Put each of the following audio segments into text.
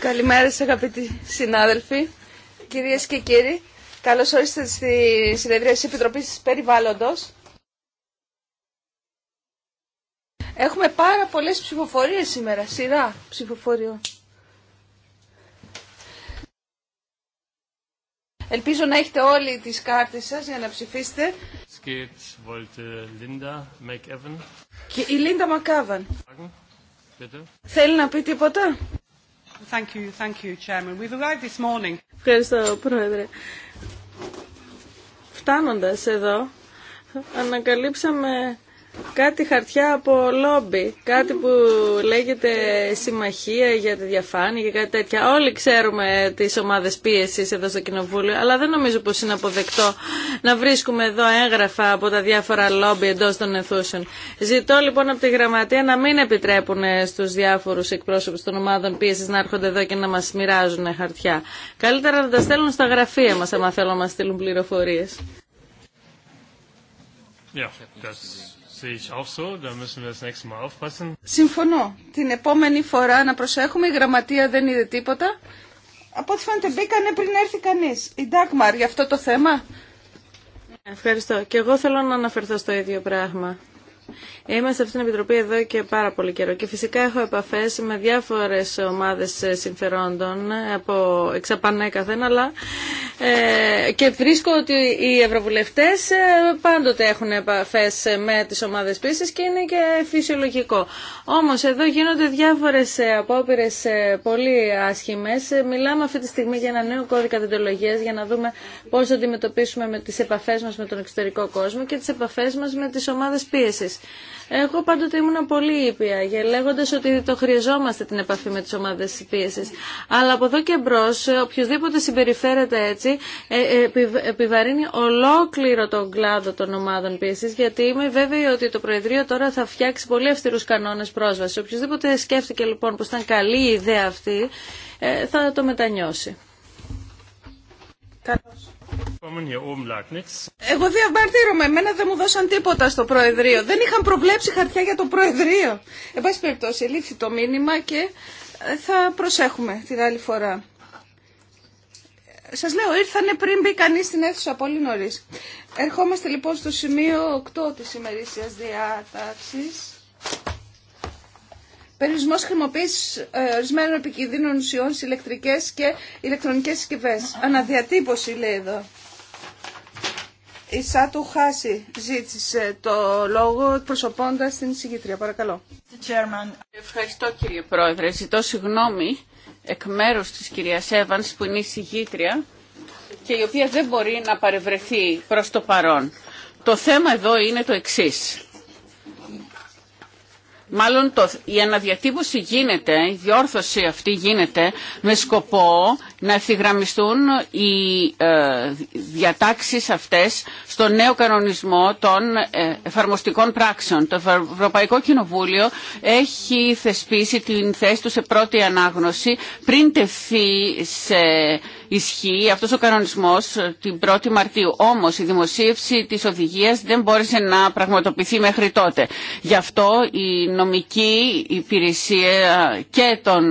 Καλημέρα σας αγαπητοί συνάδελφοι, κυρίες και κύριοι. Καλώς ορίσατε στη συνεδρία της Επιτροπής Περιβάλλοντος. Έχουμε πάρα πολλές ψηφοφορίες σήμερα, σειρά ψηφοφοριών. Ελπίζω να έχετε όλοι τις κάρτες σας για να ψηφίσετε. Και η Λίντα Μακάβαν. Θέλει να πει τίποτα. Thank you, thank you, Chairman. We've arrived this morning. Ευχαριστώ, Πρόεδρε. Φτάνοντας εδώ, ανακαλύψαμε κάτι χαρτιά από λόμπι, κάτι που λέγεται συμμαχία για τη διαφάνεια και κάτι τέτοια. Όλοι ξέρουμε τις ομάδες πίεσης εδώ στο Κοινοβούλιο, αλλά δεν νομίζω πως είναι αποδεκτό να βρίσκουμε εδώ έγγραφα από τα διάφορα λόμπι εντός των ενθούσεων. Ζητώ λοιπόν από τη Γραμματεία να μην επιτρέπουν στους διάφορους εκπρόσωπους των ομάδων πίεσης να έρχονται εδώ και να μας μοιράζουν χαρτιά. Καλύτερα να τα στέλνουν στα γραφεία μας, άμα θέλουν να μας στείλουν πληροφορίες. Yeah, that's... Συμφωνώ. Την επόμενη φορά να προσέχουμε, η γραμματεία δεν είδε τίποτα. Από ό,τι φαίνεται μπήκανε πριν έρθει κανείς. Η Ντάκμαρ για αυτό το θέμα. Ευχαριστώ. Και εγώ θέλω να αναφερθώ στο ίδιο πράγμα. Είμαστε αυτήν την Επιτροπή εδώ και πάρα πολύ καιρό και φυσικά έχω επαφέ με διάφορε ομάδε ε, συμφερόντων ε, από εξαπανέκαθεν αλλά ε, και βρίσκω ότι οι ευρωβουλευτέ ε, πάντοτε έχουν επαφέ με τι ομάδε πίστη και είναι και φυσιολογικό. Όμω εδώ γίνονται διάφορε απόπειρε πολύ άσχημε, Μιλάμε αυτή τη στιγμή για ένα νέο κώδικα δεντολογίας για να δούμε πώ θα αντιμετωπίσουμε με τις επαφές μας με τον εξωτερικό κόσμο και τι επαφέ μα με τι ομάδε πίεσης. Εγώ πάντοτε ήμουν πολύ ήπια, λέγοντας ότι το χρειαζόμαστε την επαφή με τις ομάδες πίεση. Αλλά από εδώ και μπρο, οποιοδήποτε συμπεριφέρεται έτσι, ε, ε, επιβαρύνει ολόκληρο τον κλάδο των ομάδων πίεσης, γιατί είμαι βέβαιη ότι το Προεδρείο τώρα θα φτιάξει πολύ αυστηρού κανόνες πρόσβασης. Οποιοδήποτε σκέφτηκε λοιπόν πω ήταν καλή η ιδέα αυτή, ε, θα το μετανιώσει. Καλώς. Εγώ διαμαρτύρομαι. Εμένα δεν μου δώσαν τίποτα στο Προεδρείο. Δεν είχαν προβλέψει χαρτιά για το Προεδρείο. Εν πάση περιπτώσει, λήφθη το μήνυμα και ε, θα προσέχουμε την άλλη φορά. Σας λέω, ήρθανε πριν μπει κανείς στην αίθουσα πολύ νωρίς. Ερχόμαστε λοιπόν στο σημείο 8 της ημερήσιας διάταξης. Περιορισμό χρησιμοποίηση ε, ορισμένων επικίνδυνων ουσιών σε ηλεκτρικέ και ηλεκτρονικέ συσκευέ. Αναδιατύπωση λέει εδώ. Η Σάτου Χάση ζήτησε το λόγο προσωπώντα την συγκεκριά. Παρακαλώ. Ευχαριστώ κύριε Πρόεδρε. Ζητώ συγγνώμη εκ μέρους της κυρίας Εύανς που είναι η συγκήτρια και η οποία δεν μπορεί να παρευρεθεί προς το παρόν. Το θέμα εδώ είναι το εξής. Μάλλον το, η αναδιατύπωση γίνεται, η διόρθωση αυτή γίνεται με σκοπό να ευθυγραμμιστούν οι ε, διατάξεις αυτές στο νέο κανονισμό των ε, εφαρμοστικών πράξεων. Το Ευρωπαϊκό Κοινοβούλιο έχει θεσπίσει την θέση του σε πρώτη ανάγνωση πριν τεθεί σε ισχύ αυτός ο κανονισμός ε, την 1η Μαρτίου. Όμως η δημοσίευση της οδηγίας δεν μπόρεσε να πραγματοποιηθεί μέχρι τότε. Γι' αυτό η νομική υπηρεσία και των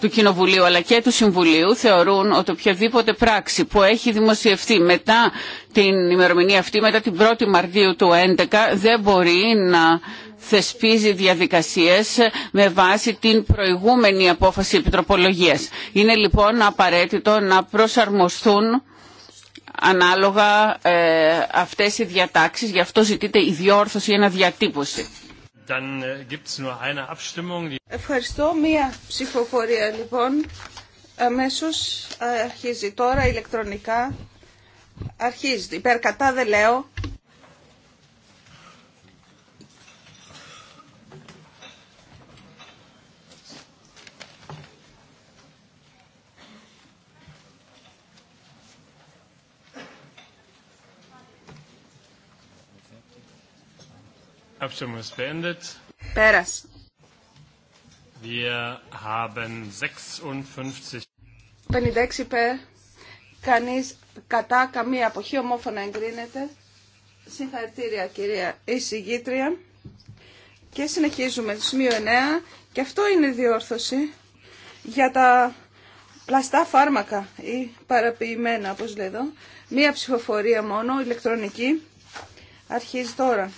του Κοινοβουλίου αλλά και του Συμβουλίου θεωρούν ότι οποιαδήποτε πράξη που έχει δημοσιευθεί μετά την ημερομηνία αυτή, μετά την 1η Μαρτίου του 2011, δεν μπορεί να θεσπίζει διαδικασίες με βάση την προηγούμενη απόφαση επιτροπολογίας. Είναι λοιπόν απαραίτητο να προσαρμοστούν ανάλογα ε, αυτές οι διατάξεις, γι' αυτό ζητείται η διόρθωση ή διατύπωση. Äh, Ευχαριστώ. Μία ψηφοφορία λοιπόν. αμέσω αρχίζει τώρα ηλεκτρονικά. Αρχίζει. Υπερκατά δεν λέω. Abstimmung ist 56. Κανείς κατά καμία αποχή ομόφωνα εγκρίνεται. Συγχαρητήρια κυρία εισηγήτρια. Και συνεχίζουμε το σημείο 9. Και αυτό είναι διόρθωση για τα πλαστά φάρμακα ή παραποιημένα όπως λέω. Μία ψηφοφορία μόνο, ηλεκτρονική. Αρχίζει τώρα.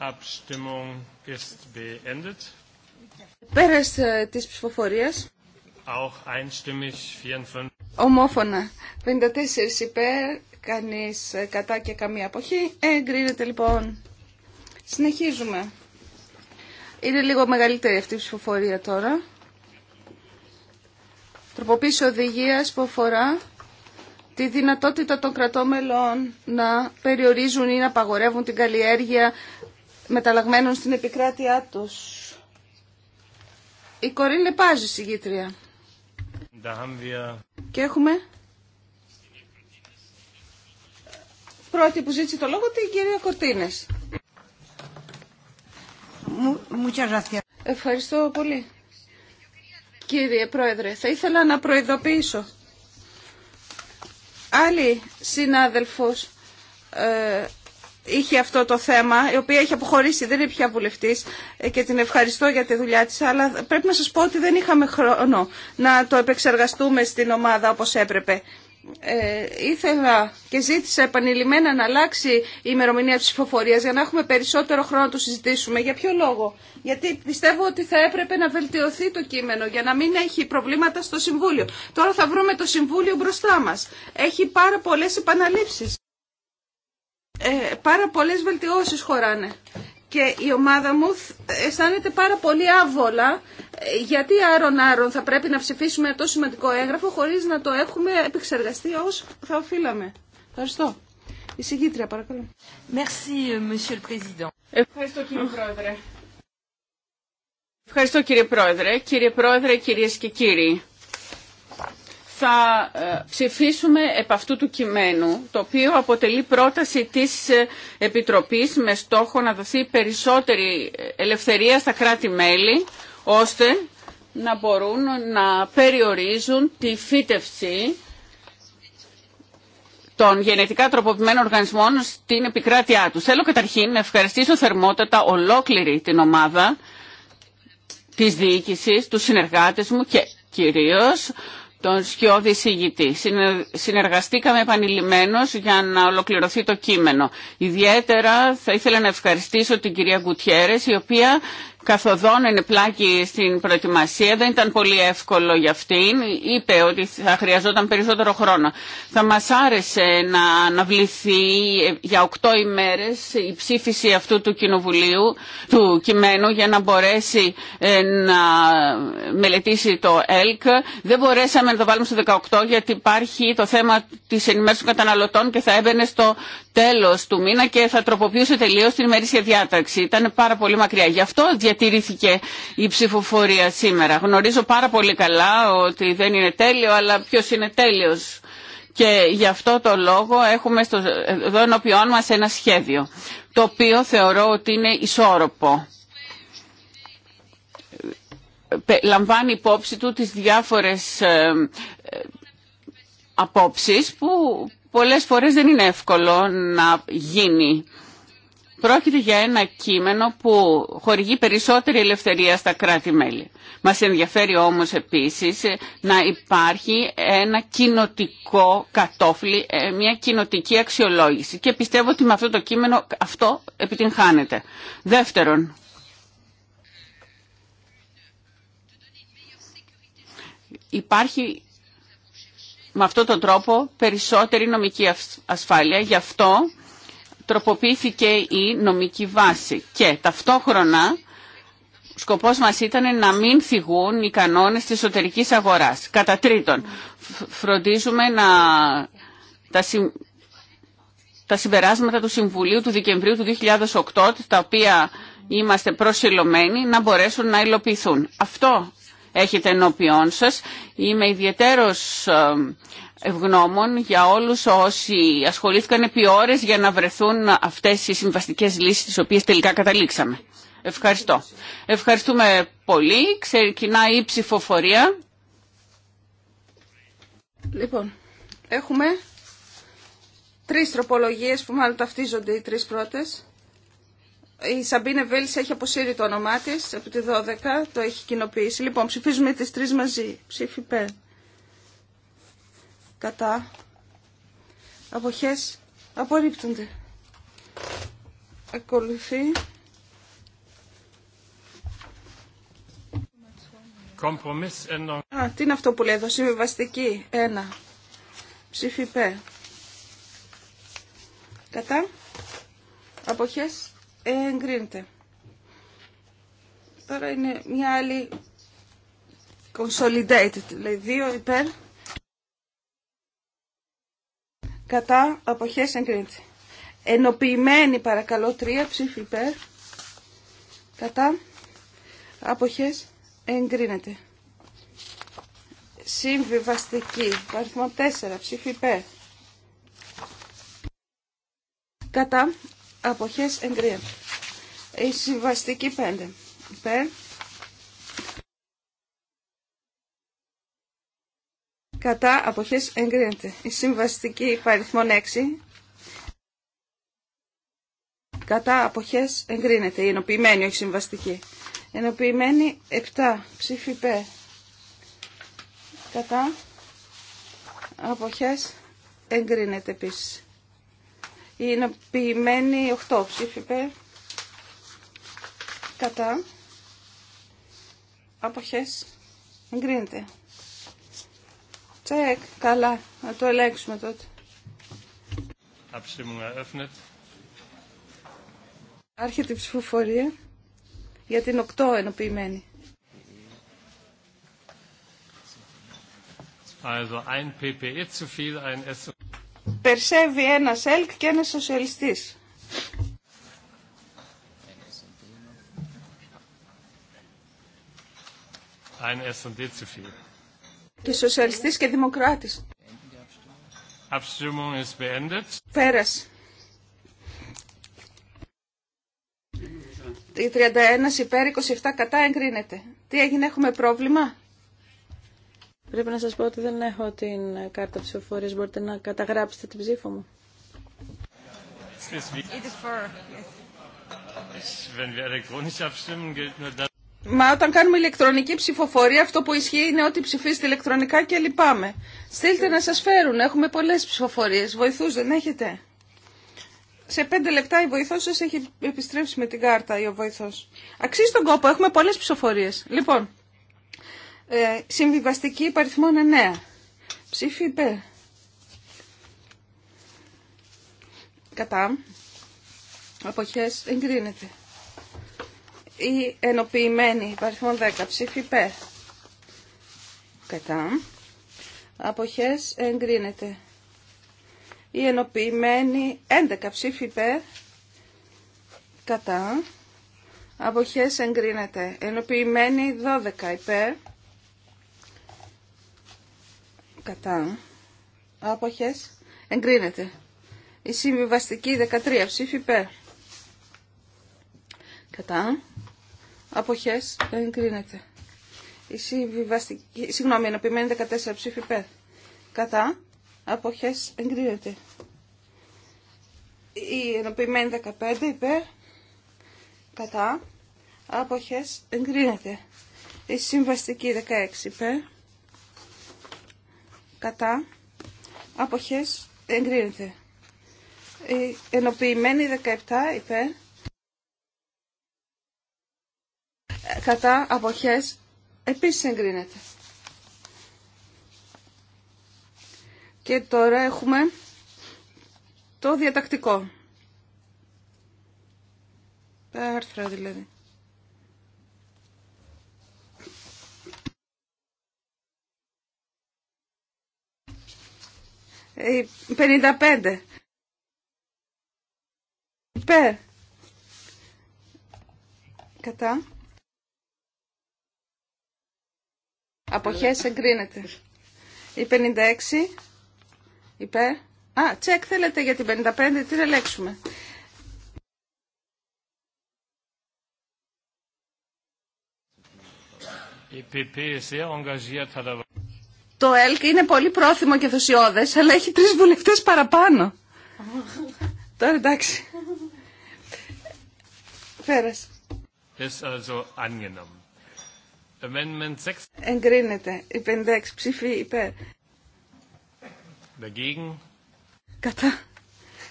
Abstimmung Πέρας ε, της ψηφοφορίας. Ομόφωνα. 54 υπέρ, κανείς ε, κατά και καμία αποχή. Εγκρίνεται λοιπόν. Συνεχίζουμε. Είναι λίγο μεγαλύτερη αυτή η ψηφοφορία τώρα. Τροποποίηση οδηγίας που αφορά τη δυνατότητα των κρατών μελών να περιορίζουν ή να απαγορεύουν την καλλιέργεια μεταλλαγμένων στην επικράτειά τους. Η Κορίν Λεπάζη, συγγήτρια. Και έχουμε πρώτη που ζήτησε το λόγο την κυρία Κορτίνες. Ευχαριστώ πολύ. Κύριε Πρόεδρε, θα ήθελα να προειδοποιήσω. άλλη συνάδελφος ε, είχε αυτό το θέμα, η οποία έχει αποχωρήσει, δεν είναι πια βουλευτή ε, και την ευχαριστώ για τη δουλειά τη, αλλά πρέπει να σα πω ότι δεν είχαμε χρόνο να το επεξεργαστούμε στην ομάδα όπω έπρεπε. Ε, ήθελα και ζήτησα επανειλημμένα να αλλάξει η ημερομηνία ψηφοφορία για να έχουμε περισσότερο χρόνο να το συζητήσουμε. Για ποιο λόγο, Γιατί πιστεύω ότι θα έπρεπε να βελτιωθεί το κείμενο για να μην έχει προβλήματα στο Συμβούλιο. Τώρα θα βρούμε το Συμβούλιο μπροστά μα. Έχει πάρα πολλέ επαναλήψει. Ε, πάρα πολλές βελτιώσεις χωράνε. Και η ομάδα μου αισθάνεται πάρα πολύ άβολα ε, γιατί άρον-άρον θα πρέπει να ψηφίσουμε το σημαντικό έγγραφο χωρίς να το έχουμε επεξεργαστεί όσο θα οφείλαμε. Ευχαριστώ. Η συγκήτρια, παρακαλώ. Merci, Monsieur le Président. Ευχαριστώ, κύριε Πρόεδρε. Ευχαριστώ, κύριε Πρόεδρε. Κύριε Πρόεδρε, κυρίες και κύριοι θα ε, ψηφίσουμε επ' αυτού του κειμένου, το οποίο αποτελεί πρόταση της ε, Επιτροπής με στόχο να δοθεί περισσότερη ελευθερία στα κράτη-μέλη, ώστε να μπορούν να περιορίζουν τη φύτευση των γενετικά τροποποιημένων οργανισμών στην επικράτειά τους. Θέλω καταρχήν να ευχαριστήσω θερμότατα ολόκληρη την ομάδα της διοίκησης, τους συνεργάτες μου και κυρίως τον Σκιώδη Συγητή. Συνεργαστήκαμε επανειλημμένως για να ολοκληρωθεί το κείμενο. Ιδιαίτερα θα ήθελα να ευχαριστήσω την κυρία Γκουτιέρες, η οποία καθοδόν ενεπλάκη στην προετοιμασία. Δεν ήταν πολύ εύκολο για αυτήν. Είπε ότι θα χρειαζόταν περισσότερο χρόνο. Θα μας άρεσε να αναβληθεί ε, για οκτώ ημέρες η ψήφιση αυτού του κοινοβουλίου, του κειμένου, για να μπορέσει ε, να μελετήσει το ΕΛΚ. Δεν μπορέσαμε να το βάλουμε στο 18 γιατί υπάρχει το θέμα της ενημέρωσης των καταναλωτών και θα έμπαινε στο τέλος του μήνα και θα τροποποιούσε τελείως την ημερήσια διάταξη. Ήταν πάρα πολύ μακριά. Γι' αυτό διατηρήθηκε η ψηφοφορία σήμερα. Γνωρίζω πάρα πολύ καλά ότι δεν είναι τέλειο, αλλά ποιος είναι τέλειος. Και γι' αυτό το λόγο έχουμε στο, εδώ ενώπιόν μας ένα σχέδιο, το οποίο θεωρώ ότι είναι ισόρροπο. Λαμβάνει υπόψη του τις διάφορες ε, ε, απόψεις που πολλές φορές δεν είναι εύκολο να γίνει. Πρόκειται για ένα κείμενο που χορηγεί περισσότερη ελευθερία στα κράτη-μέλη. Μας ενδιαφέρει όμως επίσης να υπάρχει ένα κοινοτικό κατόφλι, ε, μια κοινοτική αξιολόγηση. Και πιστεύω ότι με αυτό το κείμενο αυτό επιτυγχάνεται. Δεύτερον, υπάρχει με αυτόν τον τρόπο περισσότερη νομική ασφάλεια. Γι' αυτό τροποποιήθηκε η νομική βάση και ταυτόχρονα σκοπός μας ήταν να μην φυγούν οι κανόνες της εσωτερική αγοράς. Κατά τρίτον, φροντίζουμε να τα, τα συμπεράσματα του Συμβουλίου του Δεκεμβρίου του 2008, τα οποία είμαστε προσιλωμένοι, να μπορέσουν να υλοποιηθούν. Αυτό έχετε ενώπιόν σας. Είμαι ιδιαίτερος ε, ευγνώμων για όλους όσοι ασχολήθηκαν επί ώρες για να βρεθούν αυτές οι συμβαστικές λύσεις τις οποίες τελικά καταλήξαμε. Ευχαριστώ. Ευχαριστούμε πολύ. Ξεκινάει η ψηφοφορία. Λοιπόν, έχουμε τρεις τροπολογίες που μάλλον ταυτίζονται οι τρεις πρώτες. Η Σαμπίνε Βέλης έχει αποσύρει το όνομά της από τη 12, το έχει κοινοποιήσει. Λοιπόν, ψηφίζουμε τις τρεις μαζί. Ψήφι κατά αποχές απορρίπτονται. Ακολουθεί Α, τι είναι αυτό που λέει εδώ, συμβιβαστική, ένα, ψήφι Κατά, αποχές, εγκρίνεται. Τώρα είναι μια άλλη consolidated, δηλαδή δύο υπέρ κατά αποχές εγκρίνεται. Ενοποιημένη παρακαλώ 3 ψήφι υπέρ κατά αποχές εγκρίνεται. Συμβιβαστική παριθμό 4 ψήφι υπέρ κατά αποχές εγκρίνεται. Η συμβαστική 5 υπέρ κατά αποχές εγκρίνεται. Η συμβαστική παριθμόν 6 κατά αποχές εγκρίνεται. Η ενοποιημένη, όχι συμβαστική. Ενοποιημένη 7 ψήφι π. Κατά αποχές εγκρίνεται επίση. Η ενοποιημένη 8 ψήφι π. Κατά αποχές εγκρίνεται. Τσεκ, καλά, να το ελέγξουμε τότε. έφνετ. Άρχεται η ψηφοφορία για την οκτώ ενοποιημένη. Also ein PPE zu viel, ein SO... Περσεύει ένα ΣΕΛΚ και ένα σοσιαλιστή. Ein S&D zu viel και σοσιαλιστής και δημοκράτης. Πέρας. 31 υπέρ, 27 κατά εγκρίνεται. Τι έγινε, έχουμε πρόβλημα. Πρέπει να σας πω ότι δεν έχω την κάρτα ψηφοφορίας. Μπορείτε να καταγράψετε την ψήφο μου. Μα όταν κάνουμε ηλεκτρονική ψηφοφορία αυτό που ισχύει είναι ότι ψηφίζετε ηλεκτρονικά και λυπάμαι. Στείλτε να σας φέρουν. Έχουμε πολλές ψηφοφορίες. Βοηθούς δεν έχετε. Σε πέντε λεπτά η βοηθός σας έχει επιστρέψει με την κάρτα ή ο βοηθός. Αξίζει τον κόπο. Έχουμε πολλές ψηφοφορίες. Λοιπόν, ε, συμβιβαστική υπαριθμών 9. Ψήφι Κατά. Αποχές εγκρίνεται ή ενοποιημένη υπαριθμών 10 ψήφι υπέρ. Κατά. Αποχές εγκρίνεται. Η ενοποιημένη 11 ψήφι υπέρ. Κατά. Αποχές πε. 12 υπέρ. Κατά. Αποχές εγκρίνεται. Η ενοποιημενη 11 ψηφι πε, κατα αποχες εγκρινεται ενοποιημενη 12 υπερ κατα αποχες εγκρινεται η συμβιβαστικη 13 ψήφι πε. Κατά. Αποχές εγκρίνεται. Η συμβιβαστική, συγγνώμη, ενωπημένη 14 ψήφι Κατά. Αποχές εγκρίνεται. Η ενωπημένη 15 υπέρ. Κατά. Αποχές εγκρίνεται. Η συμβαστική 16 υπέρ. Κατά. Αποχές εγκρίνεται. Η ενοποιημένη 17 υπέρ. κατά αποχές επίσης εγκρίνεται. Και τώρα έχουμε το διατακτικό. Τα άρθρα δηλαδή. Ε, 55. Υπέρ. Κατά. Αποχές εγκρίνεται. Η 56 υπέρ. Α, τσεκ θέλετε για την 55, τι λέξουμε. Το ΕΛΚ είναι πολύ πρόθυμο και θουσιώδες, αλλά έχει τρεις βουλευτές παραπάνω. Τώρα εντάξει. Πέρασε. Είναι Εγκρίνεται. Η 56 Ψηφί υπέρ. Dagegen. Κατά.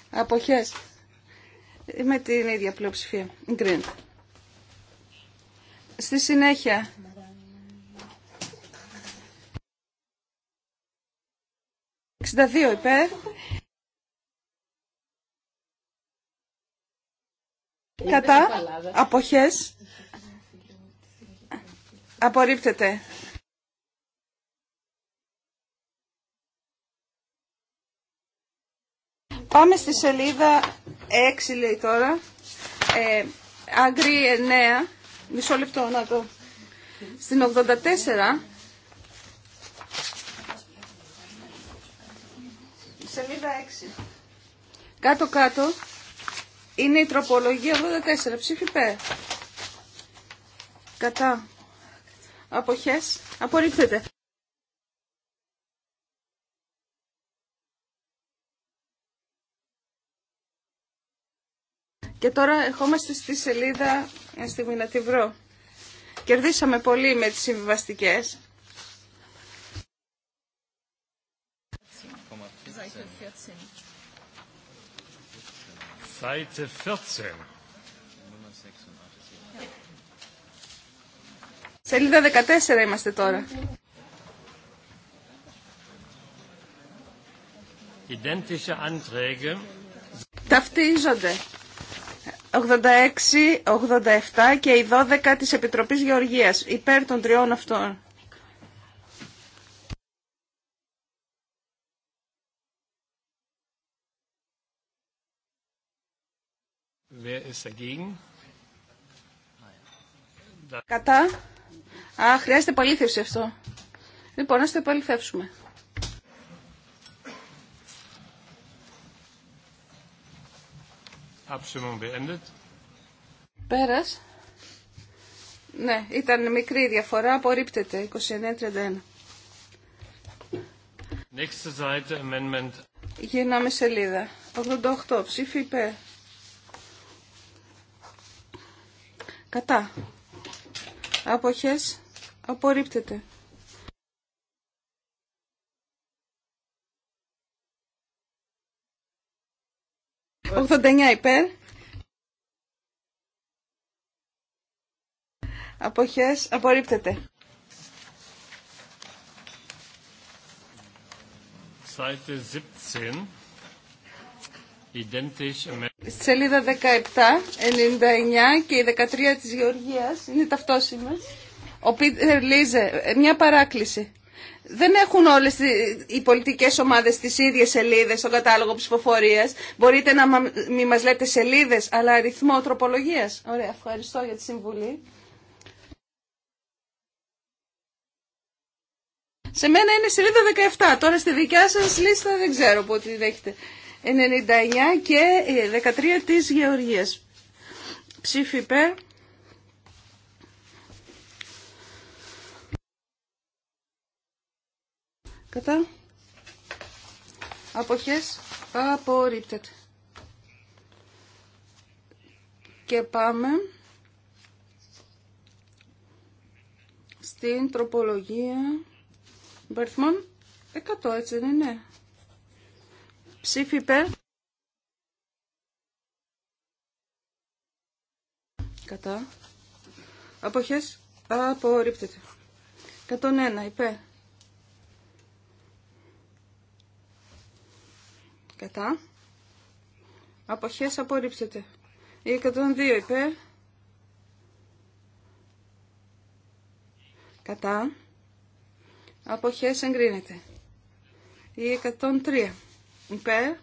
Αποχές. Με την ίδια πλειοψηφία. Εγκρίνεται. Στη συνέχεια. δύο υπέρ. Κατά. Αποχές. Απορρίπτεται. Πάμε στη σελίδα 6 λέει τώρα. Ε, Άγκρι 9. Μισό λεπτό να το. Στην 84. Σελίδα 6. Κάτω-κάτω είναι η τροπολογία 84. Ψήφι Κατά αποχές, απορρίπτεται. Και τώρα ερχόμαστε στη σελίδα στιγμή να τη βρω. Κερδίσαμε πολύ με τις συμβιβαστικέ. Seite 14. Σελίδα 14 είμαστε τώρα. Ταυτίζονται 86, 87 και η 12 της Επιτροπής Γεωργίας υπέρ των τριών αυτών. Κατά. Α, χρειάζεται παλήθευση αυτό. Λοιπόν, ας το επαληθεύσουμε. Πέρας. Ναι, ήταν μικρή διαφορά, απορρίπτεται, 29-31. Γυρνάμε σελίδα. 88, ψήφι υπέρ. Κατά. Άποχες Απορρίπτεται. 89 υπέρ. Αποχές απορρίπτεται. Seite 17. Στη σελίδα 17, 99 και η 13 της Γεωργίας είναι ταυτόσιμες. Ο Πίτερ Λίζε, μια παράκληση. Δεν έχουν όλες οι πολιτικές ομάδες τις ίδιες σελίδες στον κατάλογο ψηφοφορίας. Μπορείτε να μην μας λέτε σελίδες, αλλά αριθμό τροπολογίας. Ωραία, ευχαριστώ για τη συμβουλή. Σε μένα είναι σελίδα 17. Τώρα στη δικιά σας λίστα δεν ξέρω πού τη δέχετε. 99 και 13 ε, της Γεωργίας. Ψήφι Κατά. Αποχές. Απορρίπτεται. Και πάμε στην τροπολογία Μπερθμον 100, έτσι δεν είναι. Ψήφι υπέρ. Κατά. Αποχές. Απορρίπτεται. 101 υπέρ. Κατά. Αποχές απορρίψετε. Η 102 υπέρ. Κατά. Αποχές εγκρίνεται. Η 103 υπέρ.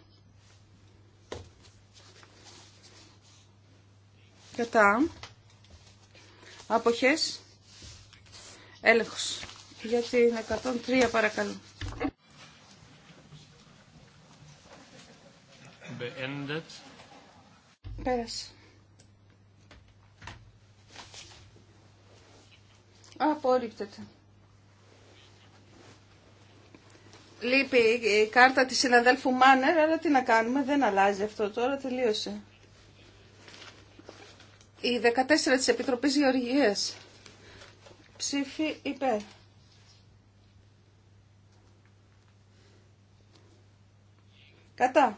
Κατά. Αποχές. Έλεγχος. Γιατί είναι 103 παρακαλώ. beendet. Πέρασε. Απορρίπτεται. Λείπει η κάρτα της συναδέλφου Μάνερ, αλλά τι να κάνουμε, δεν αλλάζει αυτό τώρα, τελείωσε. Η 14 της Επιτροπής Γεωργίας. Ψήφι υπέρ. Κατά.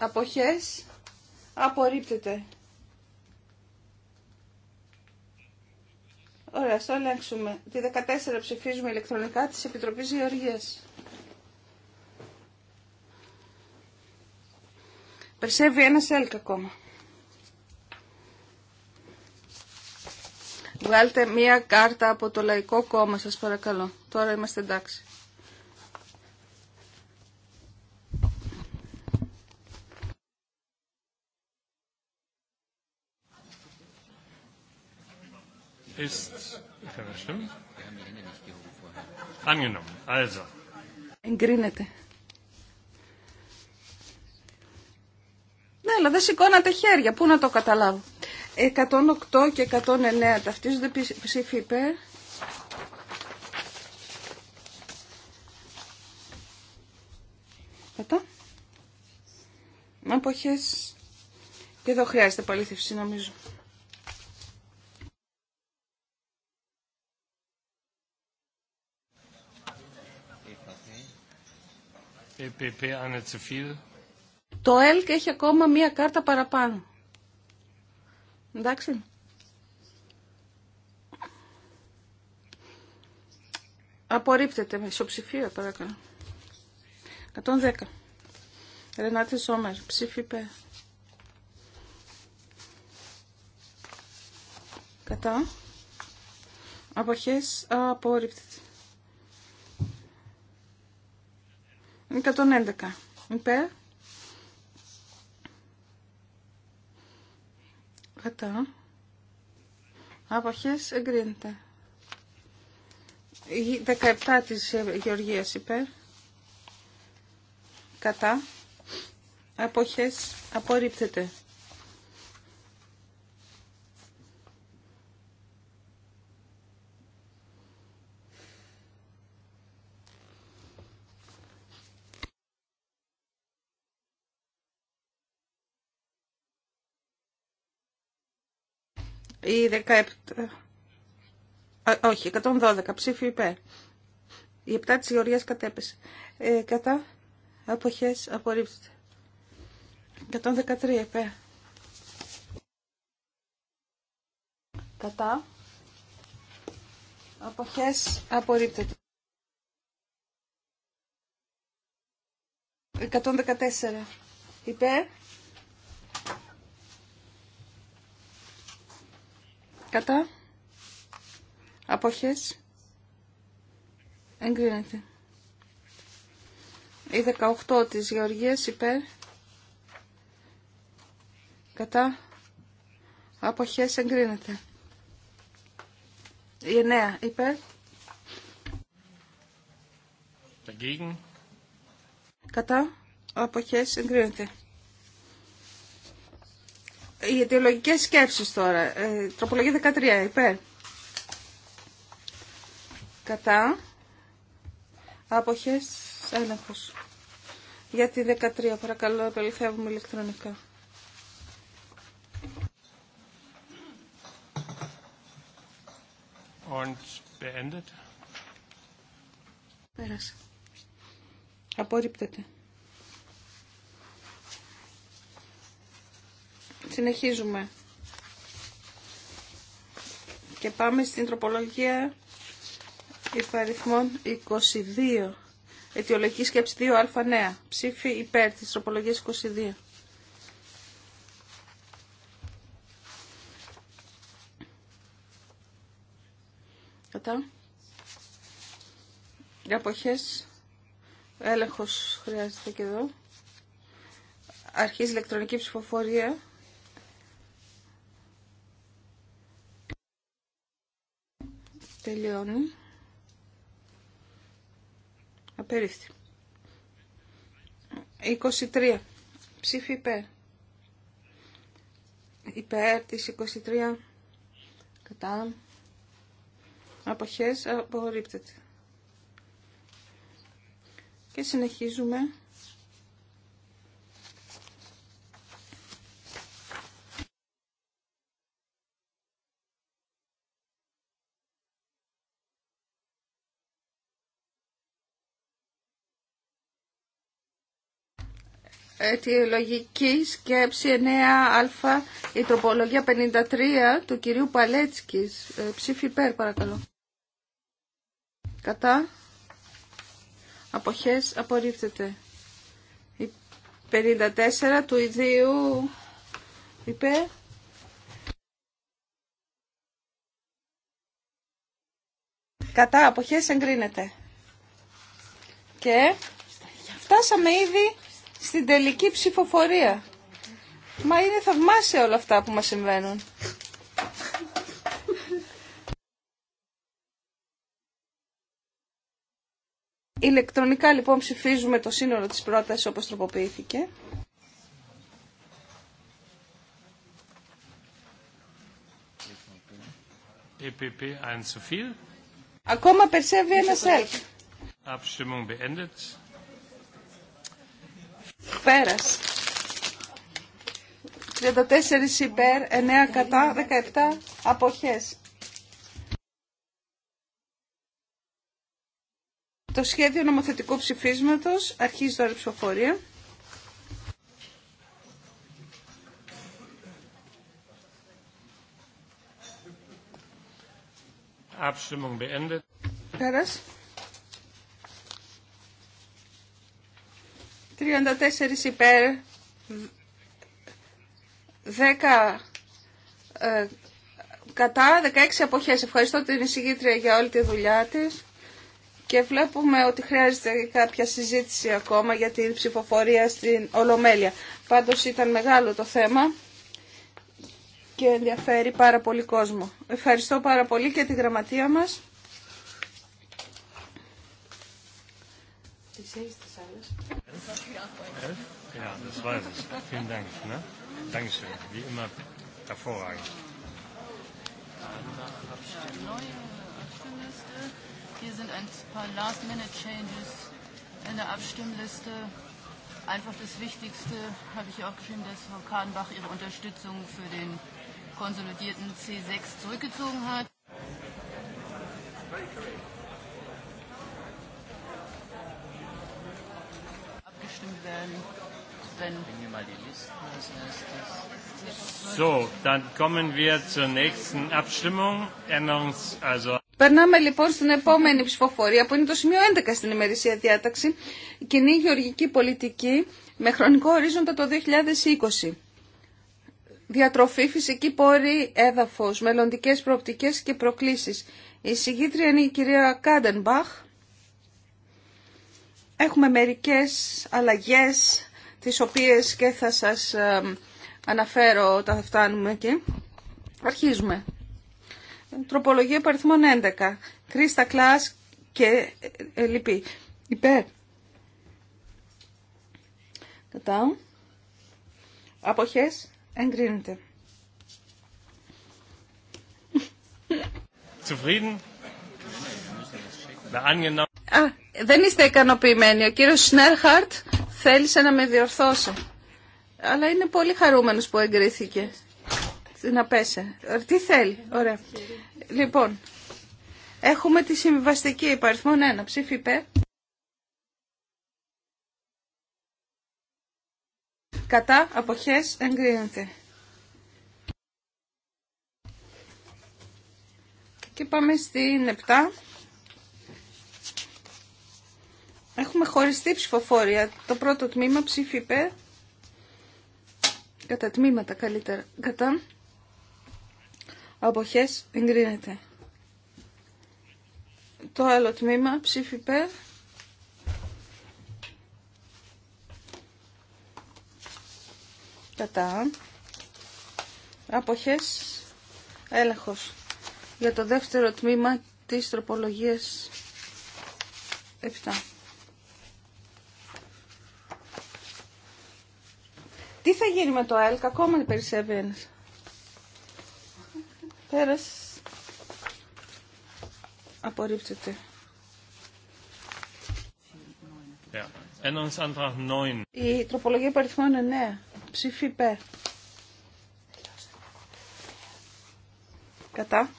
αποχές απορρίπτεται. Ωραία, στο ελέγξουμε. Τη 14 ψηφίζουμε ηλεκτρονικά της Επιτροπής Γεωργίας. Περσεύει ένα σέλκ ακόμα. Βγάλτε μία κάρτα από το Λαϊκό Κόμμα σας παρακαλώ. Τώρα είμαστε εντάξει. ist vorher. angenommen. Also. Εγκρίνεται. Ναι, αλλά δεν σηκώνατε χέρια. Πού να το καταλάβω. 108 και 109 ταυτίζονται ψήφι υπέρ. Κατά. Αποχές. Και εδώ χρειάζεται παλήθευση νομίζω. Ε Το ΕΛΚ έχει ακόμα μία κάρτα παραπάνω. Εντάξει. Απορρίπτεται με ισοψηφία παρακαλώ. 110. Ρενάτη Σόμερ. Ψήφι Κατά. Αποχές απορρίπτεται. 111 υπέρ κατά αποχές εγκρίνεται 17 της Γεωργίας υπέρ κατά αποχές απορρίπτεται Η 17... όχι, 112 ψήφι υπέρ. Η 7 τη Γεωργία κατέπεσε. Ε, κατά Αποχέ. απορρίπτεται. 113 υπέρ. Κατά Αποχέ απορρίπτεται. 114 υπέρ. κατά αποχές εγκρίνεται. Η 18 της Γεωργίας υπέρ κατά αποχές εγκρίνεται. Η 9 υπέρ Dagegen. κατά αποχές εγκρίνεται. Οι αιτιολογικές σκέψεις τώρα. Ε, τροπολογία 13, υπέρ. Κατά. Άποχες, έλεγχος. Για τη 13, παρακαλώ, απελευθεύουμε ηλεκτρονικά. Und beendet. Πέρασε. Απορρίπτεται. Συνεχίζουμε. Και πάμε στην τροπολογία υπαριθμών 22. Αιτιολογική σκέψη 2α νέα. Ψήφι υπέρ της τροπολογίας 22. Κατά. Αποχές. Έλεγχος χρειάζεται και εδώ. Αρχίζει ηλεκτρονική ψηφοφορία. Τελειώνει. Απερίφθη. 23. Ψήφι υπέρ. Υπέρ της 23. Κατά. Αποχές απορρίπτεται. Και συνεχίζουμε αιτιολογική σκέψη 9α, η τροπολογία 53 του κυρίου Παλέτσκης. Ε, ψήφι υπέρ, παρακαλώ. Κατά. Αποχές απορρίφθεται. Η 54 του ιδίου είπε. Κατά αποχές εγκρίνεται. Και φτάσαμε ήδη στην τελική ψηφοφορία. Μα είναι θαυμάσια όλα αυτά που μας συμβαίνουν. Ηλεκτρονικά λοιπόν ψηφίζουμε το σύνολο της πρότασης όπως τροποποιήθηκε. Ακόμα περισσεύει ένα σελφ. Abstimmung beendet. Πέρας. 34 υπέρ, 9 κατά, 17 αποχές. Το σχέδιο νομοθετικού ψηφίσματος αρχίζει τώρα η ψηφοφορία. Πέρας. 34 υπέρ, 10 ε, κατά, 16 αποχές. Ευχαριστώ την εισηγήτρια για όλη τη δουλειά της και βλέπουμε ότι χρειάζεται κάποια συζήτηση ακόμα για την ψηφοφορία στην Ολομέλεια. Πάντως ήταν μεγάλο το θέμα και ενδιαφέρει πάρα πολύ κόσμο. Ευχαριστώ πάρα πολύ και τη γραμματεία μας. Ja, das weiß ich. Vielen Dank. Ne? Dankeschön. Wie immer hervorragend. Neue Abstimmliste. Hier sind ein paar Last-Minute-Changes in der Abstimmliste. Einfach das Wichtigste habe ich auch geschrieben, dass Frau Kahnbach ihre Unterstützung für den konsolidierten C6 zurückgezogen hat. So, dann kommen wir zur nächsten Abstimmung. Änderungs, also Περνάμε λοιπόν στην επόμενη ψηφοφορία που είναι το σημείο 11 στην ημερησία διάταξη κοινή γεωργική πολιτική με χρονικό ορίζοντα το 2020. Διατροφή, φυσική πόρη, έδαφος, μελλοντικές προοπτικές και προκλήσεις. Η συγκήτρια είναι η κυρία Κάντενμπαχ. Έχουμε μερικές αλλαγές τις οποίες και θα σας ε, αναφέρω όταν θα φτάνουμε εκεί. Αρχίζουμε. Τροπολογία παριθμών 11. Κρίστα Κλάς και ε, ε, λυπή. Υπέρ. Κατά. Αποχές. Εγκρίνεται. Zufrieden δεν είστε ικανοποιημένοι. Ο κύριος Σνέρχαρτ θέλησε να με διορθώσει. Αλλά είναι πολύ χαρούμενος που εγκρίθηκε. Να πέσει. Ε, τι θέλει. Ωραία. Λοιπόν, έχουμε τη συμβιβαστική υπαριθμόν 1. Ψήφι υπέρ. Κατά αποχές εγκρίνεται. Και πάμε στην 7. Έχουμε χωριστή ψηφοφόρια. Το πρώτο τμήμα ψήφιπε Κατά τμήματα καλύτερα. Κατά. Αποχές εγκρίνεται. Το άλλο τμήμα ψήφι Κατά. Αποχές έλεγχος. Για το δεύτερο τμήμα της τροπολογίας 7. Τι θα γίνει με το ΑΕΛΚ, ακόμα δεν περισσεύει ένας. Πέρας. Απορρίπτεται. Η τροπολογία παριθμών 9. Ψήφι ΠΕΡ. Κατά.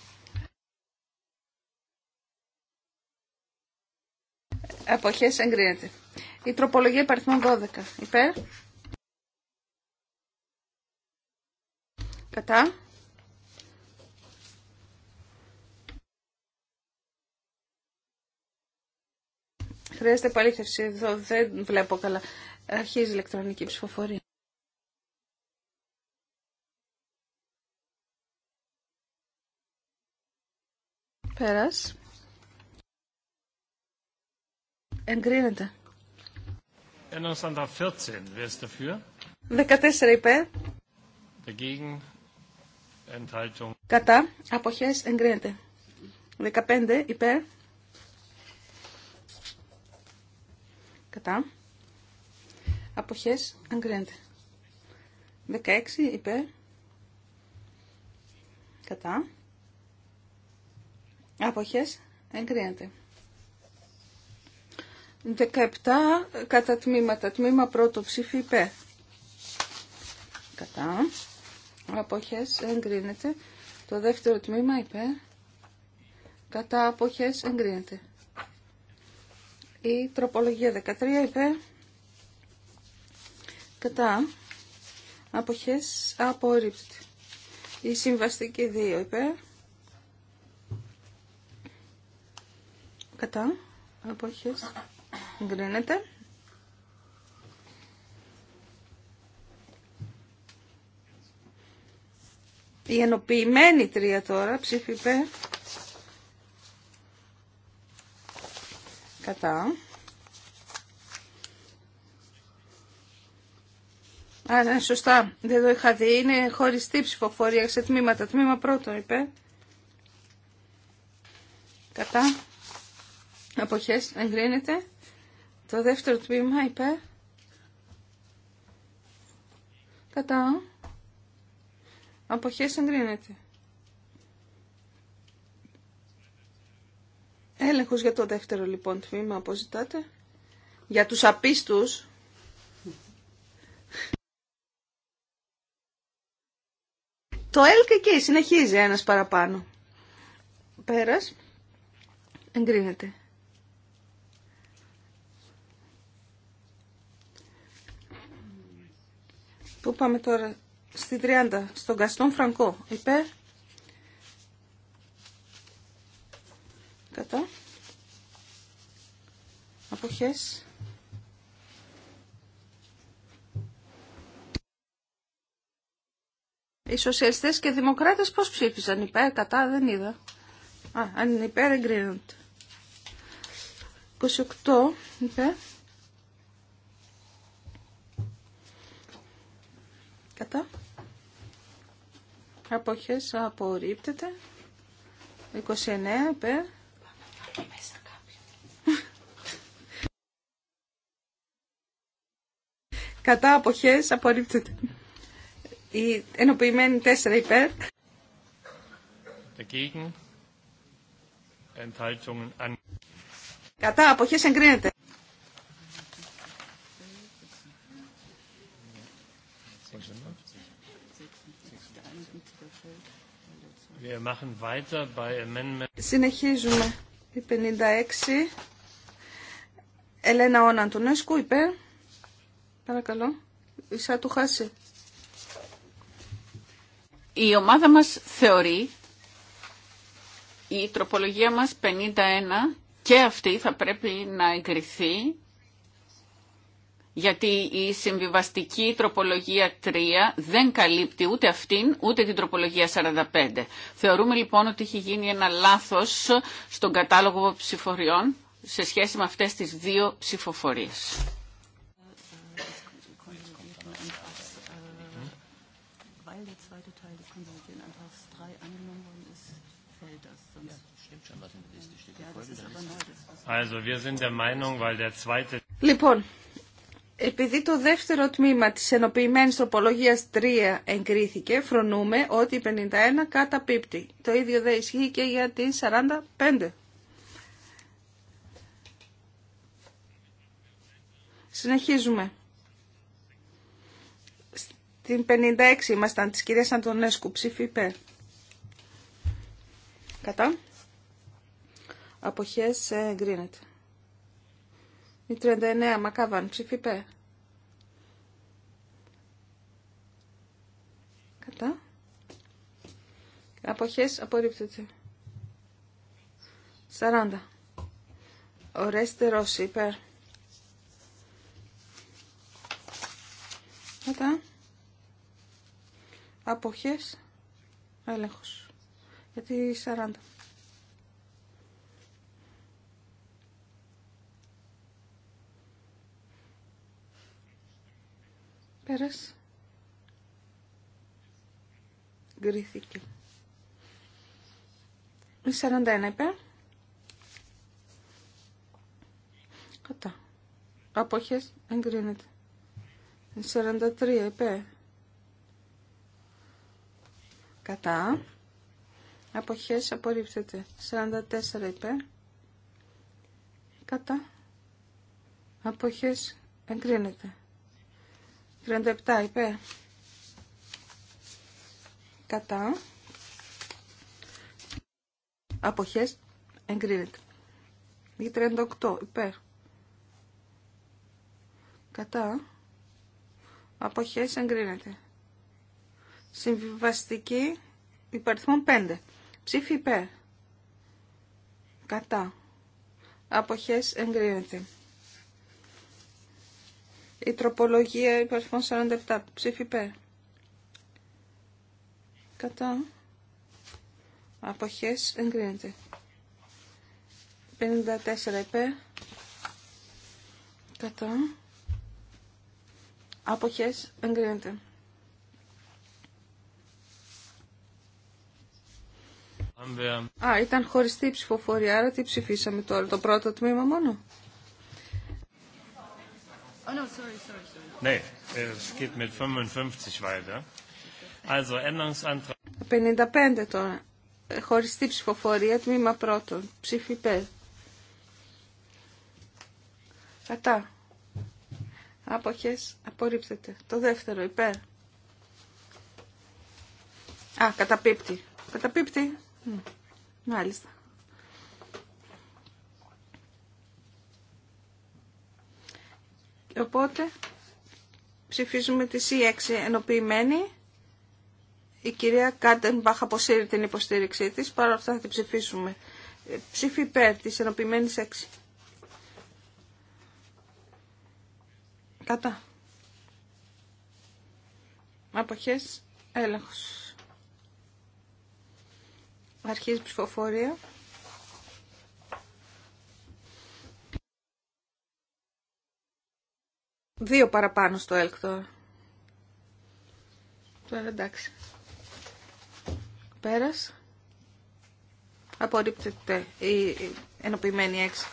Εποχές εγκρίνεται. Η τροπολογία υπαριθμών 12. Υπέρ. Κατά. Χρειάζεται παλήθευση εδώ, δεν βλέπω καλά. Αρχίζει η ηλεκτρονική ψηφοφορία. Πέρας. Εγκρίνεται. 14 υπέρ. Dagegen Κατά. Αποχές εγκρίνεται. 15 υπέρ. Κατά. Αποχές εγκρίνεται. 16 υπέρ. Κατά. Αποχές εγκρίνεται. 17 κατά τμήματα. Τμήμα πρώτο ψήφι υπέρ. Κατά αποχές εγκρίνεται. Το δεύτερο τμήμα υπέρ κατά αποχές εγκρίνεται. Η τροπολογία 13 υπέρ κατά αποχές απορρίπτεται. Η συμβαστική 2 είπε κατά αποχές εγκρίνεται. Η ενοποιημένη τρία τώρα, ψήφιπε. Κατά. Α, ναι, σωστά. Δεν το είχα δει. Είναι χωριστή ψηφοφορία σε τμήματα. Τμήμα πρώτο, είπε. Κατά. Αποχές. Εγκρίνεται. Το δεύτερο τμήμα, είπε. Κατά. Αποχές εγκρίνεται. Έλεγχος για το δεύτερο λοιπόν τμήμα αποζητάτε. Για τους απίστους. Το ΕΛΚ συνεχίζει ένας παραπάνω. Πέρας. Εγκρίνεται. Πού πάμε τώρα. Στη 30, στον Καστόν Φραγκό. Υπέρ. Κατά. Αποχές. Οι σοσιαλιστές και οι δημοκράτες πώς ψήφισαν υπέρ, κατά, δεν είδα. Α, αν είναι υπέρ, εγκρίνονται. 28 υπέρ. Κατά. Αποχές απορρίπτεται. 29 υπέρ. Κατά αποχές απορρίπτεται. Η ενοποιημένη 4 υπέρ. Κατά αποχές εγκρίνεται. Συνεχίζουμε. Η 56. Ελένα Ωνα Αντωνέσκου, υπέρ. Παρακαλώ. Ισά του χάσει. Η ομάδα μας θεωρεί η τροπολογία μας 51 και αυτή θα πρέπει να εγκριθεί γιατί η συμβιβαστική τροπολογία 3 δεν καλύπτει ούτε αυτήν ούτε την τροπολογία 45. Θεωρούμε λοιπόν ότι έχει γίνει ένα λάθος στον κατάλογο ψηφοριών σε σχέση με αυτές τις δύο ψηφοφορίες. Λοιπόν, επειδή το δεύτερο τμήμα της ενοποιημένης τροπολογίας 3 εγκρίθηκε, φρονούμε ότι η 51 καταπίπτει. Το ίδιο δεν ισχύει και για την 45. Συνεχίζουμε. Στην 56 ήμασταν της κυρίας Αντωνέσκου, ψήφι υπέρ. Κατά. Αποχές ε, εγκρίνεται. Η 39 Μακάβαν ψηφίπε. Κατά. Αποχέ απορρίπτεται. 40. Ορέστε Ρώση υπέρ. Κατά. Αποχές έλεγχος. Γιατί 40. Πέρας. Γκρίθηκε. 41 είπε Κατά. Απόχες εγκρίνεται. 43 είπε Κατά. Αποχές απορρίπτεται. 44 είπε Κατά. Αποχές εγκρίνεται. 37 υπέρ. Κατά. Αποχές εγκρίνεται. Ή 38 υπέρ. Κατά. Αποχές εγκρίνεται. Συμβιβαστική υπαριθμών 5. Ψήφι υπέρ. Κατά. Αποχές εγκρίνεται. Η τροπολογία υπαριθμών 47. Ψήφι υπέρ. Κατά. Αποχές εγκρίνεται. 54 υπέρ. Κατά. Αποχές εγκρίνεται. Α, ήταν χωριστή η ψηφοφορία, άρα τι ψηφίσαμε τώρα, το πρώτο τμήμα μόνο. Oh no, sorry, sorry, sorry. Nee, es geht mit 55 weiter. Also, Änderungsantrag. 55 τώρα. Χωριστή ψηφοφορία, τμήμα πρώτον. Ψηφιπέ. Κατά. Άποχες, απορρίπτεται. Το δεύτερο, υπέρ. Α, καταπίπτει. Καταπίπτει. Μάλιστα. Οπότε ψηφίζουμε τη C6 ενοποιημένη. Η κυρία Κάντεμπαχ αποσύρει την υποστήριξή της, παρόλα αυτά θα την ψηφίσουμε. Ε, ψήφι υπέρ της ενοποιημένης 6. Κατά. Αποχές, έλεγχος. Αρχίζει ψηφοφορία. Δύο παραπάνω στο έλκτο. τώρα. εντάξει. Πέρας. Απορρίπτεται η ενοποιημένη έξι.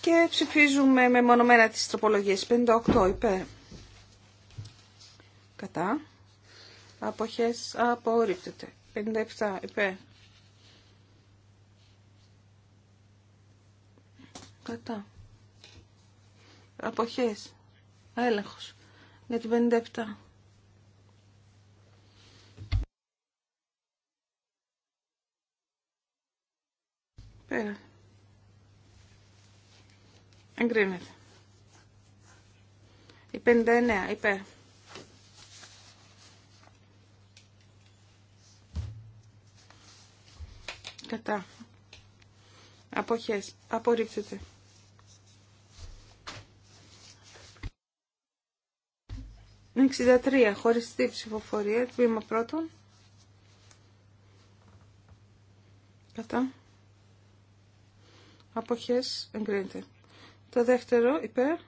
Και ψηφίζουμε με μονομένα τις τροπολογίες. 58 υπέρ. Κατά. Αποχές απορρίπτεται. 57 υπέρ. Κατά αποχές, έλεγχος για την 57. Πέρα. Εγκρίνεται. Η 59, υπέρ. Κατά. Αποχές. Απορρίψετε. 63 χωριστή ψηφοφορία, τμήμα πρώτο. Κατά. Αποχές εγκρίνεται. Το δεύτερο υπέρ.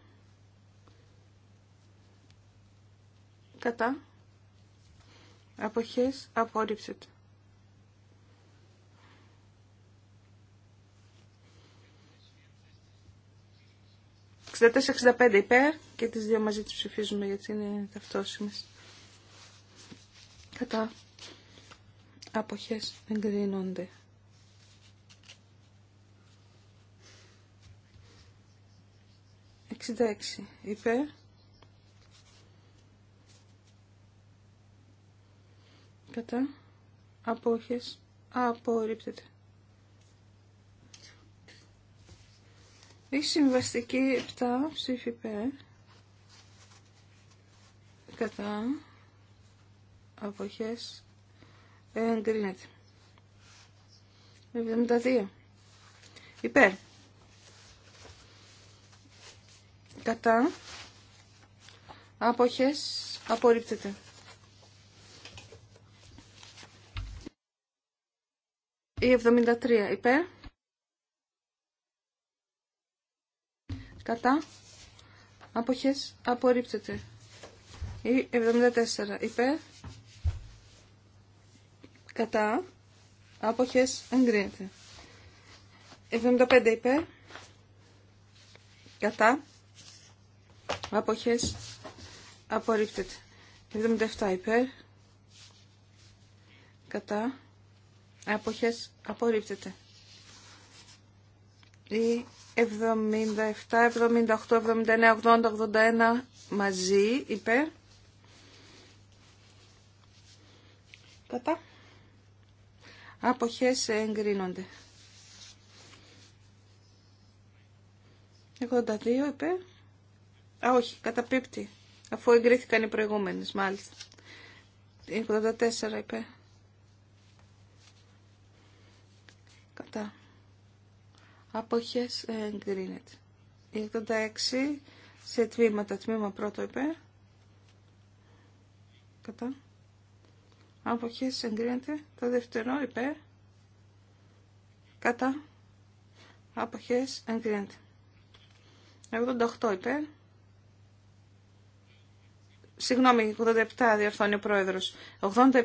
Κατά. Αποχές απορρίψεται. 64-65 υπέρ και τις δύο μαζί τις ψηφίζουμε γιατί είναι ταυτόσιμες. Κατά αποχές εγκρίνονται. 66 υπέρ. Κατά αποχές απορρίπτεται. Η συμβαστική 7 ψήφι υπέρ. Κατά. Αποχές. Εγκρίνεται. 72. Υπέρ. Κατά. Αποχές. Απορρίπτεται. Η 73 υπέρ. κατά αποχές απορρίπτεται. Η 74 υπέρ κατά αποχές εγκρίνεται. 75 υπέρ κατά αποχές απορρίπτεται. 77 υπέρ κατά αποχές απορρίπτεται. Η 77, 78, 79, 80, 81 μαζί υπέρ. Κατά. Αποχές εγκρίνονται. 82 υπέρ. Α, όχι, καταπίπτει. Αφού εγκρίθηκαν οι προηγούμενες, μάλιστα. 84 υπέρ. Κατά αποχές ε, εγκρίνεται. Η 86 σε τμήματα, τμήμα πρώτο υπέρ, κατά, αποχές εγκρίνεται, το δεύτερο υπέρ, κατά, αποχές εγκρίνεται. 88 υπέρ, συγγνώμη, 87 διορθώνει ο πρόεδρος,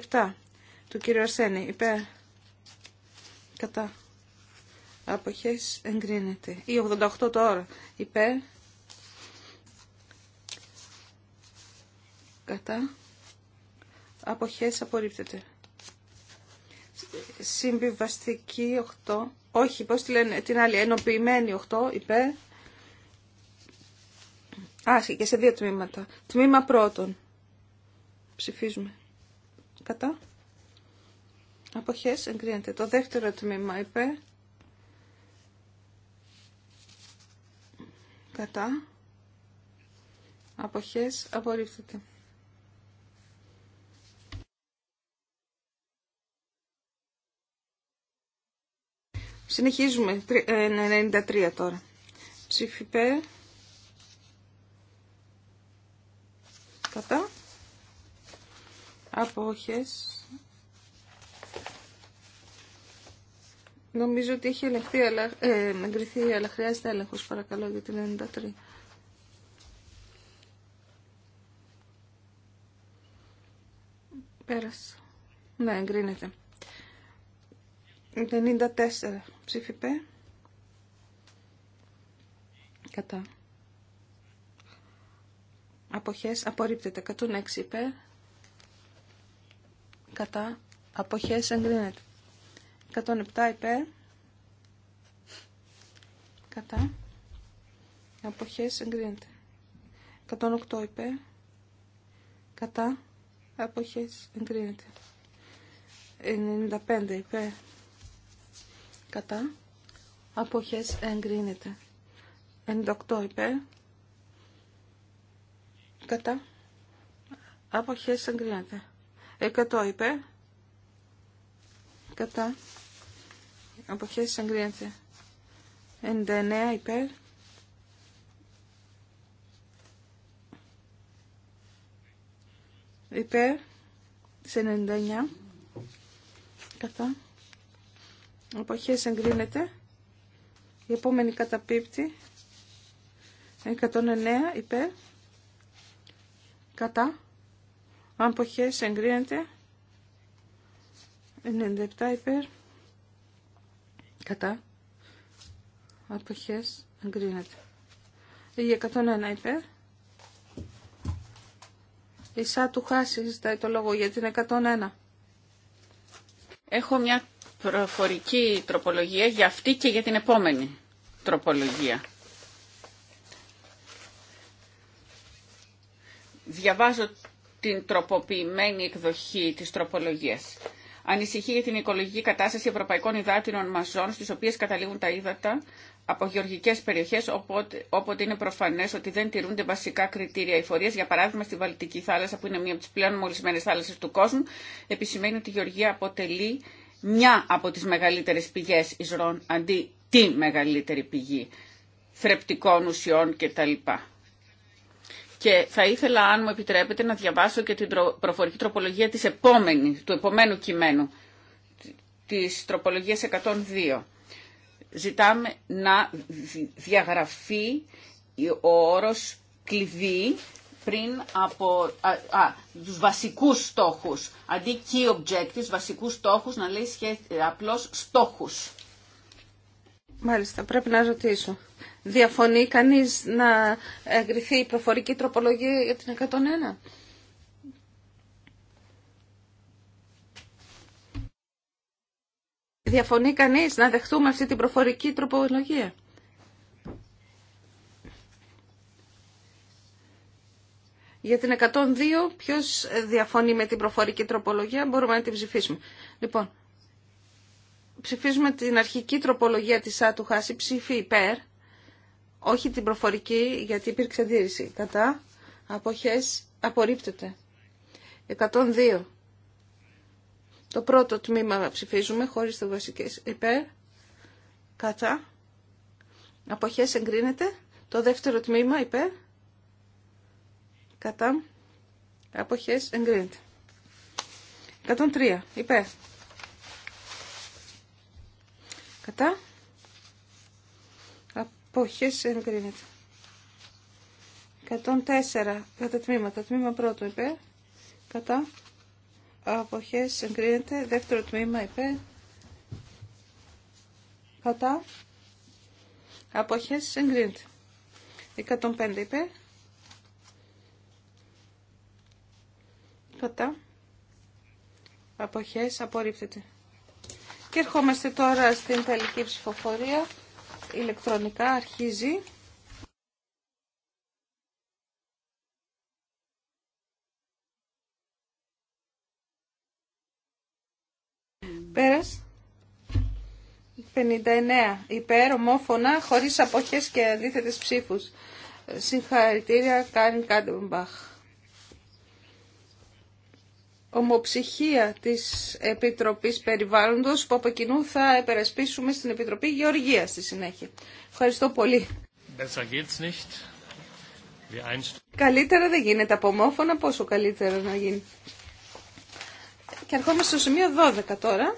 87 του κύριου Αρσένη υπέρ, κατά, αποχές εγκρίνεται. Ή 88 τώρα υπέρ κατά αποχές απορρίπτεται. Συμβιβαστική 8, όχι πώς τη λένε την άλλη, ενοποιημένη 8 υπέρ. Α, και σε δύο τμήματα. Τμήμα πρώτον. Ψηφίζουμε. Κατά. Αποχές εγκρίνεται. Το δεύτερο τμήμα υπέρ κατά αποχές απορρίφθηκε. Συνεχίζουμε. 93 ε, ναι, τώρα. Ψήφιπε. Κατά. Απόχες. Νομίζω ότι έχει ελεγχθεί, αλλά, ε, εγκριθεί, αλλά χρειάζεται έλεγχο, παρακαλώ, για την 93. Πέρασε. Ναι, εγκρίνεται. 94. ψήφι Κατά. Αποχές απορρίπτεται. 106 υπέρ. Κατά. Αποχές εγκρίνεται. 107 υπέρ. Κατά. Αποχές εγκρίνεται. 108 υπέρ. Κατά. Αποχές εγκρίνεται. 95 υπέρ. Κατά. Αποχές εγκρίνεται. 98 υπέρ. Κατά. Αποχές εγκρίνεται. 100 υπέρ. Κατά αποχές εγκρίνεται. 99 υπέρ. Υπέρ. Σε 99. Κατά. Αποχές εγκρίνεται. Η επόμενη καταπίπτη 109 υπέρ. Κατά. Αποχές εγκρίνεται. 97 υπέρ κατά αποχές εγκρίνεται. Η 101 είπε. Η ΣΑ του χάσει ζητάει το λόγο για την 101. Έχω μια προφορική τροπολογία για αυτή και για την επόμενη τροπολογία. Διαβάζω την τροποποιημένη εκδοχή της τροπολογίας ανησυχεί για την οικολογική κατάσταση ευρωπαϊκών υδάτινων μαζών, στις οποίες καταλήγουν τα ύδατα από γεωργικές περιοχές, όποτε, όποτε είναι προφανές ότι δεν τηρούνται βασικά κριτήρια εφορίας. Για παράδειγμα, στη Βαλτική θάλασσα, που είναι μία από τις πλέον μολυσμένες θάλασσες του κόσμου, επισημαίνει ότι η γεωργία αποτελεί μια από τις μεγαλύτερες πηγές ισρών, μεγαλυτερες πηγες εισρων αντι τη μεγαλύτερη πηγή θρεπτικών ουσιών κτλ. Και θα ήθελα, αν μου επιτρέπετε, να διαβάσω και την προφορική τροπολογία της επόμενης, του επομένου κειμένου, της τροπολογίας 102. Ζητάμε να διαγραφεί ο όρος κλειδί πριν από α, τους βασικούς στόχους. Αντί key objectives, βασικούς στόχους, να λέει σχέ, απλώς στόχους. Μάλιστα, πρέπει να ρωτήσω. Διαφωνεί κανείς να εγκριθεί η προφορική τροπολογία για την 101. Διαφωνεί κανείς να δεχτούμε αυτή την προφορική τροπολογία. Για την 102 ποιος διαφωνεί με την προφορική τροπολογία μπορούμε να την ψηφίσουμε. Λοιπόν, ψηφίζουμε την αρχική τροπολογία της Άτου Χάση ψήφι υπέρ όχι την προφορική γιατί υπήρξε αντίρρηση. Κατά αποχές απορρίπτεται. 102. Το πρώτο τμήμα ψηφίζουμε χωρίς το βασικές υπέρ. Κατά. Αποχές εγκρίνεται. Το δεύτερο τμήμα υπέρ. Κατά. Αποχές εγκρίνεται. 103. Υπέρ. Κατά εποχές εγκρίνεται. 104 κατά τμήματα. Τμήμα πρώτο είπε. Κατά αποχές εγκρίνεται. Δεύτερο τμήμα είπε. Κατά αποχές εγκρίνεται. 105 είπε. Κατά αποχές απορρίπτεται. Και ερχόμαστε τώρα στην τελική ψηφοφορία ηλεκτρονικά αρχίζει. Πέρας. 59 υπέρ, ομόφωνα, χωρίς αποχές και αντίθετες ψήφους. Ε, συγχαρητήρια, Κάριν Κάντεμπαχ ομοψυχία της Επιτροπής Περιβάλλοντος που από κοινού θα επερασπίσουμε στην Επιτροπή Γεωργία στη συνέχεια. Ευχαριστώ πολύ. Καλύτερα δεν γίνεται από ομόφωνα, πόσο καλύτερα να γίνει. Και ερχόμαστε στο σημείο 12 τώρα.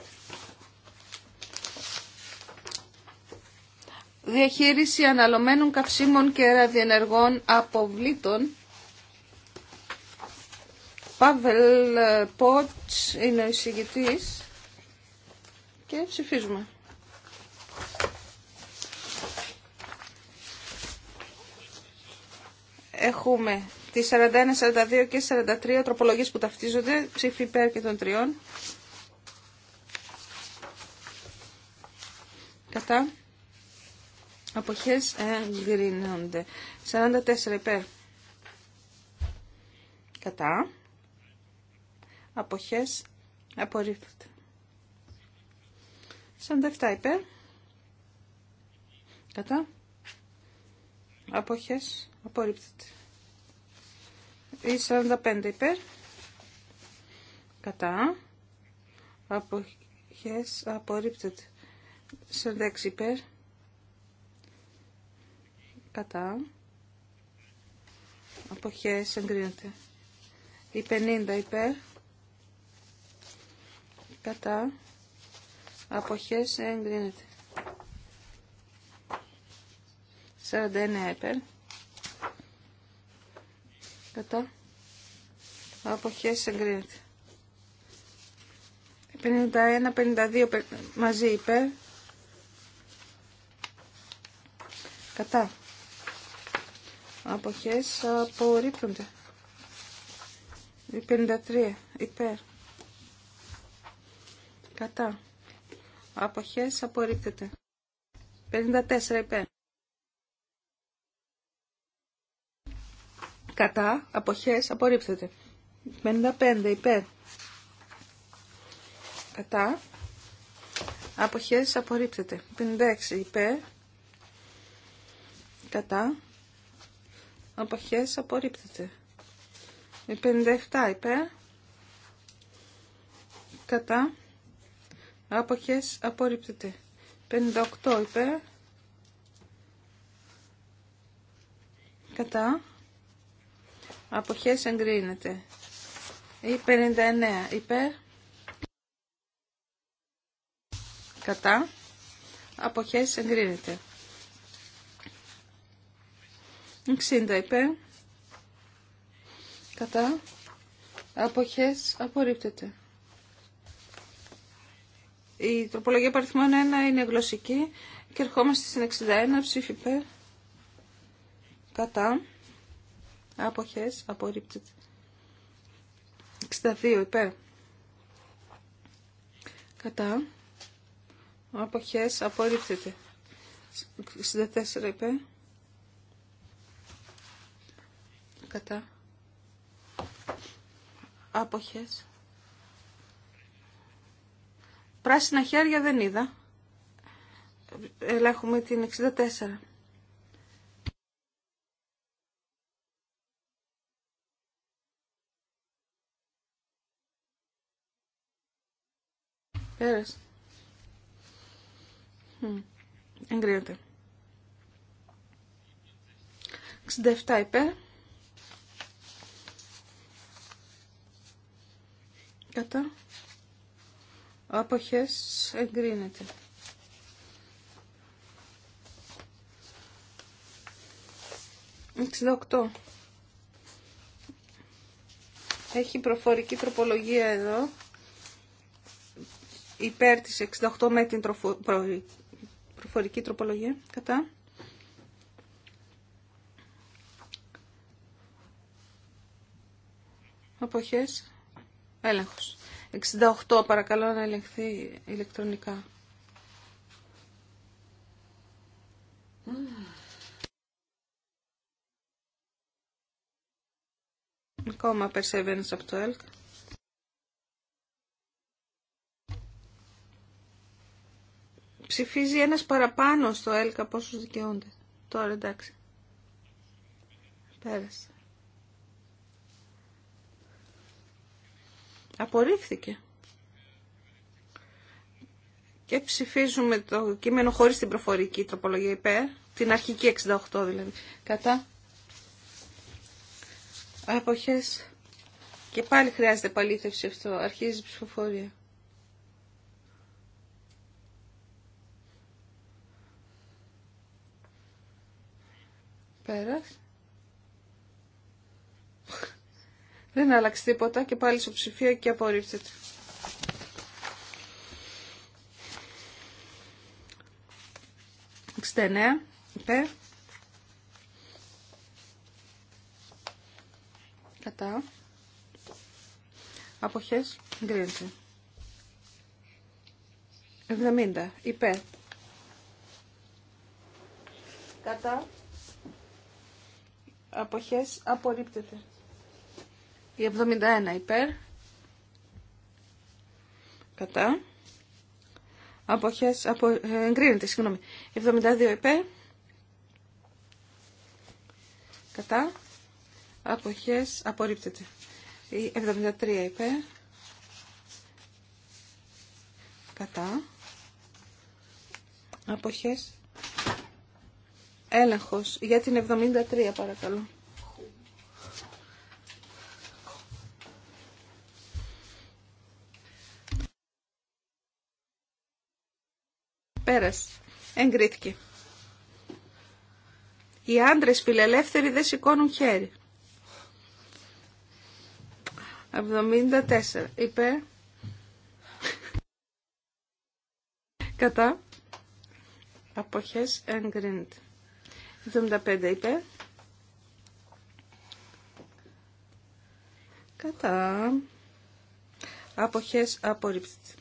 Διαχείριση αναλωμένων καυσίμων και ραδιενεργών αποβλήτων Πάβελ ποτ είναι ο εισηγητή και ψηφίζουμε. Έχουμε τι 41, 42 και 43 τροπολογίες που ταυτίζονται, ψήφι υπέρ και των τριών. Κατά. Αποχές εγκρίνονται. 44 υπέρ. Κατά αποχές Σαν 47 υπέρ κατά αποχές απορρίπτεται. Ή 45 υπέρ κατά αποχές απορρίπτεται. 46 υπέρ κατά αποχές εγκρίνεται. Η 50 υπέρ κατά αποχές εγκρίνεται 49 επερ. κατα κατά αποχές εγκρίνεται 51-52 μαζί υπέρ κατά αποχές απορρίπτονται 53 υπέρ Κατά. Αποχές απορρίπτεται. 54 υπέρ. Κατά. Αποχές απορρίπτεται. 55 υπέρ. Κατά. Αποχές απορρίπτεται. 56 υπέρ. Κατά. Αποχές απορρίπτεται. 57 υπέρ. Κατά. Άποχες απορρίπτεται. 58 υπέρ. Κατά. Αποχές εγκρίνεται. Ή 59 υπέρ. Κατά. Αποχές εγκρίνεται. 60 υπέρ. Κατά. Αποχές απορρίπτεται. Η τροπολογία παριθμών 1 είναι γλωσσική και ερχόμαστε στην 61 ψήφι υπέρ. Κατά. Αποχές. Απορρίπτεται. 62 υπέρ. Κατά. Αποχές. Απορρίπτεται. 64 υπέρ. Κατά. Άποχες. Πράσινα χέρια δεν είδα. Ελέγχουμε την 64. Πέρασε. Εγκρίνεται. 67 υπέρ. Άποχες εγκρίνεται. 68 Έχει προφορική τροπολογία εδώ. Υπέρ της 68 με την τροφο... προ... προφορική τροπολογία. Κατά. Αποχές. Έλεγχος. 68 παρακαλώ να ελεγχθεί ηλεκτρονικά. Ακόμα περσεβαίνεις από το ΕΛΚ. Ψηφίζει ένας παραπάνω στο ΕΛΚ από όσους δικαιούνται. Τώρα εντάξει. Πέρασε. Απορρίφθηκε. Και ψηφίζουμε το κείμενο χωρίς την προφορική τροπολογία υπέρ, την αρχική 68 δηλαδή, κατά αποχές. Και πάλι χρειάζεται παλήθευση αυτό, αρχίζει η ψηφοφορία. Πέρας. Δεν άλλαξε τίποτα και πάλι στο ψηφίο και απορρίφθηκε. 69. υπέρ. Κατά. Αποχές, γκρίνεται. 70, υπέρ. Κατά. Αποχές, απορρίπτεται. Η 71 υπέρ. Κατά. Αποχές, απο, ε, εγκρίνεται, συγγνώμη. 72 υπέρ. Κατά. Αποχές, απορρίπτεται. Η 73 υπέρ. Κατά. Αποχές. Έλεγχος για την 73 παρακαλώ. Πέρας. Εγκρίθηκε. Οι άντρες φιλελεύθεροι δεν σηκώνουν χέρι. 74. Είπε. Κατά. Αποχές εγκρίνεται. 75 Είπε. Κατά. Αποχές απορρίπτεται.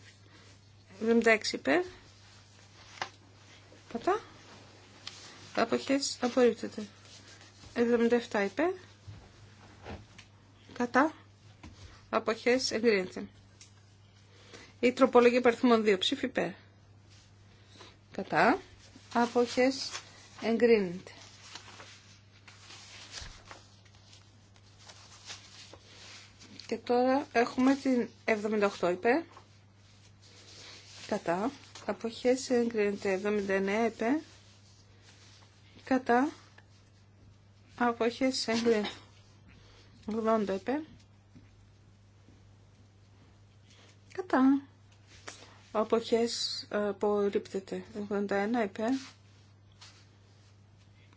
76 Είπε. Κατά. Αποχές απορρίπτεται. 77 υπέρ. Κατά. Αποχές εγκρίνεται. Η τροπολογία υπαριθμών 2 ψήφι υπέρ. Κατά. Αποχές εγκρίνεται. Και τώρα έχουμε την 78 υπέρ. Κατά. Αποχές εγκρίνεται 79 επέ. Κατά. Αποχές εγκρίνεται 80 επέ. Κατά. Αποχές απορρίπτεται 81 επέ.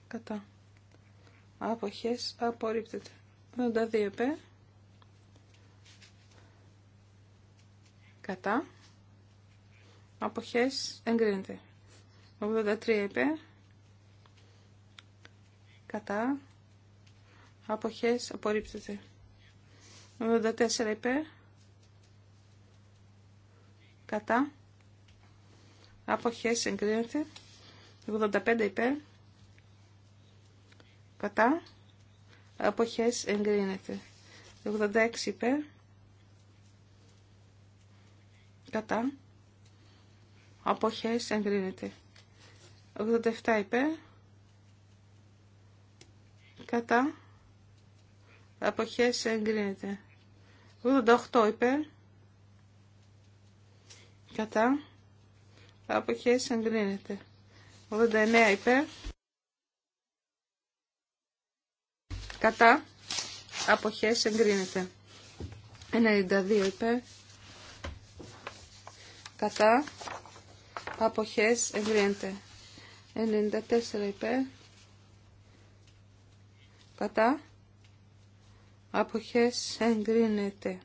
Κατά. Αποχές απορρίπτεται 82 επέ. Κατά αποχές εγκρίνεται. 83 υπέρ κατά αποχές απορρίπτεται. 84 υπέρ κατά αποχές εγκρίνεται. 85 υπέρ κατά αποχές εγκρίνεται. 86 υπέρ κατά Αποχές εγκρίνεται. 87 υπέρ. Κατά. Αποχές εγκρίνεται. 88 υπέρ. Κατά. Αποχές εγκρίνεται. 89 υπέρ. Κατά. Αποχές εγκρίνεται. 92 υπέρ. Κατά αποχές εγκρίνεται. 94 υπέρ κατά αποχές εγκρίνεται.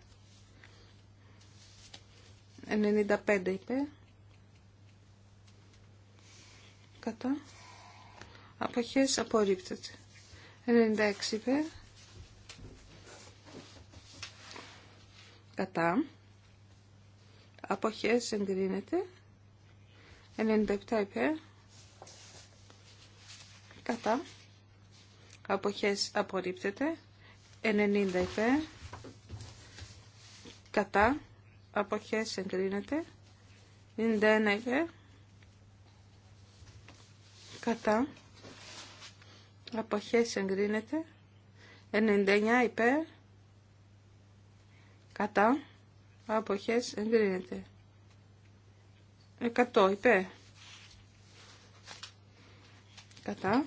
95 υπέρ κατά αποχές απορρίπτεται. 96 υπέρ κατά αποχές εγκρίνεται. 97 υπέρ. Κατά. Αποχές απορρίπτεται. 90 υπέρ. Κατά. Αποχές εγκρίνεται. 91 υπέρ. Κατά. Αποχές εγκρίνεται. 99 υπέρ. Κατά. Αποχές εγκρίνεται. 100 υπέρ. Κατά.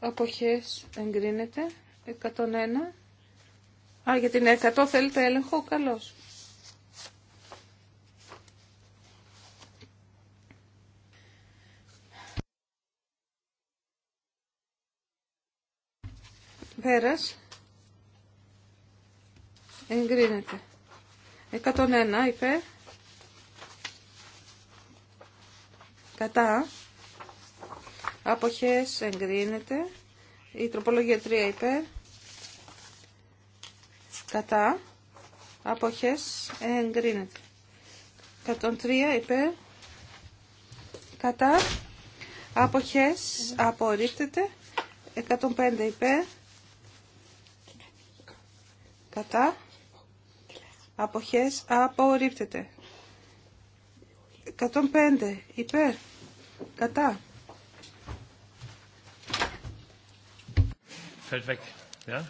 Αποχές εγκρίνεται. 101. Α, για την 100 θέλετε έλεγχο. Καλώς. Πέρας. Εγκρίνεται. 101 υπέρ. κατά αποχές εγκρίνεται η τροπολογία 3 υπέρ κατά αποχές εγκρίνεται 103 υπέρ κατά αποχές απορρίπτεται 105 υπέρ κατά αποχές απορρίπτεται 105 υπέρ Κατά. Yeah.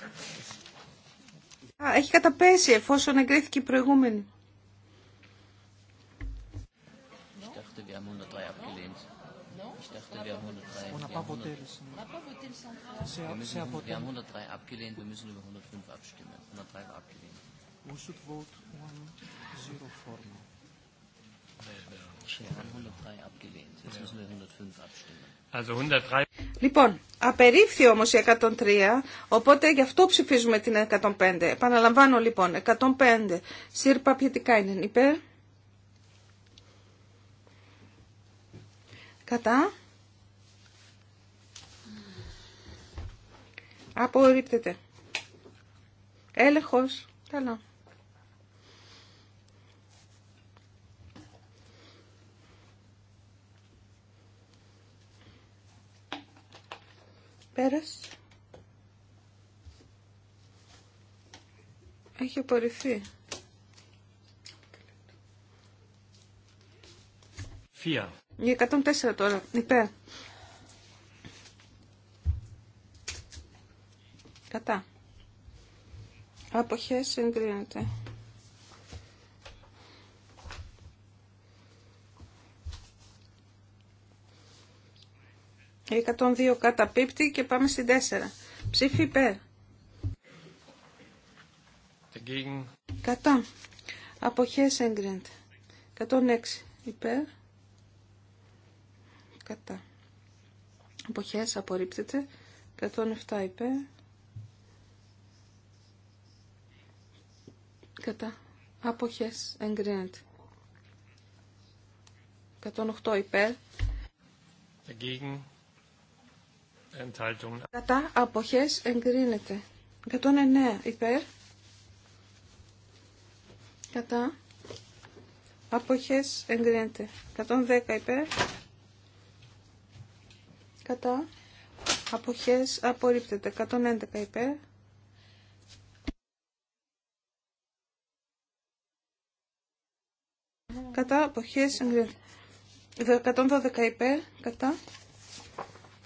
Α, έχει καταπέσει εφόσον εγκρίθηκε η προηγούμενη. Λοιπόν, απερίφθη όμως η 103, οπότε γι' αυτό ψηφίζουμε την 105. Επαναλαμβάνω λοιπόν, 105. Σύρπα τι είναι υπέρ. Κατά. Απορρίπτεται. Έλεγχος. Καλά. Πέρας. Έχει απορριφθεί. Φία. Για 104 τώρα. Υπέρ. Κατά. Αποχές εγκρίνεται. 102 καταπίπτει και πάμε στην 4. Ψήφι υπέρ. Κατά. Αποχές εγκρίνεται. 106 υπέρ. Κατά. Αποχές απορρίπτεται. 107 υπέρ. Κατά. Αποχές εγκρίνεται. 108 υπέρ. Dagegen. Κατά αποχές εγκρίνεται. 109 υπέρ. Κατά αποχές εγκρίνεται. 110 υπέρ. Κατά αποχές απορρίπτεται. 111 υπέρ. Κατά αποχές εγκρίνεται. 112 υπέρ. Κατά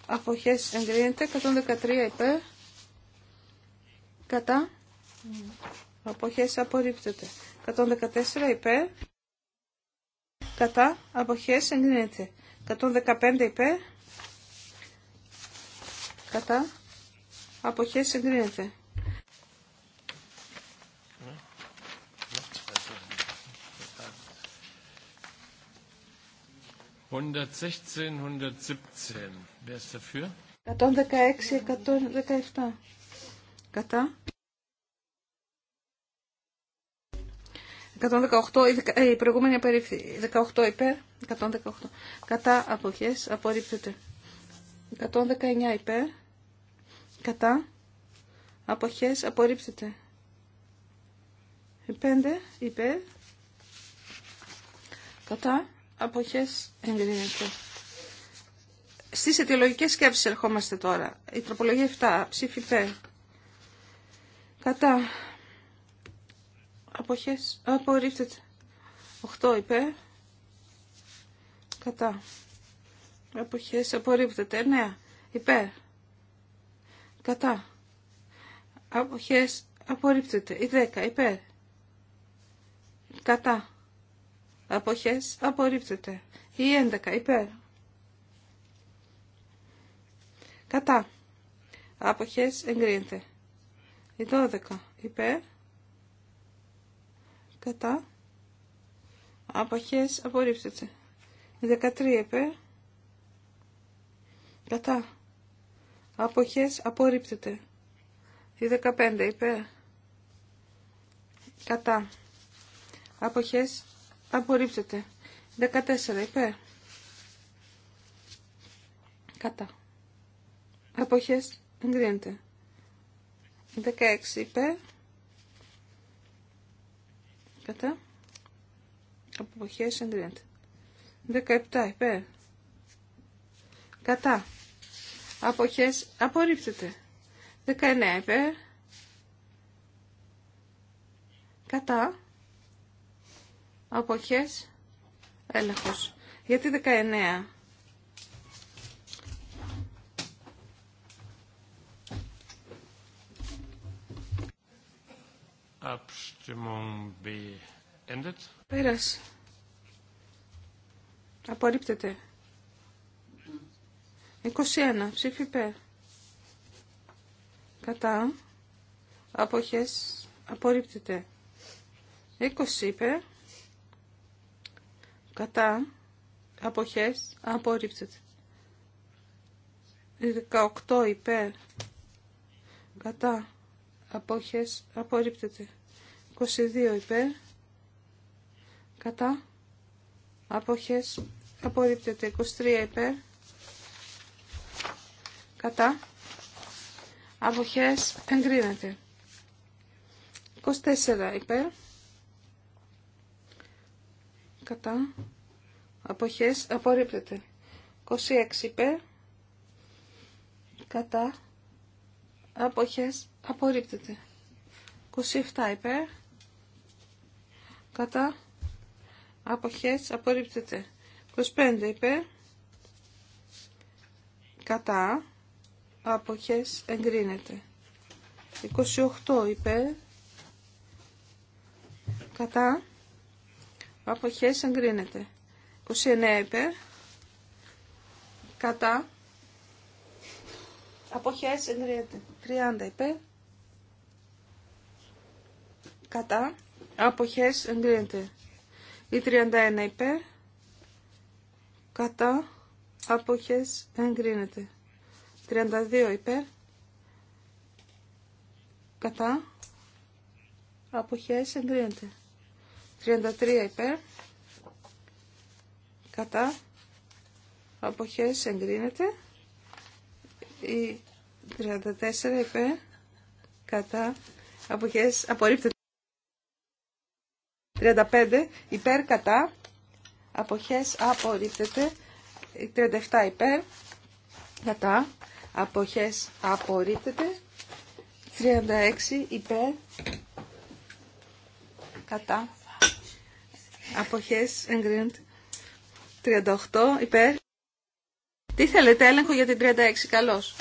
αποχές εγκρίνεται 113 υπέρ κατά αποχές απορρίπτεται 114 υπέρ κατά αποχές εγκρίνεται 115 υπέρ κατά αποχές εγκρίνεται 116, 117. 116, 117. Κατά. 118, η προηγούμενη απερίφθη. 18 υπέρ, 118. Κατά αποχές απορρίπτεται. 119 υπέρ, κατά αποχές απορρίπτεται. 5 υπέρ, κατά αποχές εγκρίνεται. Στις αιτιολογικές σκέψεις ερχόμαστε τώρα. Η τροπολογία 7, ψήφι υπέρ. Κατά. Αποχές. Απορρίπτεται. 8 υπέρ. Κατά. Αποχές. Απορρίπτεται. 9 υπέρ. Κατά. Αποχές. Απορρίπτεται. Η 10 υπέρ. Κατά. Αποχές απορρίπτεται. Η 11 υπέρ. Κατά. Αποχές εγκρίνεται. Η 12 υπέρ. Κατά. Αποχές απορρίπτεται. Η 13 υπέρ. Κατά. Αποχές απορρίπτεται. Η 15 υπέρ. Κατά. Αποχές Απορρίπτεται. 14 υπέρ. Κατά. Αποχές εγκρίνεται. 16 υπέρ. Κατά. Αποχές εγκρίνεται. 17 υπέρ. Κατά. Αποχές απορρίπτεται. 19 υπέρ. Κατά αποχές, έλεγχος. Γιατί 19. Abstimmung Πέρας. Απορρίπτεται. 21. Ψήφι Κατά. Αποχές. Απορρίπτεται. 20 υπέρ κατά αποχές απορρίπτεται. 18 υπέρ κατά αποχές απορρίπτεται. 22 υπέρ κατά αποχές απορρίπτεται. 23 υπέρ κατά αποχές εγκρίνεται. 24 υπέρ κατά αποχές απορρίπτεται 26 υπέρ κατά αποχές απορρίπτεται 27 υπέρ κατά αποχές απορρίπτεται 25 υπέρ κατά αποχές εγκρίνεται 28 υπέρ κατά αποχές εγκρίνεται. 29 υπέρ, κατά, αποχές εγκρίνεται. 30 υπέρ, κατά, αποχές εγκρίνεται. Η 31 υπέρ, κατά, αποχές εγκρίνεται. 32 υπέρ, κατά, αποχές εγκρίνεται. 33 υπέρ. Κατά. Αποχές εγκρίνεται. Η 34 υπέρ. Κατά. Αποχές απορρίπτεται. 35 υπέρ κατά. Αποχές απορρίπτεται. 37 υπέρ. Κατά. Αποχές απορρίπτεται. 36 υπέρ. Κατά αποχές εγκρίνεται. 38 υπέρ. Τι θέλετε, έλεγχο για την 36, καλώς.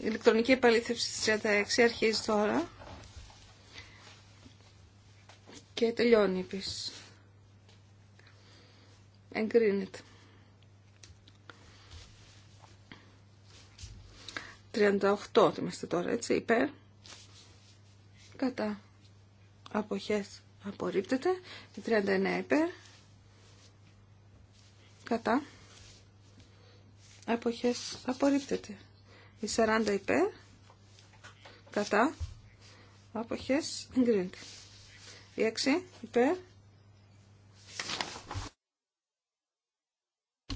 Ηλεκτρονική επαλήθευση της 36 αρχίζει τώρα. Και τελειώνει επίσης. Εγκρίνεται. 38 είμαστε τώρα, έτσι, υπέρ. Κατά. Αποχές απορρίπτεται. Η 39 υπέρ. Κατά. Αποχές απορρίπτεται. Η 40 υπέρ. Κατά. Αποχές εγκρίνεται. Η 6 υπέρ.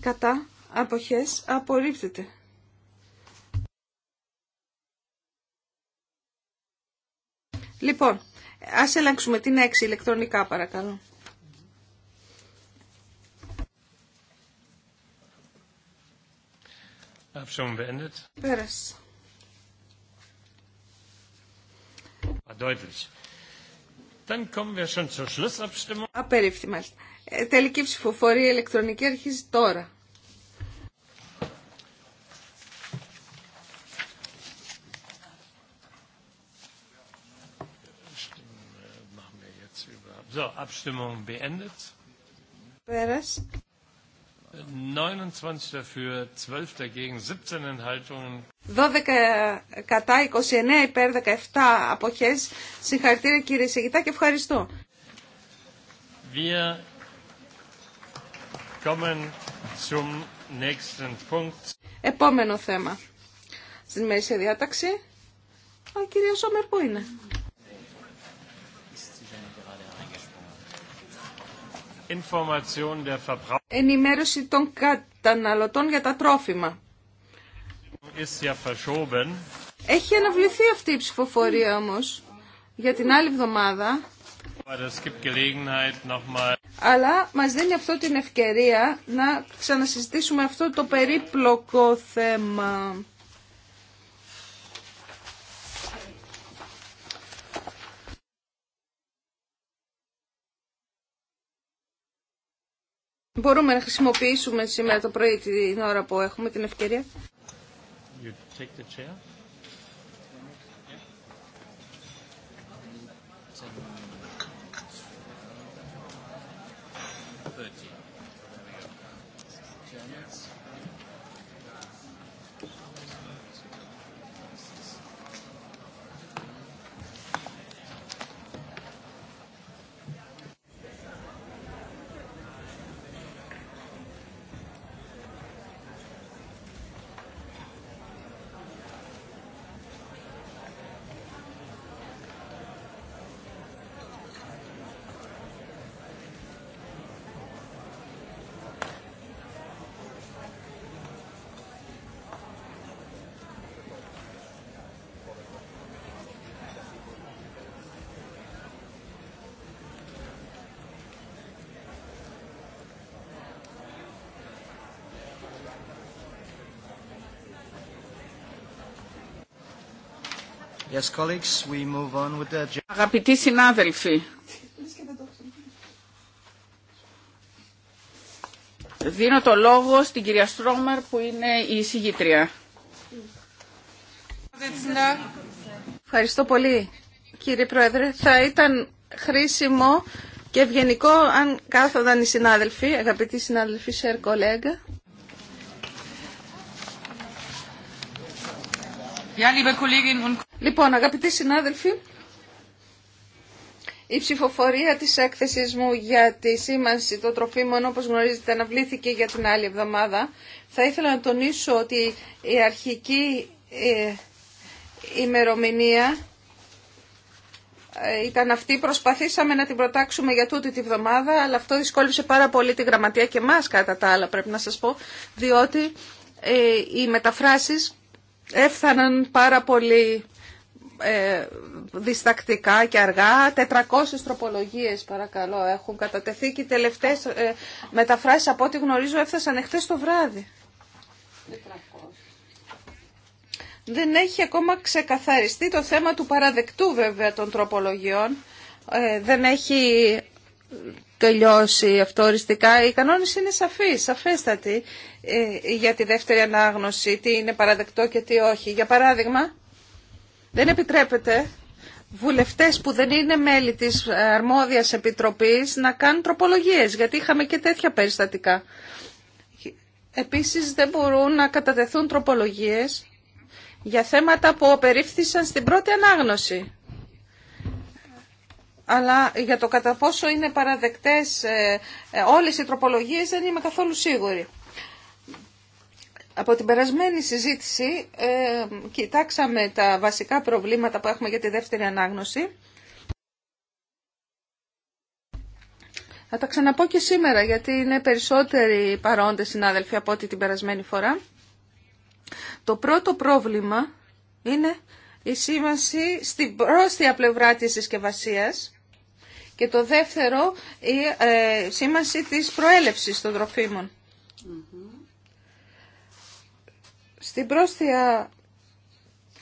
Κατά. Αποχές απορρίπτεται. Λοιπόν, Ας ελέγξουμε την 6 ηλεκτρονικά παρακαλώ. Πέρασε. Απερίφθη μάλιστα. Ε, τελική ψηφοφορία ηλεκτρονική αρχίζει τώρα. So, 12 κατά, 29 υπέρ, 17 αποχές. Συγχαρητήρια κύριε Σιγητά και ευχαριστώ. Επόμενο θέμα. Στην μέση διάταξη. Ο κύριος Σόμερ που είναι. Ενημέρωση των καταναλωτών για τα τρόφιμα. Έχει αναβληθεί αυτή η ψηφοφορία όμως για την άλλη εβδομάδα. Αλλά μας δίνει αυτό την ευκαιρία να ξανασυζητήσουμε αυτό το περίπλοκο θέμα. μπορούμε να χρησιμοποιήσουμε σήμερα το πρωί την ώρα που έχουμε την ευκαιρία. Αγαπητοί συνάδελφοι, δίνω το λόγο στην κυρία Στρόμαρ που είναι η εισηγήτρια. Ευχαριστώ πολύ κύριε Πρόεδρε. Θα ήταν χρήσιμο και ευγενικό αν κάθονταν οι συνάδελφοι, αγαπητοί συνάδελφοι, σερ κολέγκα. Λοιπόν, αγαπητοί συνάδελφοι, η ψηφοφορία της έκθεσης μου για τη σήμανση των τροφίμων, όπως γνωρίζετε, αναβλήθηκε για την άλλη εβδομάδα. Θα ήθελα να τονίσω ότι η αρχική ε, ημερομηνία ε, ήταν αυτή. Προσπαθήσαμε να την προτάξουμε για τούτη τη εβδομάδα, αλλά αυτό δυσκόλυψε πάρα πολύ τη γραμματεία και εμάς κατά τα άλλα, πρέπει να σας πω, διότι ε, οι μεταφράσεις έφταναν πάρα πολύ ε, διστακτικά και αργά. 400 τροπολογίες παρακαλώ έχουν κατατεθεί και οι τελευταίες ε, μεταφράσεις από ό,τι γνωρίζω έφτασαν εχθές το βράδυ. Δεν έχει ακόμα ξεκαθαριστεί το θέμα του παραδεκτού βέβαια των τροπολογιών. Ε, δεν έχει τελειώσει αυτό Οι κανόνε είναι σαφείς, σαφέστατοι ε, για τη δεύτερη ανάγνωση, τι είναι παραδεκτό και τι όχι. Για παράδειγμα, δεν επιτρέπεται βουλευτές που δεν είναι μέλη της ε, αρμόδιας επιτροπής να κάνουν τροπολογίες, γιατί είχαμε και τέτοια περιστατικά. Επίσης δεν μπορούν να κατατεθούν τροπολογίες για θέματα που απερίφθησαν στην πρώτη ανάγνωση αλλά για το κατά πόσο είναι παραδεκτές ε, ε, όλες οι τροπολογίες δεν είμαι καθόλου σίγουρη. Από την περασμένη συζήτηση ε, κοιτάξαμε τα βασικά προβλήματα που έχουμε για τη δεύτερη ανάγνωση. Θα τα ξαναπώ και σήμερα γιατί είναι περισσότεροι παρόντες συνάδελφοι από ό,τι την περασμένη φορά. Το πρώτο πρόβλημα είναι η σήμανση στην πρόστια πλευρά της συσκευασία και το δεύτερο η ε, σήμανση της προέλευσης των τροφίμων. Mm-hmm. Στην πρόστια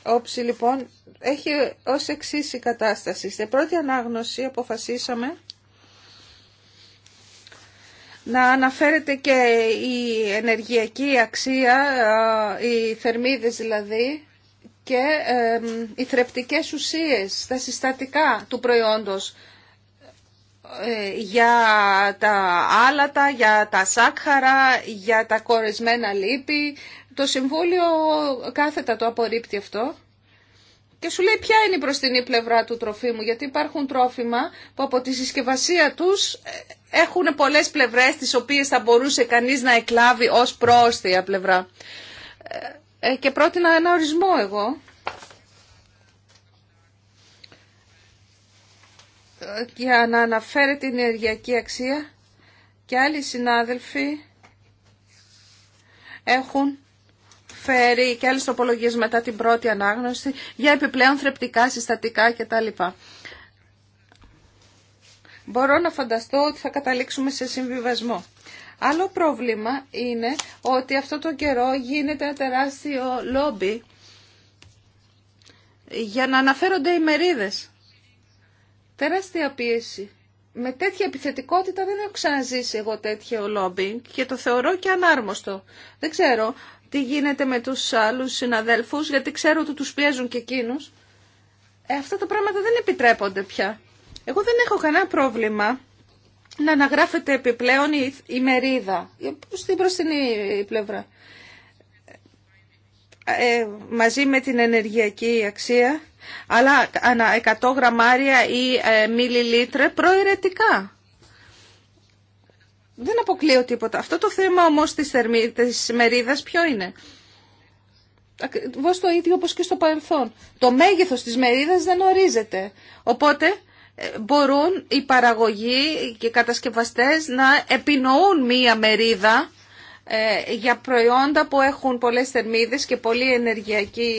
όψη λοιπόν έχει ως εξής η κατάσταση. Στην πρώτη ανάγνωση αποφασίσαμε να αναφέρεται και η ενεργειακή αξία, οι θερμίδες δηλαδή, και οι θρεπτικές ουσίες, τα συστατικά του προϊόντος ε, για τα άλατα, για τα σάκχαρα, για τα κορεσμένα λίπη. Το Συμβούλιο κάθετα το απορρίπτει αυτό. Και σου λέει ποια είναι η προστινή πλευρά του τροφίμου, γιατί υπάρχουν τρόφιμα που από τη συσκευασία τους ε, έχουν πολλές πλευρές τις οποίες θα μπορούσε κανείς να εκλάβει ως πρόσθεια πλευρά. Ε, ε, και πρότεινα ένα ορισμό εγώ. για να αναφέρει την ενεργειακή αξία και άλλοι συνάδελφοι έχουν φέρει και άλλες τροπολογίες μετά την πρώτη ανάγνωση για επιπλέον θρεπτικά συστατικά κτλ. Μπορώ να φανταστώ ότι θα καταλήξουμε σε συμβιβασμό. Άλλο πρόβλημα είναι ότι αυτό το καιρό γίνεται ένα τεράστιο λόμπι για να αναφέρονται οι μερίδες. Τεράστια πίεση. Με τέτοια επιθετικότητα δεν έχω ξαναζήσει εγώ τέτοιο λόμπι και το θεωρώ και ανάρμοστο. Δεν ξέρω τι γίνεται με τους άλλους συναδέλφους, γιατί ξέρω ότι τους πιέζουν και εκείνους. Ε, αυτά τα πράγματα δεν επιτρέπονται πια. Εγώ δεν έχω κανένα πρόβλημα να αναγράφεται επιπλέον η, η μερίδα, στην προστινή πλευρά. Ε, μαζί με την ενεργειακή αξία, αλλά ανά 100 γραμμάρια ή ε, μιλιλίτρε προαιρετικά. Δεν αποκλείω τίποτα. Αυτό το θέμα όμως της, θερμή, της μερίδας ποιο είναι. Ακριβώς το ίδιο όπως και στο παρελθόν. Το μέγεθος της μερίδας δεν ορίζεται. Οπότε ε, μπορούν οι παραγωγοί και οι κατασκευαστές να επινοούν μία μερίδα ε, για προϊόντα που έχουν πολλές θερμίδες και πολύ ενεργειακή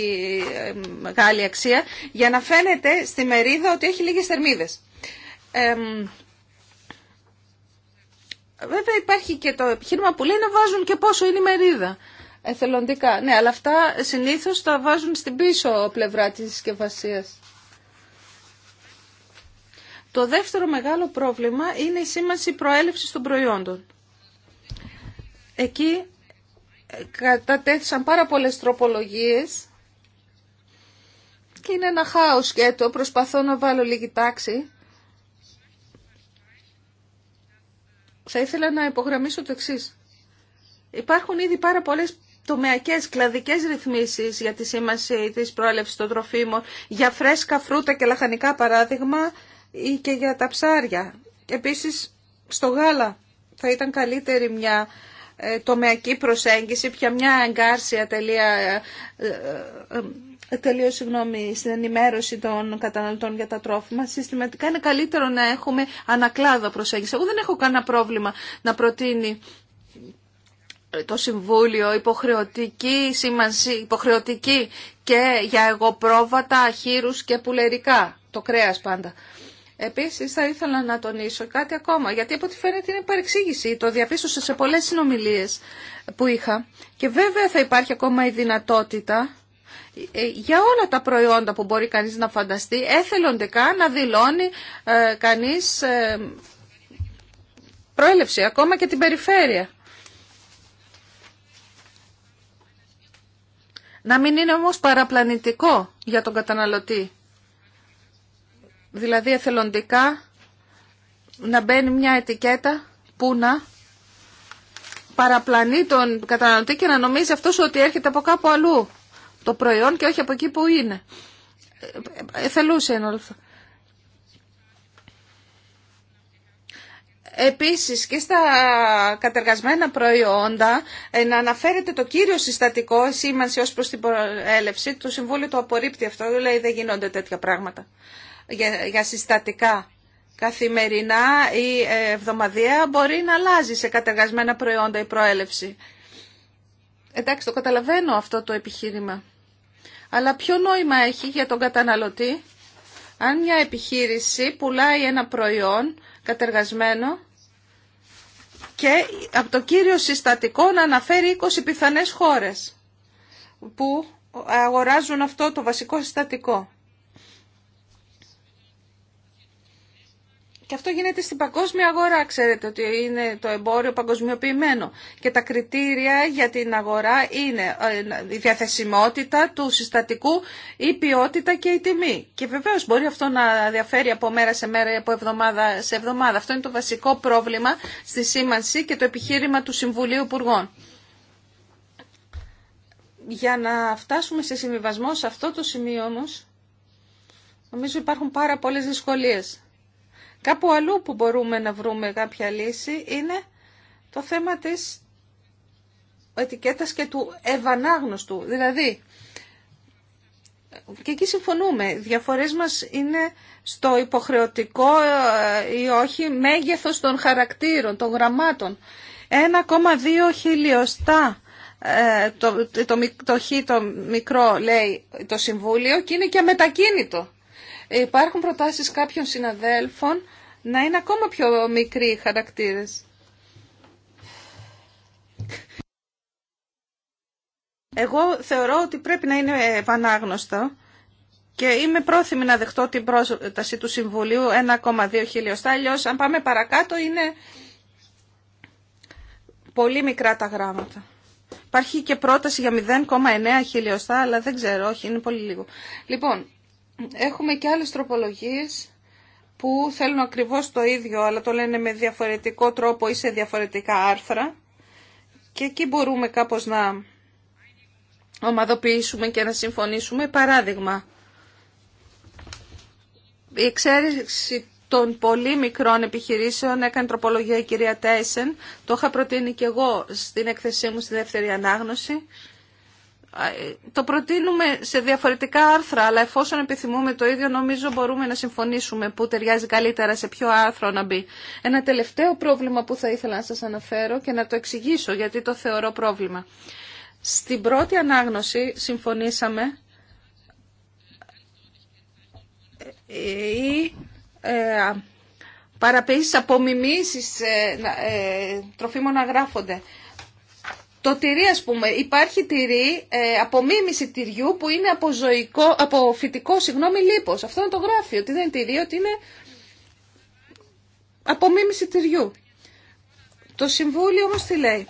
ε, μεγάλη αξία για να φαίνεται στη μερίδα ότι έχει λίγες θερμίδες. βέβαια υπάρχει και το επιχείρημα που λέει να βάζουν και πόσο είναι η μερίδα εθελοντικά. Ναι, αλλά αυτά συνήθως τα βάζουν στην πίσω πλευρά της συσκευασία. Το δεύτερο μεγάλο πρόβλημα είναι η σήμανση προέλευσης των προϊόντων. Εκεί ε, κατατέθησαν πάρα πολλές τροπολογίες και είναι ένα χάος και το προσπαθώ να βάλω λίγη τάξη. Θα ήθελα να υπογραμμίσω το εξή. Υπάρχουν ήδη πάρα πολλές τομεακές κλαδικές ρυθμίσεις για τη σήμανση της προέλευσης των τροφίμων, για φρέσκα φρούτα και λαχανικά παράδειγμα, ή και για τα ψάρια. Επίσης στο γάλα θα ήταν καλύτερη μια ε, τομεακή προσέγγιση, πια μια εγκάρσια τελεία, ε, ε, τελείω συγγνώμη, στην ενημέρωση των καταναλωτών για τα τρόφιμα. Συστηματικά είναι καλύτερο να έχουμε ανακλάδο προσέγγιση. Εγώ δεν έχω κανένα πρόβλημα να προτείνει το Συμβούλιο υποχρεωτική σήμανση, υποχρεωτική και για πρόβατα, χείρους και πουλερικά, το κρέας πάντα. Επίσης θα ήθελα να τονίσω κάτι ακόμα, γιατί από ό,τι φαίνεται είναι παρεξήγηση. Το διαπίστωσα σε πολλές συνομιλίες που είχα και βέβαια θα υπάρχει ακόμα η δυνατότητα ε, για όλα τα προϊόντα που μπορεί κανείς να φανταστεί, έθελοντικά να δηλώνει ε, κανείς ε, προέλευση, ακόμα και την περιφέρεια. Να μην είναι όμως παραπλανητικό για τον καταναλωτή. Δηλαδή εθελοντικά να μπαίνει μια ετικέτα που να παραπλανεί τον καταναλωτή και να νομίζει αυτός ότι έρχεται από κάπου αλλού το προϊόν και όχι από εκεί που είναι. Εθελούσε είναι όλο αυτό. Επίσης και στα κατεργασμένα προϊόντα ε, να αναφέρεται το κύριο συστατικό σήμανση ως προς την προέλευση. Το Συμβούλιο το απορρίπτει αυτό, δηλαδή δεν γίνονται τέτοια πράγματα για, συστατικά καθημερινά ή ε, εβδομαδιαία μπορεί να αλλάζει σε κατεργασμένα προϊόντα η προέλευση. Εντάξει, το καταλαβαίνω αυτό το επιχείρημα. Αλλά ποιο νόημα έχει για τον καταναλωτή αν μια επιχείρηση πουλάει ένα προϊόν κατεργασμένο και από το κύριο συστατικό να αναφέρει 20 πιθανές χώρες που αγοράζουν αυτό το βασικό συστατικό. Και αυτό γίνεται στην παγκόσμια αγορά, ξέρετε ότι είναι το εμπόριο παγκοσμιοποιημένο. Και τα κριτήρια για την αγορά είναι ε, η διαθεσιμότητα του συστατικού, η ποιότητα και η τιμή. Και βεβαίω μπορεί αυτό να διαφέρει από μέρα σε μέρα ή από εβδομάδα σε εβδομάδα. Αυτό είναι το βασικό πρόβλημα στη σήμανση και το επιχείρημα του Συμβουλίου Υπουργών. Για να φτάσουμε σε συμβιβασμό σε αυτό το σημείο όμως, νομίζω υπάρχουν πάρα πολλές δυσκολίες Κάπου αλλού που μπορούμε να βρούμε κάποια λύση είναι το θέμα της ετικέτας και του ευανάγνωστου. Δηλαδή, και εκεί συμφωνούμε, οι διαφορές μας είναι στο υποχρεωτικό ή όχι μέγεθος των χαρακτήρων, των γραμμάτων. 1,2 χιλιοστά το, το, το, το μικρό λέει το Συμβούλιο και είναι και μετακίνητο. Υπάρχουν προτάσεις κάποιων συναδέλφων να είναι ακόμα πιο μικροί οι χαρακτήρες. Εγώ θεωρώ ότι πρέπει να είναι επανάγνωστο και είμαι πρόθυμη να δεχτώ την πρόταση του Συμβουλίου 1,2 χιλιοστά. Αλλιώ, αν πάμε παρακάτω, είναι πολύ μικρά τα γράμματα. Υπάρχει και πρόταση για 0,9 χιλιοστά, αλλά δεν ξέρω, όχι, είναι πολύ λίγο. Λοιπόν, Έχουμε και άλλες τροπολογίες που θέλουν ακριβώς το ίδιο, αλλά το λένε με διαφορετικό τρόπο ή σε διαφορετικά άρθρα. Και εκεί μπορούμε κάπως να ομαδοποιήσουμε και να συμφωνήσουμε. Παράδειγμα, η εξαίρεση των πολύ μικρών επιχειρήσεων έκανε τροπολογία η κυρία Τέισεν. Το είχα προτείνει και εγώ στην έκθεσή μου στη δεύτερη ανάγνωση. Ε, το προτείνουμε σε διαφορετικά άρθρα, αλλά εφόσον επιθυμούμε το ίδιο, νομίζω μπορούμε να συμφωνήσουμε που ταιριάζει καλύτερα σε ποιο άρθρο να μπει. Ένα τελευταίο πρόβλημα που θα ήθελα να σας αναφέρω και να το εξηγήσω, γιατί το θεωρώ πρόβλημα. Στην πρώτη ανάγνωση συμφωνήσαμε ε, ή ε, παραπέσεις απομιμήσεις τροφίμων να γράφονται. Το τυρί, ας πούμε, υπάρχει τυρί ε, από τυριού που είναι από, ζωικό, από φυτικό, λίπος. Αυτό είναι το γράφει, ότι δεν είναι τυρί, ότι είναι από τυριού. Το Συμβούλιο όμως τι λέει.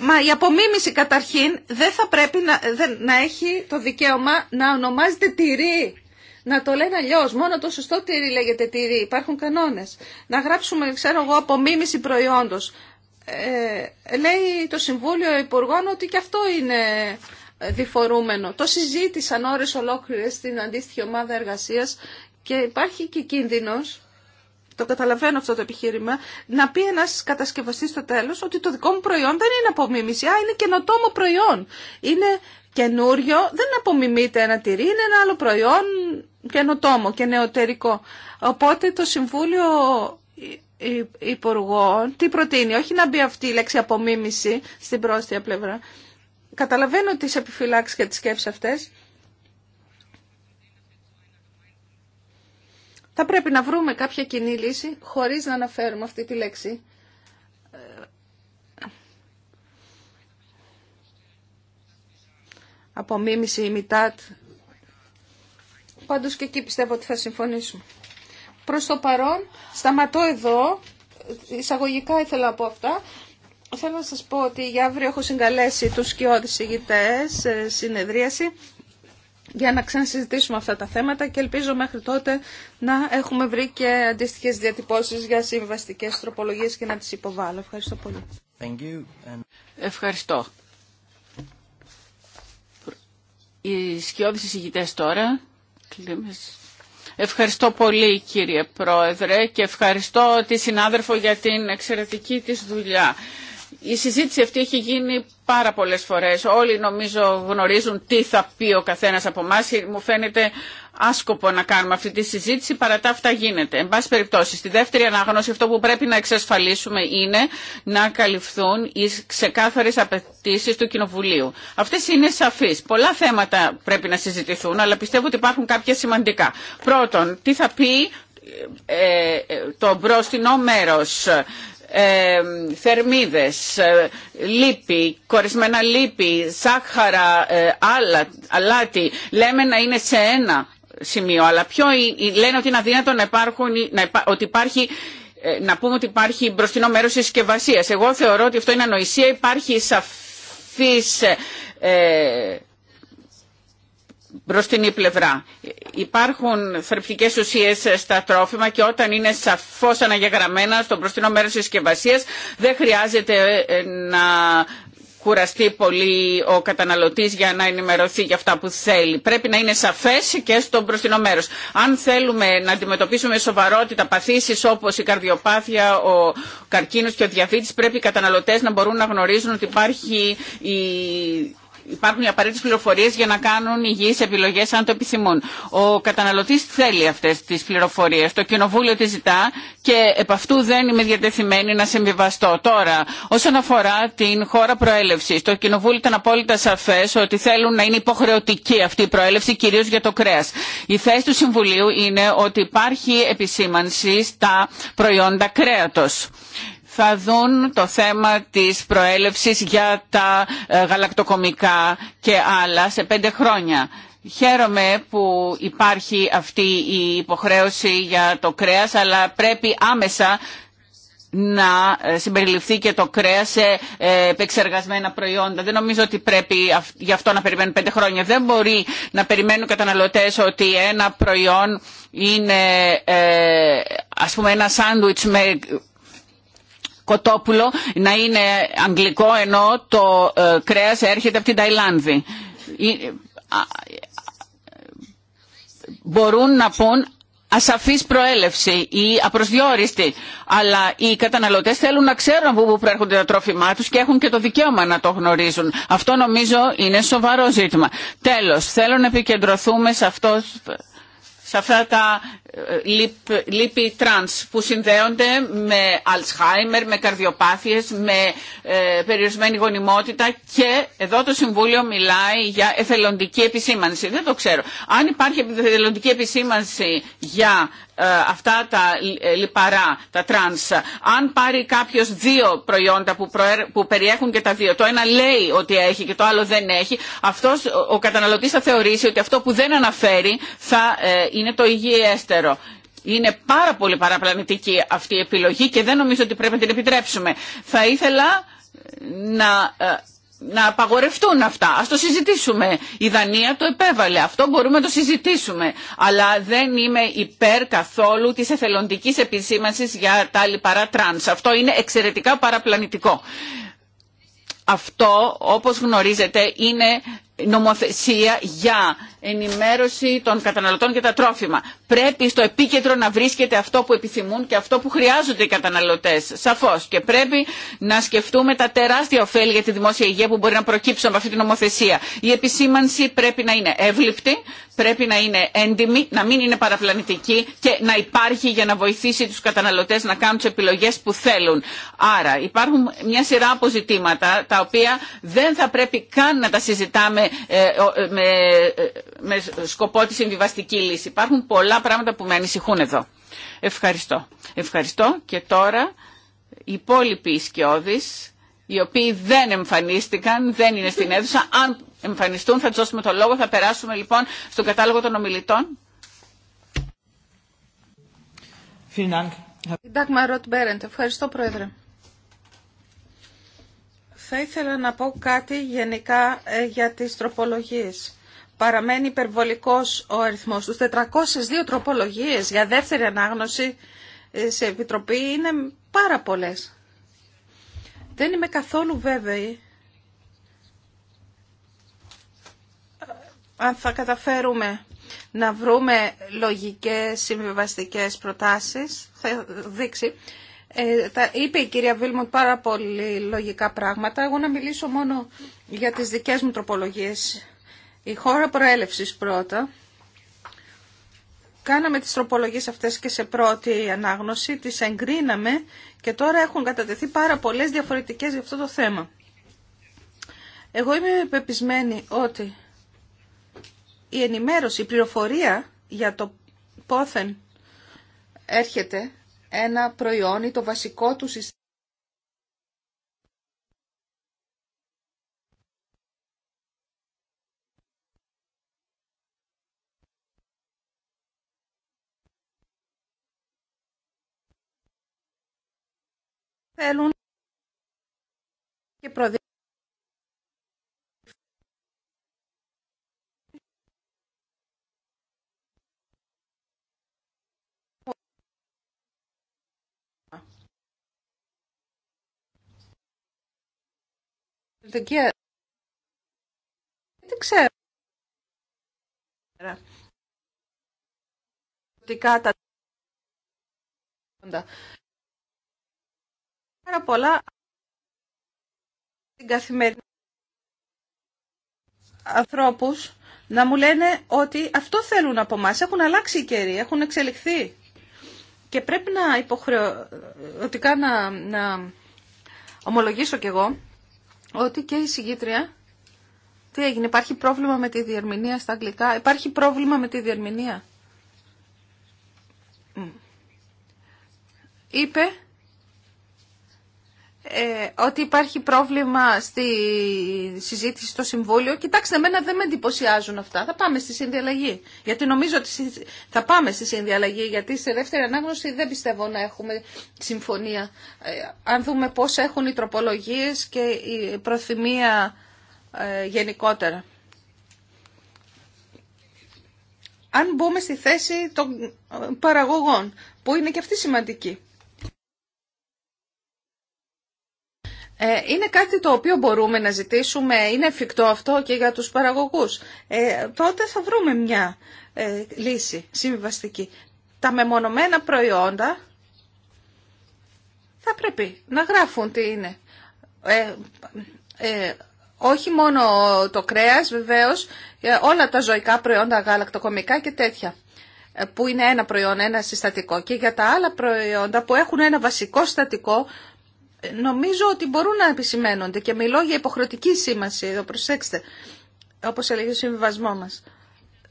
Μα η απομίμηση καταρχήν δεν θα πρέπει να, δεν, να έχει το δικαίωμα να ονομάζεται τυρί να το λένε αλλιώ. Μόνο το σωστό τύρι λέγεται τύρι. Υπάρχουν κανόνε. Να γράψουμε, ξέρω εγώ, απομίμηση προϊόντο. Ε, λέει το Συμβούλιο Υπουργών ότι και αυτό είναι διφορούμενο. Το συζήτησαν ώρε ολόκληρε στην αντίστοιχη ομάδα εργασία και υπάρχει και κίνδυνο, το καταλαβαίνω αυτό το επιχείρημα, να πει ένα κατασκευαστή στο τέλο ότι το δικό μου προϊόν δεν είναι απομίμηση, α, είναι καινοτόμο προϊόν. Είναι καινούριο, δεν απομιμείται ένα τυρί, είναι ένα άλλο προϊόν, καινοτόμο και νεωτερικό. Οπότε το Συμβούλιο Υπουργών τι προτείνει, όχι να μπει αυτή η λέξη απομίμηση στην πρόστια πλευρά. Καταλαβαίνω τις επιφυλάξει και τις σκέψεις αυτές. Θα πρέπει να βρούμε κάποια κοινή λύση χωρίς να αναφέρουμε αυτή τη λέξη. Απομίμηση ή Πάντως και εκεί πιστεύω ότι θα συμφωνήσουμε. Προς το παρόν, σταματώ εδώ, εισαγωγικά ήθελα από αυτά. Θέλω να σας πω ότι για αύριο έχω συγκαλέσει τους σκιώδεις ηγητές συνεδρίαση για να ξανασυζητήσουμε αυτά τα θέματα και ελπίζω μέχρι τότε να έχουμε βρει και αντίστοιχες διατυπώσεις για συμβαστικές τροπολογίες και να τις υποβάλω. Ευχαριστώ πολύ. Thank you. Ευχαριστώ. Οι σκιώδεις τώρα Ευχαριστώ πολύ κύριε Πρόεδρε και ευχαριστώ τη συνάδελφο για την εξαιρετική της δουλειά. Η συζήτηση αυτή έχει γίνει πάρα πολλές φορές. Όλοι νομίζω γνωρίζουν τι θα πει ο καθένας από εμά. Μου φαίνεται άσκοπο να κάνουμε αυτή τη συζήτηση παρά τα αυτά γίνεται. Εν πάση περιπτώσει, στη δεύτερη ανάγνωση αυτό που πρέπει να εξασφαλίσουμε είναι να καλυφθούν οι ξεκάθαρες απαιτήσει του Κοινοβουλίου. Αυτές είναι σαφείς. Πολλά θέματα πρέπει να συζητηθούν, αλλά πιστεύω ότι υπάρχουν κάποια σημαντικά. Πρώτον, τι θα πει ε, ε, το μπροστινό μέρος ε, θερμίδες, ε, λίπη, κορισμένα λίπη, σάχαρα, αλάτι, λέμε να είναι σε ένα σημείο, αλλά ποιο λένε ότι είναι αδύνατο να υπάρχουν, να υπά, ότι υπάρχει ε, να πούμε ότι υπάρχει μπροστινό μέρο της συσκευασία. Εγώ θεωρώ ότι αυτό είναι ανοησία. Υπάρχει σαφή ε, ε, μπροστινή πλευρά. Υπάρχουν θρεπτικέ ουσίε στα τρόφιμα και όταν είναι σαφώς αναγεγραμμένα στο μπροστινό μέρο της συσκευασία δεν χρειάζεται ε, να κουραστεί πολύ ο καταναλωτής για να ενημερωθεί για αυτά που θέλει. Πρέπει να είναι σαφές και στο μπροστινό μέρος. Αν θέλουμε να αντιμετωπίσουμε σοβαρότητα παθήσεις όπως η καρδιοπάθεια, ο καρκίνος και ο διαβήτης, πρέπει οι καταναλωτές να μπορούν να γνωρίζουν ότι υπάρχει η υπάρχουν οι απαραίτητε πληροφορίε για να κάνουν υγιεί επιλογέ αν το επιθυμούν. Ο καταναλωτή θέλει αυτέ τι πληροφορίε, Το κοινοβούλιο τη ζητά και επ' αυτού δεν είμαι διατεθειμένη να συμβιβαστώ. Τώρα, όσον αφορά την χώρα προέλευση, το κοινοβούλιο ήταν απόλυτα σαφέ ότι θέλουν να είναι υποχρεωτική αυτή η προέλευση, κυρίω για το κρέα. Η θέση του Συμβουλίου είναι ότι υπάρχει επισήμανση στα προϊόντα κρέατος θα δουν το θέμα της προέλευσης για τα ε, γαλακτοκομικά και άλλα σε πέντε χρόνια. Χαίρομαι που υπάρχει αυτή η υποχρέωση για το κρέας, αλλά πρέπει άμεσα να ε, συμπεριληφθεί και το κρέας σε ε, επεξεργασμένα προϊόντα. Δεν νομίζω ότι πρέπει γι' αυτό να περιμένουν πέντε χρόνια. Δεν μπορεί να περιμένουν καταναλωτές ότι ένα προϊόν είναι ας πούμε ένα σάντουιτς με κοτόπουλο να είναι αγγλικό ενώ το ε, κρέας έρχεται από την Ταϊλάνδη. Ε, μπορούν να πούν ασαφής προέλευση ή απροσδιόριστη. Αλλά οι καταναλωτές θέλουν να ξέρουν από πού προέρχονται τα τρόφιμά τους και έχουν και το δικαίωμα να το γνωρίζουν. Αυτό νομίζω είναι σοβαρό ζήτημα. Τέλος, θέλω να επικεντρωθούμε σε, αυτό, σε αυτά τα Λύπη τρανς που συνδέονται με Αλσχάιμερ, με καρδιοπάθειες, με ε, περιορισμένη γονιμότητα και εδώ το Συμβούλιο μιλάει για εθελοντική επισήμανση. Δεν το ξέρω. Αν υπάρχει εθελοντική επισήμανση για ε, αυτά τα λιπαρά, τα τρανς, αν πάρει κάποιος δύο προϊόντα που, περιέχουν και τα δύο, το ένα λέει ότι έχει και το άλλο δεν έχει, αυτός ο καταναλωτής θα θεωρήσει ότι αυτό που δεν αναφέρει θα ε, είναι το υγιέστερο. Είναι πάρα πολύ παραπλανητική αυτή η επιλογή και δεν νομίζω ότι πρέπει να την επιτρέψουμε. Θα ήθελα ε, να ε, να απαγορευτούν αυτά. Ας το συζητήσουμε. Η Δανία το επέβαλε. Αυτό μπορούμε να το συζητήσουμε. Αλλά δεν είμαι υπέρ καθόλου της εθελοντικής επισήμανσης για τα λιπαρά τρανς. Αυτό είναι εξαιρετικά παραπλανητικό. Αυτό, όπως γνωρίζετε, είναι νομοθεσία για ενημέρωση των καταναλωτών για τα τρόφιμα. Πρέπει στο επίκεντρο να βρίσκεται αυτό που επιθυμούν και αυτό που χρειάζονται οι καταναλωτές, σαφώς. Και πρέπει να σκεφτούμε τα τεράστια ωφέλη για τη δημόσια υγεία που μπορεί να προκύψουν από αυτή τη νομοθεσία. Η επισήμανση πρέπει να είναι εύληπτη, πρέπει να είναι έντιμη, να μην είναι παραπλανητική και να υπάρχει για να βοηθήσει τους καταναλωτές να κάνουν τις επιλογές που θέλουν. Άρα υπάρχουν μια σειρά αποζητήματα τα οποία δεν θα πρέπει καν να τα συζητάμε ε, ε, με, ε, με σκοπό τη συμβιβαστική λύση. Υπάρχουν πολλά πράγματα που με ανησυχούν εδώ. Ευχαριστώ. Ευχαριστώ και τώρα οι υπόλοιποι οι οποίοι δεν εμφανίστηκαν, δεν είναι στην αίθουσα εμφανιστούν, θα του δώσουμε το λόγο. Θα περάσουμε λοιπόν στον κατάλογο των ομιλητών. Ευχαριστώ, Πρόεδρε. Θα ήθελα να πω κάτι γενικά ε, για τις τροπολογίες. Παραμένει υπερβολικός ο αριθμός τους. 402 τροπολογίες για δεύτερη ανάγνωση ε, σε επιτροπή είναι πάρα πολλές. Δεν είμαι καθόλου βέβαιη αν θα καταφέρουμε να βρούμε λογικές συμβιβαστικές προτάσεις, θα δείξει. Ε, είπε η κυρία Βίλμον πάρα πολύ λογικά πράγματα. Εγώ να μιλήσω μόνο για τις δικές μου τροπολογίες. Η χώρα προέλευσης πρώτα. Κάναμε τις τροπολογίες αυτές και σε πρώτη ανάγνωση, τις εγκρίναμε και τώρα έχουν κατατεθεί πάρα πολλές διαφορετικές για αυτό το θέμα. Εγώ είμαι πεπισμένη ότι η ενημέρωση, η πληροφορία για το πόθεν έρχεται ένα προϊόν ή το βασικό του συστήμα. Θέλουν και προδείξουν. Δεν ξέρω. τα Πάρα πολλά την καθημερινή ανθρώπους να μου λένε ότι αυτό θέλουν από εμά Έχουν αλλάξει οι καιροί, έχουν εξελιχθεί. Και πρέπει να υποχρεωτικά να ομολογήσω κι εγώ ότι και η συγκήτρια... Τι έγινε, υπάρχει πρόβλημα με τη διερμηνία στα αγγλικά. Υπάρχει πρόβλημα με τη διερμηνία. Είπε ε, ότι υπάρχει πρόβλημα στη συζήτηση στο Συμβούλιο. Κοιτάξτε, εμένα δεν με εντυπωσιάζουν αυτά. Θα πάμε στη συνδιαλλαγή. Γιατί νομίζω ότι θα πάμε στη συνδιαλλαγή, γιατί σε δεύτερη ανάγνωση δεν πιστεύω να έχουμε συμφωνία. Ε, αν δούμε πώ έχουν οι τροπολογίε και η προθυμία ε, γενικότερα. Αν μπούμε στη θέση των παραγωγών, που είναι και αυτή σημαντική. Ε, είναι κάτι το οποίο μπορούμε να ζητήσουμε, είναι εφικτό αυτό και για τους παραγωγούς. Ε, τότε θα βρούμε μια ε, λύση συμβιβαστική. Τα μεμονωμένα προϊόντα θα πρέπει να γράφουν τι είναι. Ε, ε, όχι μόνο το κρέας βεβαίως, όλα τα ζωικά προϊόντα, γαλακτοκομικά και τέτοια που είναι ένα προϊόν, ένα συστατικό και για τα άλλα προϊόντα που έχουν ένα βασικό συστατικό νομίζω ότι μπορούν να επισημένονται και μιλώ για υποχρεωτική σήμαση, εδώ, προσέξτε, όπως έλεγε ο συμβιβασμό μας.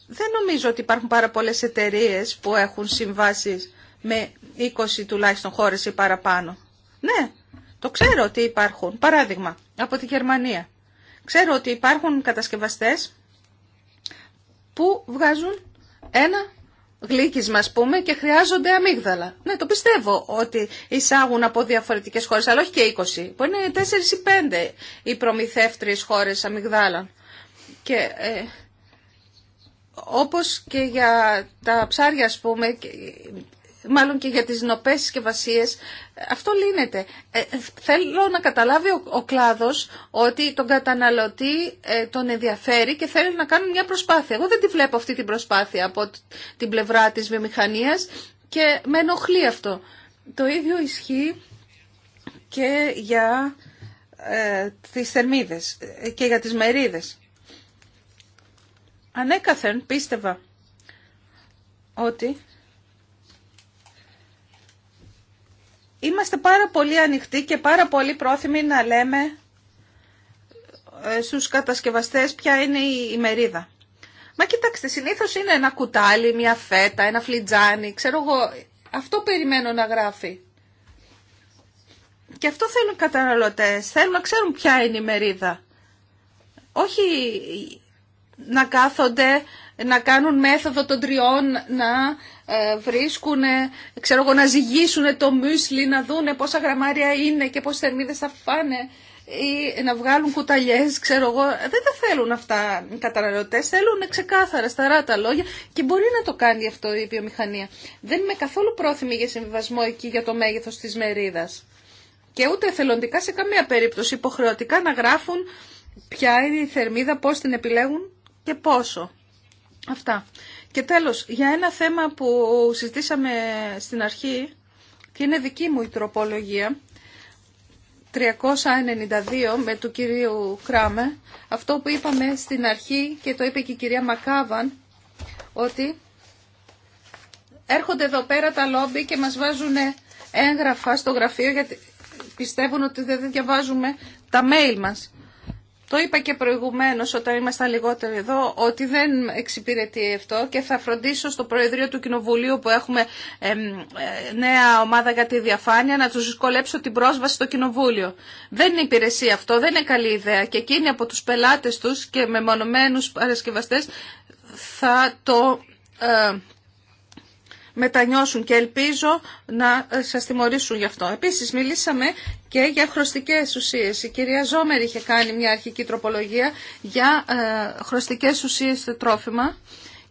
Δεν νομίζω ότι υπάρχουν πάρα πολλές εταιρείε που έχουν συμβάσεις με 20 τουλάχιστον χώρες ή παραπάνω. Ναι, το ξέρω ότι υπάρχουν. Παράδειγμα, από τη Γερμανία. Ξέρω ότι υπάρχουν κατασκευαστές που βγάζουν ένα γλύκισμα, α πούμε, και χρειάζονται αμύγδαλα. Ναι, το πιστεύω ότι εισάγουν από διαφορετικές χώρες, αλλά όχι και 20. Μπορεί να είναι 4 ή 5 οι προμηθεύτριε χώρες αμυγδάλα. Και ε, όπως και για τα ψάρια, α πούμε, μάλλον και για τις νοπές συσκευασίε. αυτό λύνεται. Ε, θέλω να καταλάβει ο, κλάδος ότι τον καταναλωτή ε, τον ενδιαφέρει και θέλει να κάνει μια προσπάθεια. Εγώ δεν τη βλέπω αυτή την προσπάθεια από την πλευρά της βιομηχανίας και με ενοχλεί αυτό. Το ίδιο ισχύει και για ε, τις θερμίδες ε, και για τις μερίδες. Ανέκαθεν πίστευα ότι Είμαστε πάρα πολύ ανοιχτοί και πάρα πολύ πρόθυμοι να λέμε ε, στους κατασκευαστές ποια είναι η μερίδα. Μα κοιτάξτε, συνήθως είναι ένα κουτάλι, μια φέτα, ένα φλιτζάνι, ξέρω εγώ, αυτό περιμένω να γράφει. Και αυτό θέλουν οι καταναλωτές, θέλουν να ξέρουν ποια είναι η μερίδα. Όχι να κάθονται, να κάνουν μέθοδο των τριών, να ε, βρίσκουν, ξέρω εγώ, να ζυγίσουν το μουσλι, να δούνε πόσα γραμμάρια είναι και πόσε θερμίδε θα φάνε ή να βγάλουν κουταλιέ, ξέρω εγώ. Δεν τα θέλουν αυτά οι καταναλωτέ, θέλουν ξεκάθαρα, σταρά τα λόγια και μπορεί να το κάνει αυτό η βιομηχανία. Δεν είμαι καθόλου πρόθυμη για συμβιβασμό εκεί για το μέγεθο τη Μερίδα. Και ούτε εθελοντικά σε καμία περίπτωση υποχρεωτικά να γράφουν ποια είναι η θερμίδα, πώ την επιλέγουν και πόσο. Αυτά. Και τέλος, για ένα θέμα που συζητήσαμε στην αρχή και είναι δική μου η τροπολογία, 392 με του κυρίου Κράμε, αυτό που είπαμε στην αρχή και το είπε και η κυρία Μακάβαν, ότι έρχονται εδώ πέρα τα λόμπι και μας βάζουν έγγραφα στο γραφείο γιατί πιστεύουν ότι δεν διαβάζουμε τα mail μας. Το είπα και προηγουμένως όταν ήμασταν λιγότερο εδώ ότι δεν εξυπηρετεί αυτό και θα φροντίσω στο Προεδρείο του Κοινοβουλίου που έχουμε ε, νέα ομάδα για τη διαφάνεια να τους δυσκολέψω την πρόσβαση στο Κοινοβούλιο. Δεν είναι υπηρεσία αυτό, δεν είναι καλή ιδέα και εκείνοι από τους πελάτες τους και μεμονωμένους παρασκευαστές θα το ε, μετανιώσουν και ελπίζω να ε, σας τιμωρήσουν γι' αυτό. Επίσης μιλήσαμε και για χρωστικές ουσίες. Η κυρία Ζόμερ είχε κάνει μια αρχική τροπολογία για ε, χρωστικές ουσίες στο τρόφιμα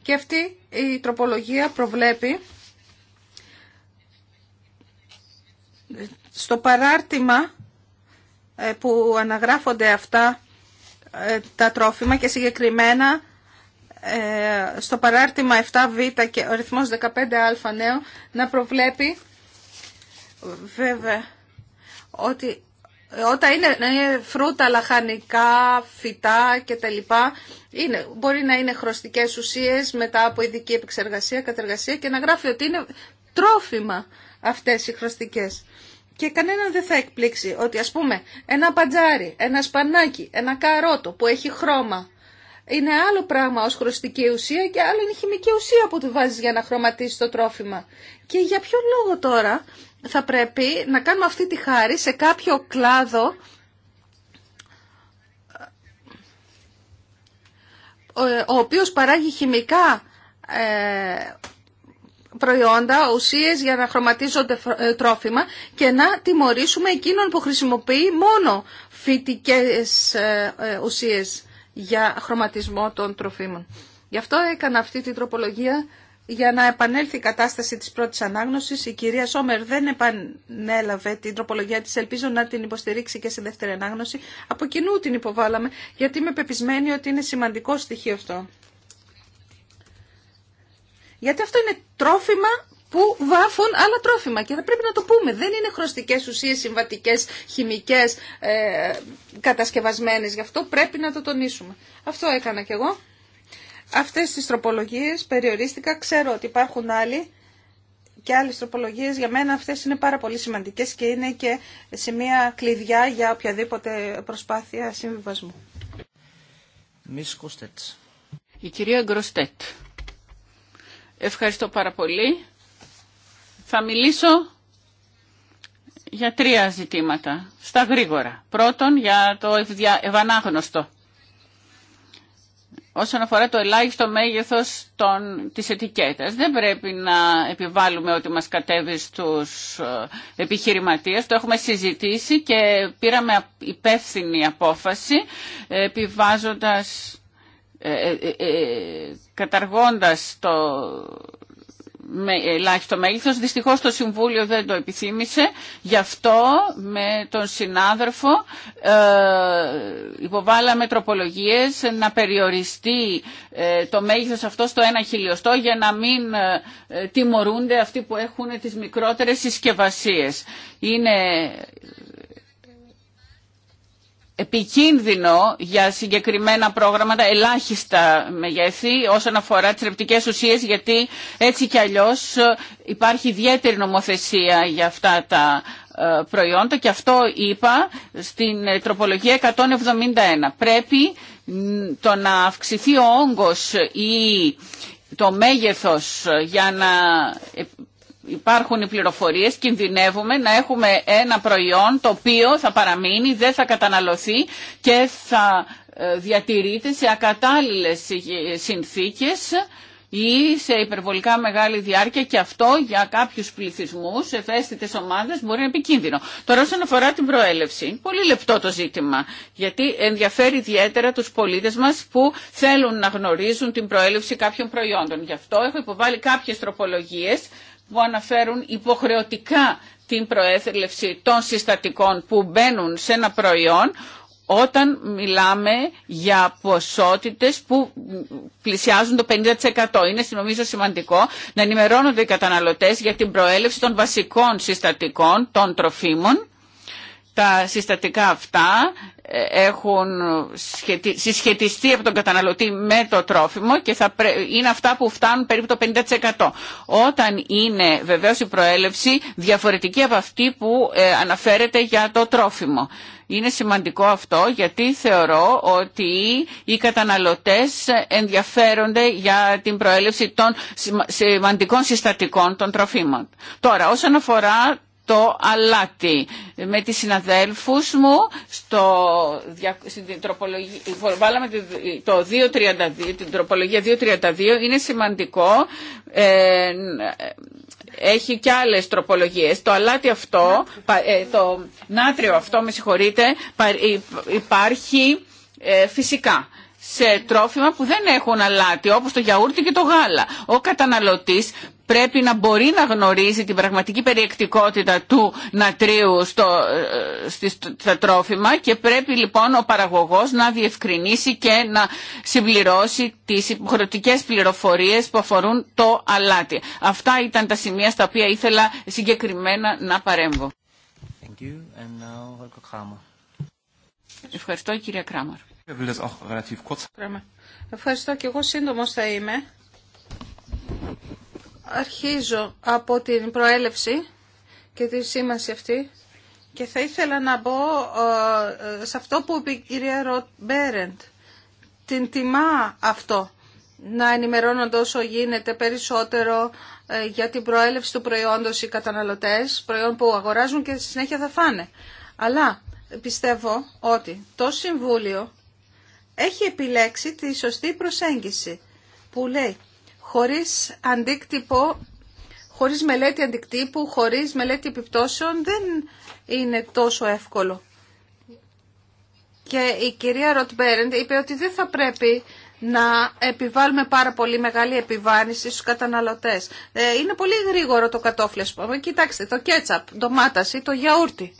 και αυτή η τροπολογία προβλέπει στο παράρτημα ε, που αναγράφονται αυτά ε, τα τρόφιμα και συγκεκριμένα στο παράρτημα 7β και ο ρυθμός 15α νέο να προβλέπει βέβαια ότι όταν είναι, φρούτα, λαχανικά, φυτά κτλ. Είναι, μπορεί να είναι χρωστικές ουσίες μετά από ειδική επεξεργασία, κατεργασία και να γράφει ότι είναι τρόφιμα αυτές οι χρωστικές. Και κανέναν δεν θα εκπλήξει ότι ας πούμε ένα παντζάρι, ένα σπανάκι, ένα καρότο που έχει χρώμα είναι άλλο πράγμα ως χρωστική ουσία και άλλο είναι χημική ουσία που του βάζεις για να χρωματίσει το τρόφιμα. Και για ποιο λόγο τώρα θα πρέπει να κάνουμε αυτή τη χάρη σε κάποιο κλάδο ο οποίος παράγει χημικά ε, προϊόντα, ουσίες για να χρωματίζονται ε, τρόφιμα και να τιμωρήσουμε εκείνον που χρησιμοποιεί μόνο φυτικές ε, ουσίες για χρωματισμό των τροφίμων. Γι' αυτό έκανα αυτή την τροπολογία για να επανέλθει η κατάσταση της πρώτης ανάγνωσης, η κυρία Σόμερ δεν επανέλαβε την τροπολογία της. Ελπίζω να την υποστηρίξει και σε δεύτερη ανάγνωση. Από κοινού την υποβάλαμε, γιατί είμαι πεπισμένη ότι είναι σημαντικό στοιχείο αυτό. Γιατί αυτό είναι τρόφιμα που βάφουν άλλα τρόφιμα και θα πρέπει να το πούμε. Δεν είναι χρωστικές ουσίες, συμβατικές, χημικές, ε, κατασκευασμένες. Γι' αυτό πρέπει να το τονίσουμε. Αυτό έκανα κι εγώ. Αυτές τις τροπολογίες περιορίστηκα, ξέρω ότι υπάρχουν άλλοι και άλλες τροπολογίες. Για μένα αυτές είναι πάρα πολύ σημαντικές και είναι και σημεία κλειδιά για οποιαδήποτε προσπάθεια συμβιβασμού. Η κυρία Γκροστέτ. Ευχαριστώ πάρα πολύ. Θα μιλήσω για τρία ζητήματα, στα γρήγορα. Πρώτον, για το ευανάγνωστο όσον αφορά το ελάχιστο μέγεθος των, της ετικέτας. Δεν πρέπει να επιβάλλουμε ότι μας κατέβει στους ε, επιχειρηματίες. Το έχουμε συζητήσει και πήραμε υπεύθυνη απόφαση ε, επιβάζοντας, ε, καταργώντας το, με ελάχιστο μέγεθος. Δυστυχώς το Συμβούλιο δεν το επιθύμησε. Γι' αυτό με τον συνάδελφο ε, υποβάλαμε τροπολογίες να περιοριστεί ε, το μέγεθος αυτό στο ένα χιλιοστό για να μην ε, τιμωρούνται αυτοί που έχουν τις μικρότερες συσκευασίες. Είναι επικίνδυνο για συγκεκριμένα πρόγραμματα, ελάχιστα μεγέθη όσον αφορά τις ρεπτικές ουσίες γιατί έτσι κι αλλιώς ε, υπάρχει ιδιαίτερη νομοθεσία για αυτά τα ε, προϊόντα και αυτό είπα στην ε, τροπολογία 171. Πρέπει το να αυξηθεί ο όγκος ή το μέγεθος για να υπάρχουν οι πληροφορίες, κινδυνεύουμε να έχουμε ένα προϊόν το οποίο θα παραμείνει, δεν θα καταναλωθεί και θα ε, διατηρείται σε ακατάλληλες ε, συνθήκες ή σε υπερβολικά μεγάλη διάρκεια και αυτό για κάποιους πληθυσμούς, ευαίσθητες ομάδες μπορεί να είναι επικίνδυνο. Τώρα όσον αφορά την προέλευση, πολύ λεπτό το ζήτημα, γιατί ενδιαφέρει ιδιαίτερα τους πολίτες μας που θέλουν να γνωρίζουν την προέλευση κάποιων προϊόντων. Γι' αυτό έχω υποβάλει κάποιες τροπολογίες που αναφέρουν υποχρεωτικά την προέθελευση των συστατικών που μπαίνουν σε ένα προϊόν όταν μιλάμε για ποσότητες που πλησιάζουν το 50%. Είναι νομίζω σημαντικό να ενημερώνονται οι καταναλωτές για την προέλευση των βασικών συστατικών των τροφίμων τα συστατικά αυτά ε, έχουν συσχετιστεί από τον καταναλωτή με το τρόφιμο και θα είναι αυτά που φτάνουν περίπου το 50%. Όταν είναι βεβαίως η προέλευση διαφορετική από αυτή που ε, αναφέρεται για το τρόφιμο. Είναι σημαντικό αυτό γιατί θεωρώ ότι οι καταναλωτές ενδιαφέρονται για την προέλευση των σημαντικών συστατικών των τροφίμων. Τώρα, όσον αφορά το αλάτι. Με τις συναδέλφους μου στο, στην τροπολογία, βάλαμε το 232, την τροπολογία 232 είναι σημαντικό ε, έχει και άλλες τροπολογίες. Το αλάτι αυτό, ε, το νάτριο αυτό, με συγχωρείτε, υπάρχει ε, φυσικά σε τρόφιμα που δεν έχουν αλάτι, όπως το γιαούρτι και το γάλα. Ο καταναλωτής πρέπει να μπορεί να γνωρίζει την πραγματική περιεκτικότητα του νατρίου στο, ε, στα τρόφιμα και πρέπει λοιπόν ο παραγωγός να διευκρινίσει και να συμπληρώσει τις υποχρεωτικές πληροφορίες που αφορούν το αλάτι. Αυτά ήταν τα σημεία στα οποία ήθελα συγκεκριμένα να παρέμβω. Ευχαριστώ κυρία Κράμαρ. Ευχαριστώ και εγώ σύντομος θα είμαι. Αρχίζω από την προέλευση και τη σήμανση αυτή και θα ήθελα να μπω ε, σε αυτό που είπε η κυρία Ροτ Την τιμά αυτό να ενημερώνονται όσο γίνεται περισσότερο ε, για την προέλευση του προϊόντος οι καταναλωτές, προϊόν που αγοράζουν και στη συνέχεια θα φάνε. Αλλά πιστεύω ότι το Συμβούλιο έχει επιλέξει τη σωστή προσέγγιση που λέει χωρίς αντίκτυπο, χωρίς μελέτη αντικτύπου, χωρίς μελέτη επιπτώσεων δεν είναι τόσο εύκολο. Και η κυρία Ροτμπέρεντ είπε ότι δεν θα πρέπει να επιβάλλουμε πάρα πολύ μεγάλη επιβάρυνση στους καταναλωτές. Ε, είναι πολύ γρήγορο το πούμε. Κοιτάξτε, το κέτσαπ, ντομάτας ή το γιαούρτι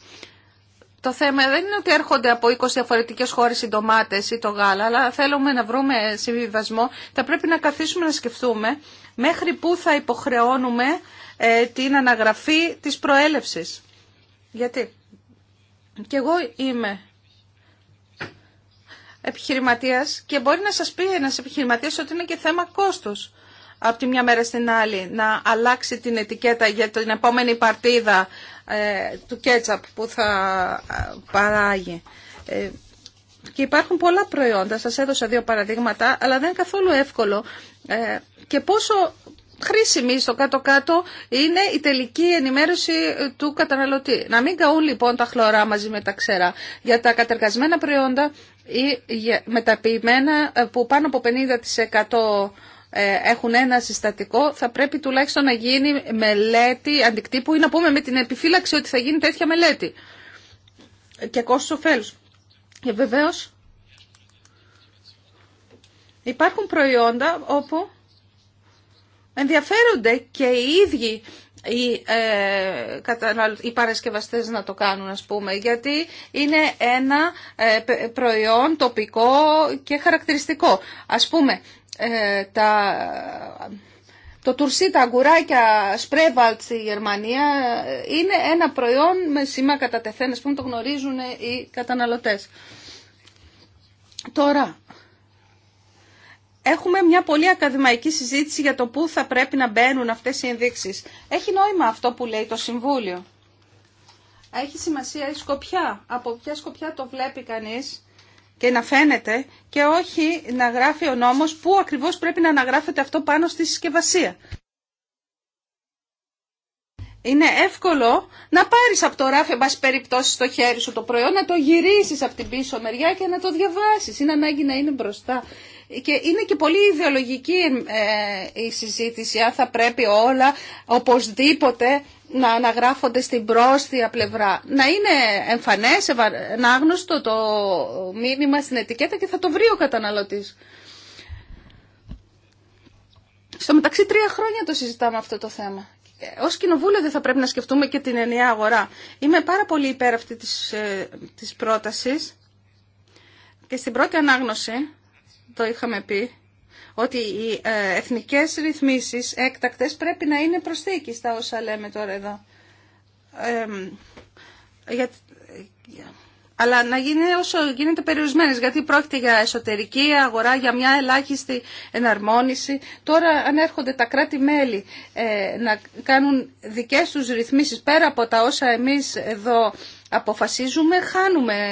το θέμα δεν είναι ότι έρχονται από 20 διαφορετικέ χώρε οι ντομάτε ή το γάλα, αλλά θέλουμε να βρούμε συμβιβασμό. Θα πρέπει να καθίσουμε να σκεφτούμε μέχρι πού θα υποχρεώνουμε ε, την αναγραφή της προέλευση. Γιατί και εγώ είμαι επιχειρηματίας και μπορεί να σας πει ένας επιχειρηματίας ότι είναι και θέμα κόστος από τη μια μέρα στην άλλη να αλλάξει την ετικέτα για την επόμενη παρτίδα ε, του κέτσαπ που θα ε, παράγει. Ε, και υπάρχουν πολλά προϊόντα, σας έδωσα δύο παραδείγματα, αλλά δεν είναι καθόλου εύκολο. Και πόσο χρήσιμη στο κάτω-κάτω είναι η τελική ενημέρωση του καταναλωτή. Να μην καούν λοιπόν τα χλωρά μαζί με τα ξερά. Για τα κατεργασμένα προϊόντα ή μεταποιημένα που πάνω από 50% ε, έχουν ένα συστατικό, θα πρέπει τουλάχιστον να γίνει μελέτη αντικτύπου ή να πούμε με την επιφύλαξη ότι θα γίνει τέτοια μελέτη. Και κόστος ωφέλους. Και βεβαίως υπάρχουν προϊόντα όπου ενδιαφέρονται και οι ίδιοι οι, ε, παρασκευαστές να το κάνουν ας πούμε γιατί είναι ένα ε, προϊόν τοπικό και χαρακτηριστικό ας πούμε ε, τα, το τουρσί, τα αγκουράκια Σπρέβαλτ στη Γερμανία ε, είναι ένα προϊόν με σήμα κατατεθένες που το γνωρίζουν οι καταναλωτές. Τώρα, έχουμε μια πολύ ακαδημαϊκή συζήτηση για το πού θα πρέπει να μπαίνουν αυτές οι ενδείξεις. Έχει νόημα αυτό που λέει το Συμβούλιο. Έχει σημασία η σκοπιά. Από ποια σκοπιά το βλέπει κανείς και να φαίνεται και όχι να γράφει ο νόμος που ακριβώς πρέπει να αναγράφεται αυτό πάνω στη συσκευασία. Είναι εύκολο να πάρεις από το ράφι, εν περιπτώσει, στο χέρι σου το προϊόν, να το γυρίσεις από την πίσω μεριά και να το διαβάσεις. Είναι ανάγκη να είναι μπροστά και είναι και πολύ ιδεολογική ε, η συζήτηση αν θα πρέπει όλα οπωσδήποτε να αναγράφονται στην πρόσθεια πλευρά. Να είναι εμφανές, ανάγνωστο το μήνυμα στην ετικέτα και θα το βρει ο καταναλωτής. Στο μεταξύ τρία χρόνια το συζητάμε αυτό το θέμα. Ε, ως κοινοβούλιο δεν θα πρέπει να σκεφτούμε και την ενιαία αγορά. Είμαι πάρα πολύ υπέρ αυτή της, ε, της πρότασης και στην πρώτη ανάγνωση το είχαμε πει, ότι οι ε, εθνικές ρυθμίσεις έκτακτες πρέπει να είναι προσθήκη στα όσα λέμε τώρα εδώ. Ε, αλλά να γίνει όσο γίνεται περιορισμένες, γιατί πρόκειται για εσωτερική αγορά, για μια ελάχιστη εναρμόνιση. Τώρα αν έρχονται τα κράτη-μέλη ε, να κάνουν δικές τους ρυθμίσεις πέρα από τα όσα εμείς εδώ αποφασίζουμε, χάνουμε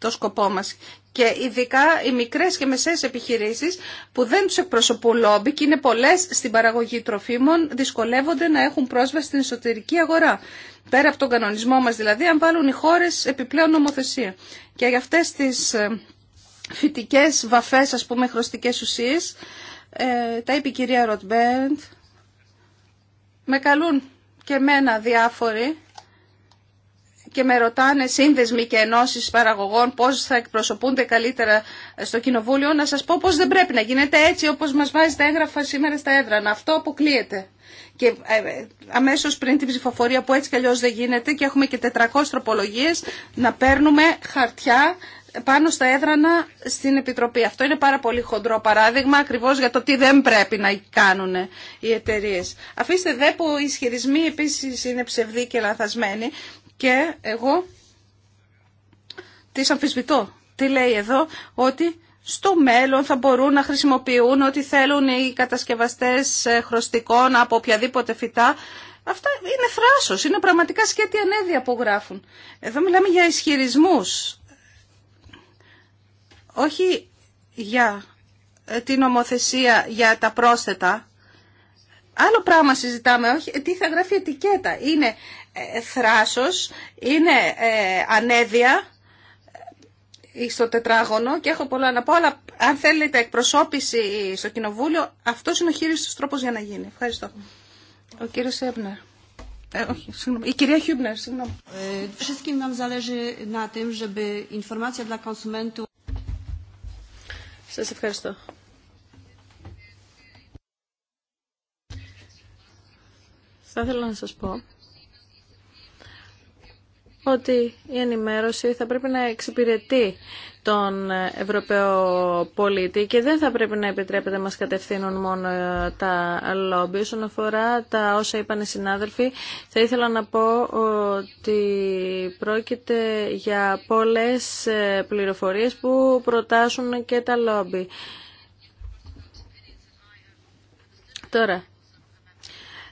το σκοπό μας και ειδικά οι μικρές και μεσαίες επιχειρήσεις που δεν τους εκπροσωπούν λόμπι και είναι πολλές στην παραγωγή τροφίμων δυσκολεύονται να έχουν πρόσβαση στην εσωτερική αγορά. Πέρα από τον κανονισμό μας δηλαδή αν βάλουν οι χώρες επιπλέον νομοθεσία. Και για αυτές τις ε, φυτικές βαφές ας πούμε χρωστικές ουσίες ε, τα είπε η κυρία Ροτμπέρντ με καλούν και εμένα διάφοροι και με ρωτάνε σύνδεσμοι και ενώσει παραγωγών πώ θα εκπροσωπούνται καλύτερα στο κοινοβούλιο, να σα πω πώ δεν πρέπει να γίνεται έτσι όπω μα βάζει τα έγγραφα σήμερα στα έδρανα. Αυτό αποκλείεται. Και ε, ε, αμέσω πριν την ψηφοφορία που έτσι κι αλλιώ δεν γίνεται και έχουμε και 400 τροπολογίε να παίρνουμε χαρτιά πάνω στα έδρανα στην Επιτροπή. Αυτό είναι πάρα πολύ χοντρό παράδειγμα ακριβώς για το τι δεν πρέπει να κάνουν οι εταιρείε. Αφήστε δε που οι ισχυρισμοί επίση είναι ψευδοί και λαθασμένοι και εγώ τις αμφισβητώ. Τι λέει εδώ ότι στο μέλλον θα μπορούν να χρησιμοποιούν ό,τι θέλουν οι κατασκευαστές ε, χρωστικών από οποιαδήποτε φυτά. Αυτά είναι θράσος, είναι πραγματικά σκέτη ανέδεια που γράφουν. Εδώ μιλάμε για ισχυρισμούς, όχι για ε, την νομοθεσία για τα πρόσθετα. Άλλο πράγμα συζητάμε, όχι, ε, τι θα γράφει ετικέτα. Είναι ε, θράσος είναι ε, ανέδεια ε, στο τετράγωνο και έχω πολλά να πω, αλλά αν θέλετε εκπροσώπηση στο κοινοβούλιο, αυτό είναι ο χείριστος τρόπος για να γίνει. Ευχαριστώ. Ο κύριος Έμπνερ. όχι, συγγνώμη. Η κυρία Χιούμπνερ, συγγνώμη. Σας ευχαριστώ. Θα ήθελα να σας πω ότι η ενημέρωση θα πρέπει να εξυπηρετεί τον Ευρωπαίο πολίτη και δεν θα πρέπει να επιτρέπεται μας κατευθύνουν μόνο ε, τα λόμπι. Όσον αφορά τα όσα είπαν οι συνάδελφοι, θα ήθελα να πω ότι πρόκειται για πολλές ε, πληροφορίες που προτάσουν και τα λόμπι. Τώρα,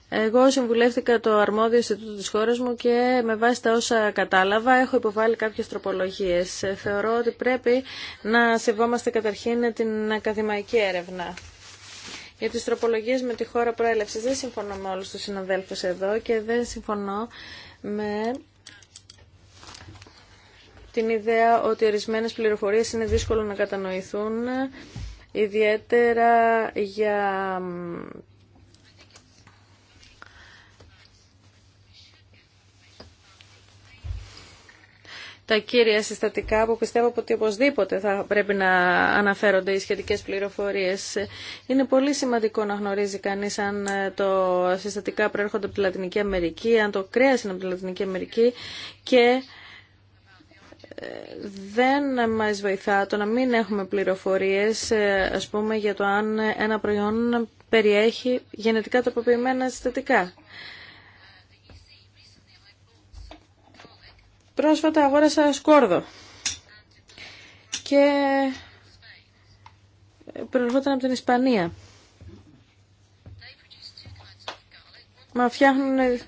εγώ συμβουλεύτηκα το αρμόδιο Ινστιτούτο της χώρας μου και με βάση τα όσα κατάλαβα έχω υποβάλει κάποιες τροπολογίες. Ε, θεωρώ ότι πρέπει να σεβόμαστε καταρχήν την ακαδημαϊκή έρευνα. Για τις τροπολογίες με τη χώρα προέλευσης δεν συμφωνώ με όλους τους συναδέλφους εδώ και δεν συμφωνώ με την ιδέα ότι ορισμένες πληροφορίες είναι δύσκολο να κατανοηθούν, ιδιαίτερα για τα κύρια συστατικά που πιστεύω ότι οπωσδήποτε θα πρέπει να αναφέρονται οι σχετικές πληροφορίες. Είναι πολύ σημαντικό να γνωρίζει κανείς αν ε, το συστατικά προέρχονται από τη Λατινική Αμερική, αν το κρέας είναι από τη Λατινική Αμερική και ε, δεν μας βοηθά το να μην έχουμε πληροφορίες ε, ας πούμε για το αν ένα προϊόν περιέχει γενετικά τροποποιημένα συστατικά. Πρόσφατα αγόρασα σκόρδο και προερχόταν από την Ισπανία. Μα φτιάχνουν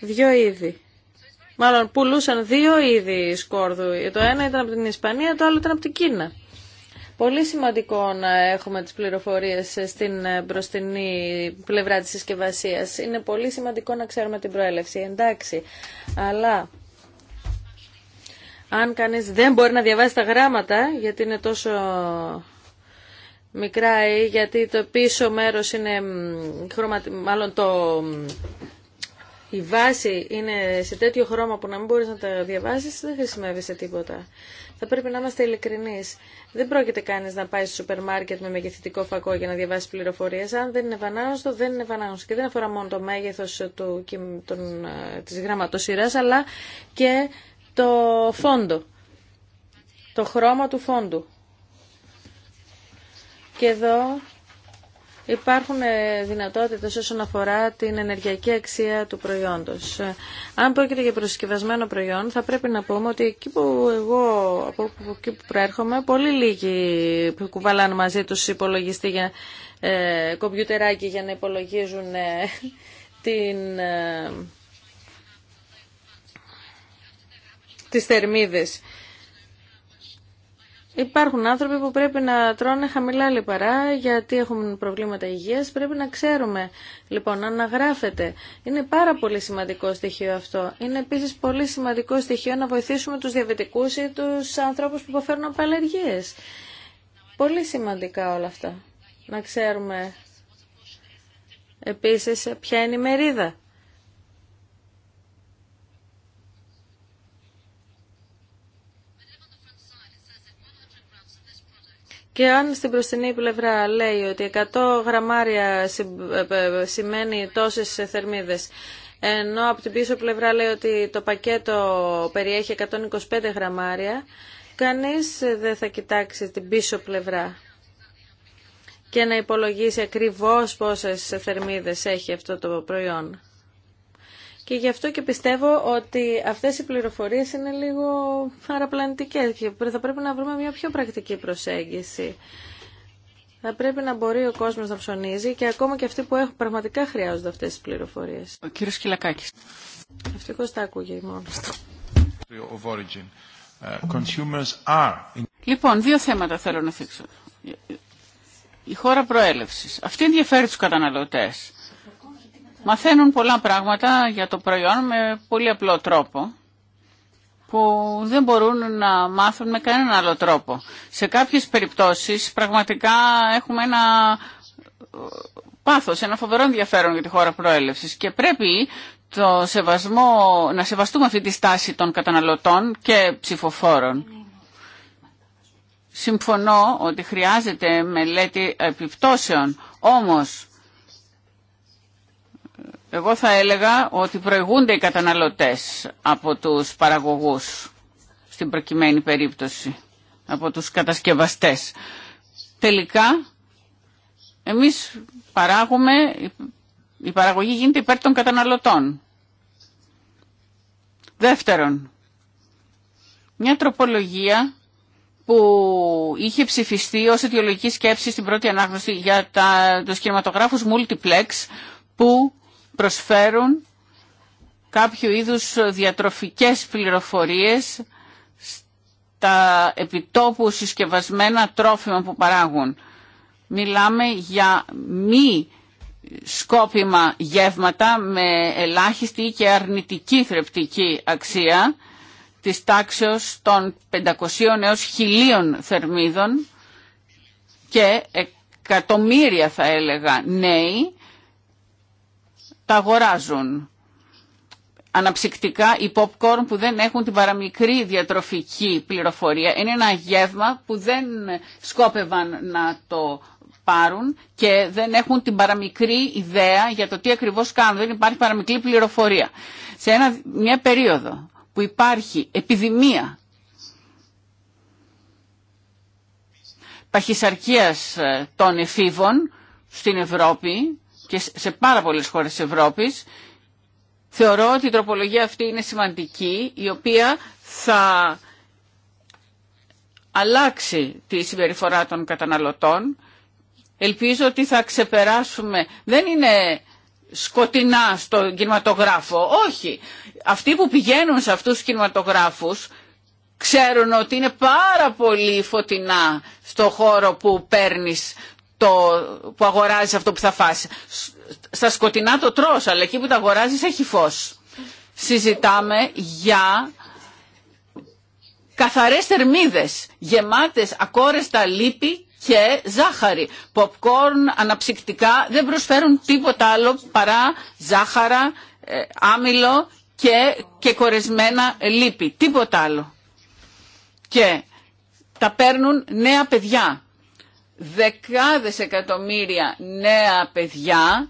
δύο είδη. Μάλλον πουλούσαν δύο είδη σκόρδου. Το ένα ήταν από την Ισπανία, το άλλο ήταν από την Κίνα. Πολύ σημαντικό να έχουμε τις πληροφορίες στην μπροστινή πλευρά της συσκευασία. Είναι πολύ σημαντικό να ξέρουμε την προέλευση, εντάξει. Αλλά αν κανείς δεν μπορεί να διαβάσει τα γράμματα γιατί είναι τόσο μικρά ή γιατί το πίσω μέρος είναι χρωμα... μάλλον το... η βάση είναι σε τέτοιο χρώμα που να μην μπορείς να τα διαβάσεις δεν χρησιμεύει σε τίποτα. Θα πρέπει να είμαστε ειλικρινεί. Δεν πρόκειται κανείς να πάει στο σούπερ μάρκετ με μεγεθυντικό φακό για να διαβάσει πληροφορίες Αν δεν είναι βανάγνωστο, δεν είναι βανάγνωστο. Και δεν αφορά μόνο το μέγεθος μέγεθο τη γραμματοσυρά, αλλά και το φόντο, το χρώμα του φόντου. Και εδώ υπάρχουν ε, δυνατότητες όσον αφορά την ενεργειακή αξία του προϊόντος. Αν πρόκειται για προσκευασμένο προϊόν, θα πρέπει να πούμε ότι εκεί που εγώ, από εκεί που προέρχομαι, πολύ λίγοι κουβαλάνε μαζί τους υπολογιστή για ε, κομπιουτεράκι για να υπολογίζουν ε, την... Ε, τις θερμίδες. Υπάρχουν άνθρωποι που πρέπει να τρώνε χαμηλά λιπαρά γιατί έχουν προβλήματα υγείας. Πρέπει να ξέρουμε λοιπόν αν αναγράφεται. Είναι πάρα πολύ σημαντικό στοιχείο αυτό. Είναι επίσης πολύ σημαντικό στοιχείο να βοηθήσουμε τους διαβητικούς ή τους ανθρώπους που υποφέρουν από αλλεργίες. Πολύ σημαντικά όλα αυτά. Να ξέρουμε επίσης ποια είναι η μερίδα Και αν στην προστινή πλευρά λέει ότι 100 γραμμάρια ε, ε, σημαίνει τόσες θερμίδες, ενώ από την πίσω πλευρά λέει ότι το πακέτο περιέχει 125 γραμμάρια, κανείς δεν θα κοιτάξει την πίσω πλευρά και να υπολογίσει ακριβώς πόσες θερμίδες έχει αυτό το προϊόν. Και γι' αυτό και πιστεύω ότι αυτές οι πληροφορίες είναι λίγο παραπλανητικές και θα πρέπει να βρούμε μια πιο πρακτική προσέγγιση. Θα πρέπει να μπορεί ο κόσμος να ψωνίζει και ακόμα και αυτοί που έχουν πραγματικά χρειάζονται αυτές τις πληροφορίες. Ο κύριος Κυλακάκης. τα ακούγε μόνος του. Uh, λοιπόν, δύο θέματα θέλω να θίξω. Η χώρα προέλευσης. Αυτή ενδιαφέρει τους καταναλωτές μαθαίνουν πολλά πράγματα για το προϊόν με πολύ απλό τρόπο που δεν μπορούν να μάθουν με κανέναν άλλο τρόπο. Σε κάποιες περιπτώσεις πραγματικά έχουμε ένα ε, πάθος, ένα φοβερό ενδιαφέρον για τη χώρα προέλευσης και πρέπει το σεβασμό, να σεβαστούμε αυτή τη στάση των καταναλωτών και ψηφοφόρων. Συμφωνώ ότι χρειάζεται μελέτη επιπτώσεων, όμως εγώ θα έλεγα ότι προηγούνται οι καταναλωτές από τους παραγωγούς στην προκειμένη περίπτωση, από τους κατασκευαστές. Τελικά, εμείς παράγουμε, η παραγωγή γίνεται υπέρ των καταναλωτών. Δεύτερον, μια τροπολογία που είχε ψηφιστεί ως αιτιολογική σκέψη στην πρώτη ανάγνωση για τα, τους κινηματογράφους multiplex που προσφέρουν κάποιο είδους διατροφικές πληροφορίες στα επιτόπου συσκευασμένα τρόφιμα που παράγουν. Μιλάμε για μη σκόπιμα γεύματα με ελάχιστη και αρνητική θρεπτική αξία της τάξεως των 500 έως 1000 θερμίδων και εκατομμύρια θα έλεγα νέοι τα αγοράζουν αναψυκτικά, οι popcorn που δεν έχουν την παραμικρή διατροφική πληροφορία. Είναι ένα γεύμα που δεν σκόπευαν να το πάρουν και δεν έχουν την παραμικρή ιδέα για το τι ακριβώς κάνουν. Δεν υπάρχει παραμικρή πληροφορία. Σε ένα, μια περίοδο που υπάρχει επιδημία παχυσαρκίας ε, των εφήβων στην Ευρώπη, και σε πάρα πολλές χώρες της Ευρώπης. Θεωρώ ότι η τροπολογία αυτή είναι σημαντική, η οποία θα αλλάξει τη συμπεριφορά των καταναλωτών. Ελπίζω ότι θα ξεπεράσουμε... Δεν είναι σκοτεινά στο κινηματογράφο. Όχι. Αυτοί που πηγαίνουν σε αυτούς τους κινηματογράφους ξέρουν ότι είναι πάρα πολύ φωτεινά στο χώρο που παίρνεις το που αγοράζεις αυτό που θα φας. Στα σκοτεινά το τρως, αλλά εκεί που τα αγοράζεις έχει φως. Συζητάμε για καθαρές θερμίδες, γεμάτες ακόρεστα λίπη και ζάχαρη. Ποπκόρν, αναψυκτικά δεν προσφέρουν τίποτα άλλο παρά ζάχαρα, ε, άμυλο και, και κορεσμένα λίπη. Τίποτα άλλο. Και τα παίρνουν νέα παιδιά δεκάδες εκατομμύρια νέα παιδιά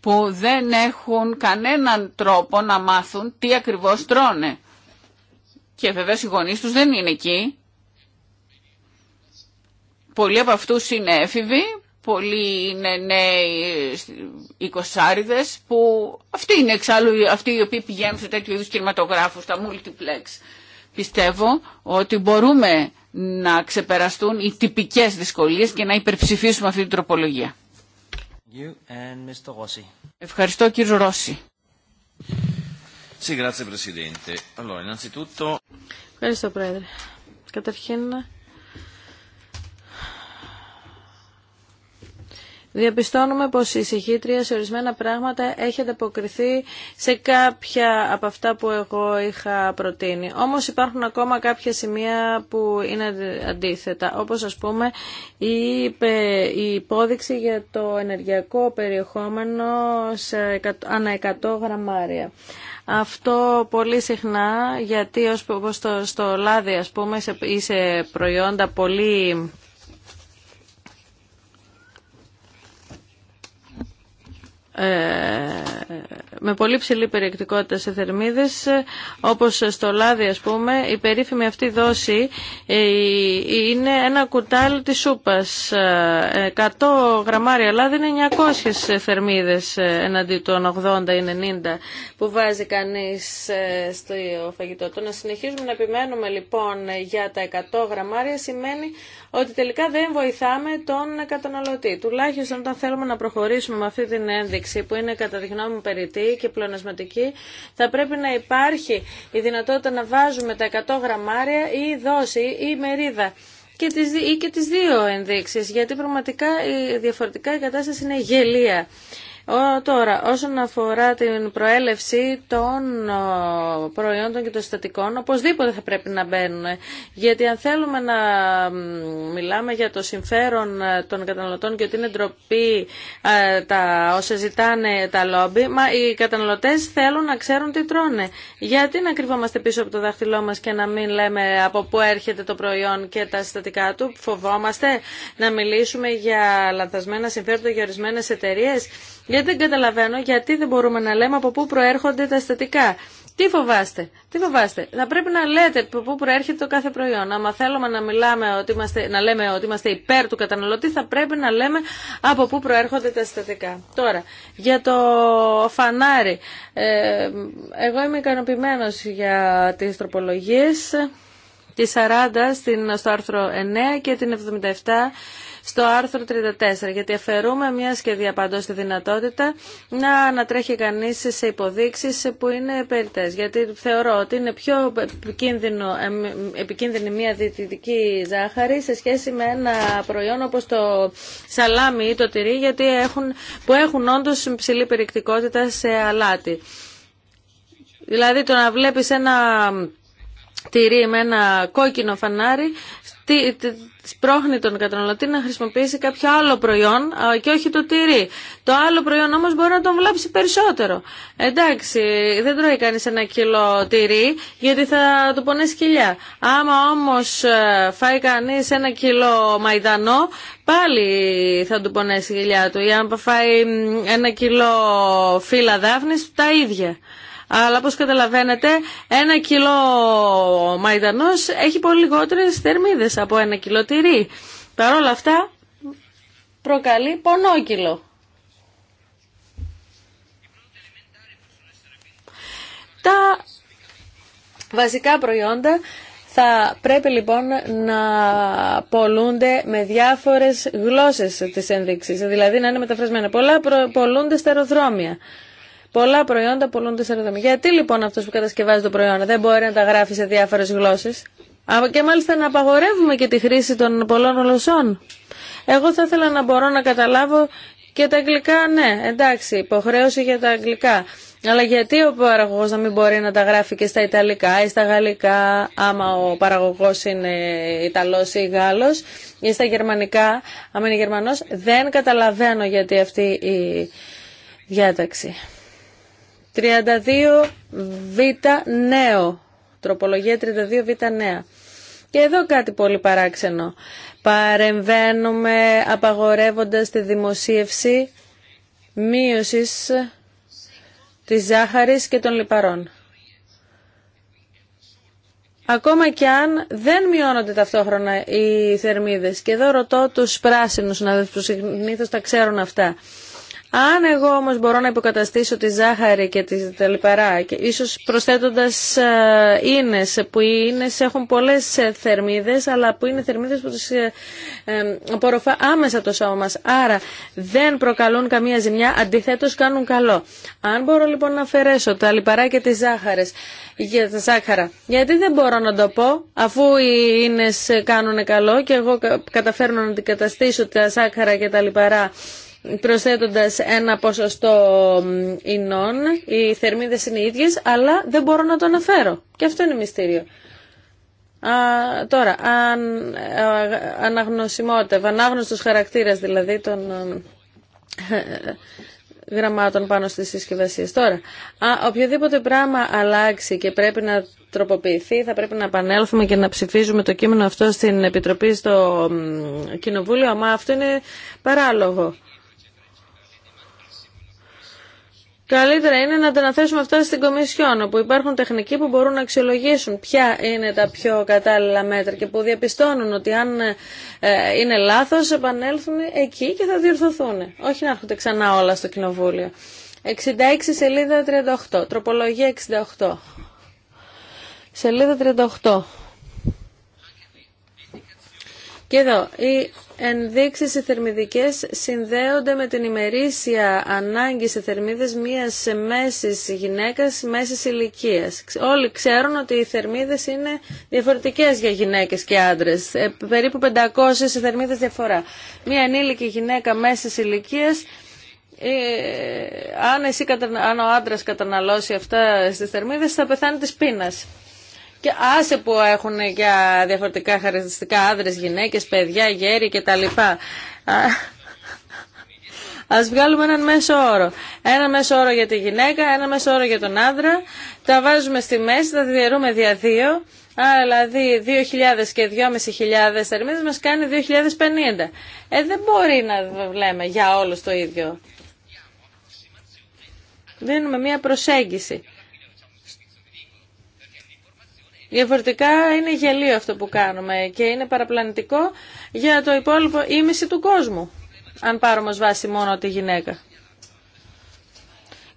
που δεν έχουν κανέναν τρόπο να μάθουν τι ακριβώς τρώνε. Και βεβαίως οι γονείς τους δεν είναι εκεί. Πολλοί από αυτούς είναι έφηβοι, πολλοί είναι νέοι οικοσάριδες που αυτοί είναι εξάλλου αυτοί οι οποίοι πηγαίνουν σε τέτοιου είδους κινηματογράφους, τα multiplex. Πιστεύω ότι μπορούμε να ξεπεραστούν οι τυπικές δυσκολίες και να υπερψηφίσουμε αυτή την τροπολογία. Ευχαριστώ κύριο Ρώση. Ευχαριστώ πρόεδρε. Καταρχήν Διαπιστώνουμε πως η συγχύτρια σε ορισμένα πράγματα έχει ανταποκριθεί σε κάποια από αυτά που εγώ είχα προτείνει. Όμως υπάρχουν ακόμα κάποια σημεία που είναι αντίθετα, όπως ας πούμε η υπόδειξη για το ενεργειακό περιεχόμενο σε ανά 100 γραμμάρια. Αυτό πολύ συχνά γιατί ως, στο, στο λάδι ας πούμε ή σε προϊόντα πολύ Ε, με πολύ ψηλή περιεκτικότητα σε θερμίδες όπως στο λάδι ας πούμε η περίφημη αυτή δόση ε, είναι ένα κουτάλι της σούπας 100 ε, γραμμάρια λάδι είναι 900 θερμίδες εναντί των 80 ή 90 που βάζει κανείς στο φαγητό του να συνεχίζουμε να επιμένουμε λοιπόν για τα 100 γραμμάρια σημαίνει ότι τελικά δεν βοηθάμε τον καταναλωτή. Τουλάχιστον όταν θέλουμε να προχωρήσουμε με αυτή την ένδειξη που είναι κατά τη γνώμη μου περιττή και πλονασματική, θα πρέπει να υπάρχει η δυνατότητα να βάζουμε τα 100 γραμμάρια ή δόση ή μερίδα και τις, ή και τις δύο ενδείξεις, γιατί πραγματικά διαφορετικά η κατάσταση είναι γελία. Τώρα, όσον αφορά την προέλευση των προϊόντων και των συστατικών, οπωσδήποτε θα πρέπει να μπαίνουν. Γιατί αν θέλουμε να μιλάμε για το συμφέρον ε, των καταναλωτών και ότι είναι ντροπή ε, τα όσα ζητάνε τα λόμπι, μα οι καταναλωτές θέλουν να ξέρουν τι τρώνε. Γιατί να κρυβόμαστε πίσω από το δάχτυλό μας και να μην λέμε από πού έρχεται το προϊόν και τα συστατικά του. Φοβόμαστε να μιλήσουμε για λανθασμένα συμφέροντα για ορισμένε εταιρείε. Γιατί δεν καταλαβαίνω γιατί δεν μπορούμε να λέμε από πού προέρχονται τα αισθητικά. Τι φοβάστε, τι φοβάστε. Θα πρέπει να λέτε από πού προέρχεται το κάθε προϊόν. Άμα θέλουμε να, μιλάμε ότι είμαστε, να λέμε ότι είμαστε υπέρ του καταναλωτή, θα πρέπει να λέμε από πού προέρχονται τα συστατικά. Τώρα, για το φανάρι. Ε, εγώ είμαι ικανοποιημένο για τι τροπολογίε Τη 40 στην, στο άρθρο 9 και την 77 στο άρθρο 34, γιατί αφαιρούμε μια σχέδια διαπαντό τη δυνατότητα να ανατρέχει κανεί σε υποδείξει που είναι περιττέ. Γιατί θεωρώ ότι είναι πιο επικίνδυνη μια διαιτητική ζάχαρη σε σχέση με ένα προϊόν όπω το σαλάμι ή το τυρί, γιατί έχουν, που έχουν όντω υψηλή περιεκτικότητα σε αλάτι. Δηλαδή το να βλέπεις ένα τυρί με ένα κόκκινο φανάρι, σπρώχνει τον καταναλωτή να χρησιμοποιήσει κάποιο άλλο προϊόν και όχι το τυρί. Το άλλο προϊόν όμω μπορεί να τον βλάψει περισσότερο. Εντάξει, δεν τρώει κανεί ένα κιλό τυρί γιατί θα του πονέσει κοιλιά. Άμα όμω ε, φάει κανεί ένα κιλό μαϊδανό πάλι θα του πονέσει η κοιλιά του. Ή αν φάει ένα κιλό φύλλα δάφνη, τα ίδια. Αλλά όπως καταλαβαίνετε ένα κιλό μαϊντανός έχει πολύ λιγότερες θερμίδες από ένα κιλό τυρί. Παρ' όλα αυτά προκαλεί πονόκυλο. Τα βασικά προϊόντα θα πρέπει λοιπόν να πολλούνται με διάφορες γλώσσες της ένδειξης, δηλαδή να είναι μεταφρασμένα. Πολλά πολλούνται στα αεροδρόμια. Πολλά προϊόντα πολλούνται σε δομή. Γιατί λοιπόν αυτό που κατασκευάζει το προϊόν δεν μπορεί να τα γράφει σε διάφορε γλώσσε. Και μάλιστα να απαγορεύουμε και τη χρήση των πολλών γλωσσών. Εγώ θα ήθελα να μπορώ να καταλάβω και τα αγγλικά, ναι, εντάξει, υποχρέωση για τα αγγλικά. Αλλά γιατί ο παραγωγός να μην μπορεί να τα γράφει και στα Ιταλικά ή στα Γαλλικά, άμα ο παραγωγός είναι Ιταλός ή Γάλλος, ή στα Γερμανικά, άμα είναι Γερμανός. Δεν καταλαβαίνω γιατί αυτή η διάταξη. 32 β νέο. Τροπολογία 32 β νέα. Και εδώ κάτι πολύ παράξενο. Παρεμβαίνουμε απαγορεύοντας τη δημοσίευση μείωσης της ζάχαρης και των λιπαρών. Ακόμα και αν δεν μειώνονται ταυτόχρονα οι θερμίδες. Και εδώ ρωτώ τους πράσινους να που συνήθως τα ξέρουν αυτά. Αν εγώ όμως μπορώ να υποκαταστήσω τη ζάχαρη και τα λιπαρά, και ίσως προσθέτοντας ε, ίνες, που οι ίνες έχουν πολλές ε, θερμίδες, αλλά που είναι θερμίδες που τις ε, απορροφά άμεσα το σώμα μας. Άρα δεν προκαλούν καμία ζημιά, αντιθέτως κάνουν καλό. Αν μπορώ λοιπόν να αφαιρέσω τα λιπαρά και τις ζάχαρες, για τα ζάχαρα, γιατί δεν μπορώ να το πω, αφού οι ίνες κάνουν καλό και εγώ καταφέρνω να αντικαταστήσω τα ζάχαρα και τα λιπαρά προσθέτοντας ένα ποσοστό ινών. Οι θερμίδες είναι οι ίδιες, αλλά δεν μπορώ να το αναφέρω. Και αυτό είναι μυστήριο. Α, τώρα, αν, αναγνωσιμότητα, ανάγνωστος χαρακτήρας δηλαδή των γραμμάτων πάνω στις συσκευασίες. Τώρα, α, οποιοδήποτε πράγμα αλλάξει και πρέπει να τροποποιηθεί, θα πρέπει να επανέλθουμε και να ψηφίζουμε το κείμενο αυτό στην Επιτροπή στο Κοινοβούλιο, αλλά αυτό είναι παράλογο. Καλύτερα είναι να τα αναθέσουμε αυτά στην Κομισιόν, όπου υπάρχουν τεχνικοί που μπορούν να αξιολογήσουν ποια είναι τα πιο κατάλληλα μέτρα και που διαπιστώνουν ότι αν ε, είναι λάθος επανέλθουν εκεί και θα διορθωθούν. Όχι να έρχονται ξανά όλα στο Κοινοβούλιο. 66 σελίδα 38, τροπολογία 68. Σελίδα 38. Και εδώ, η Ενδείξεις οι θερμιδικές συνδέονται με την ημερήσια ανάγκη σε θερμίδες μιας μέση γυναίκα, μέσης ηλικία. Όλοι ξέρουν ότι οι θερμίδες είναι διαφορετικές για γυναίκες και άντρες. Ε, περίπου 500 θερμίδες διαφορά. Μια ενήλικη γυναίκα μέσης ηλικία, ε, αν, αν ο άντρας καταναλώσει αυτά στις θερμίδες θα πεθάνει της πείνας και άσε που έχουν για διαφορετικά χαρακτηριστικά άντρες, γυναίκε, παιδιά, γέροι κτλ. Α βγάλουμε έναν μέσο όρο. Ένα μέσο όρο για τη γυναίκα, ένα μέσο όρο για τον άντρα. Τα βάζουμε στη μέση, τα διαιρούμε δια δύο. Άρα δηλαδή 2.000 και 2.500 θερμίδε μα κάνει 2.050. Ε, δεν μπορεί να λέμε για όλου το ίδιο. Δίνουμε μία προσέγγιση. Διαφορετικά είναι γελίο αυτό που κάνουμε και είναι παραπλανητικό για το υπόλοιπο ίμιση του κόσμου, αν πάρουμε ως βάση μόνο τη γυναίκα.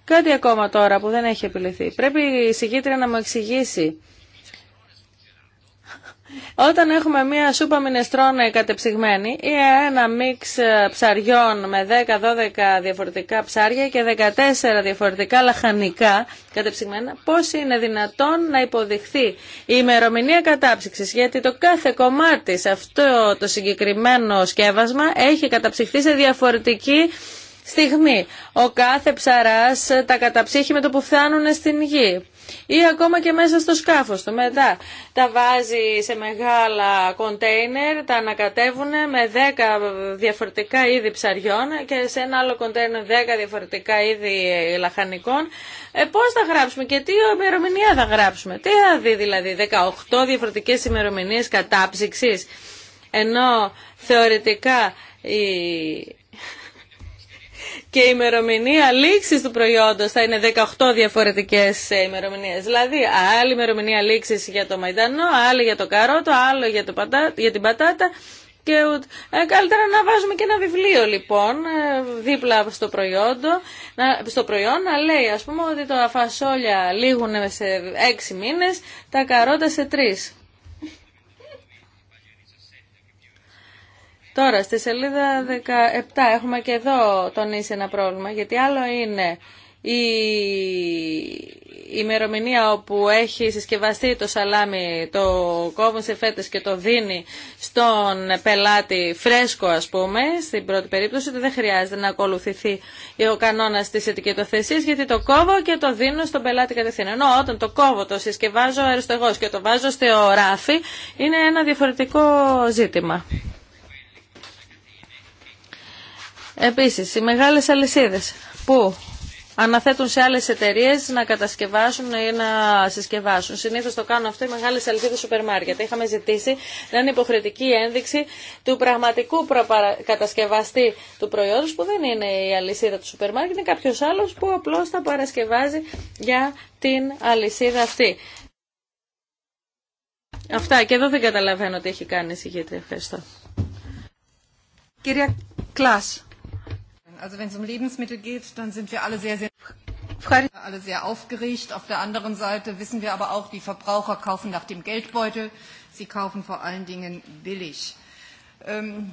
Κάτι ακόμα τώρα που δεν έχει επιληθεί. Πρέπει η συγκήτρια να μου εξηγήσει όταν έχουμε μία σούπα μινεστρών κατεψυγμένη ή ένα μίξ ε, ψαριών με 10-12 διαφορετικά ψάρια και 14 διαφορετικά λαχανικά κατεψυγμένα, πώς είναι δυνατόν να υποδειχθεί η ημερομηνία κατάψυξης, γιατί το κάθε κομμάτι σε αυτό το συγκεκριμένο σκεύασμα έχει καταψυχθεί σε διαφορετική στιγμή. Ο κάθε ψαράς ε, τα καταψύχει με το που φτάνουν στην γη ή ακόμα και μέσα στο σκάφος του. Μετά τα βάζει σε μεγάλα κοντέινερ, τα ανακατεύουν με 10 διαφορετικά είδη ψαριών και σε ένα άλλο κοντέινερ 10 διαφορετικά είδη λαχανικών. Ε, πώς θα γράψουμε και τι ημερομηνία θα γράψουμε. Τι θα δει δηλαδή 18 διαφορετικές ημερομηνίες κατάψυξης ενώ θεωρητικά η και η ημερομηνία λήξης του προϊόντος θα είναι 18 διαφορετικές ε, ημερομηνίε. Δηλαδή, άλλη ημερομηνία λήξης για το μαϊντανό, άλλη για το καρότο, άλλο για, το πατά, για την πατάτα. Και ε, καλύτερα να βάζουμε και ένα βιβλίο λοιπόν ε, δίπλα στο, προϊόντο, στο προϊόν να λέει ας πούμε ότι τα φασόλια λήγουν σε 6 μήνες, τα καρότα σε 3. Τώρα, στη σελίδα 17 έχουμε και εδώ τονίσει ένα πρόβλημα, γιατί άλλο είναι η ημερομηνία όπου έχει συσκευαστεί το σαλάμι, το κόβουν σε φέτες και το δίνει στον πελάτη φρέσκο ας πούμε, στην πρώτη περίπτωση ότι δεν χρειάζεται να ακολουθηθεί ο κανόνας της ετικετοθεσίας γιατί το κόβω και το δίνω στον πελάτη κατευθείαν. Ενώ όταν το κόβω, το συσκευάζω αριστογός και το βάζω στο ράφι είναι ένα διαφορετικό ζήτημα. Επίσης, οι μεγάλες αλυσίδες που αναθέτουν σε άλλες εταιρείες να κατασκευάσουν ή να συσκευάσουν. Συνήθως το κάνουν αυτό οι μεγάλες αλυσίδες σούπερ μάρκετ. Είχαμε ζητήσει να είναι υποχρεωτική ένδειξη του πραγματικού κατασκευαστή του προϊόντος που δεν είναι η αλυσίδα του σούπερ μάρκετ, είναι κάποιος άλλος που απλώς τα παρασκευάζει για την αλυσίδα αυτή. Αυτά και εδώ δεν καταλαβαίνω τι έχει κάνει η Ευχαριστώ. Κυρία Κλάς. Also wenn es um Lebensmittel geht, dann sind wir alle sehr, sehr, alle sehr aufgeregt. Auf der anderen Seite wissen wir aber auch, die Verbraucher kaufen nach dem Geldbeutel. Sie kaufen vor allen Dingen billig.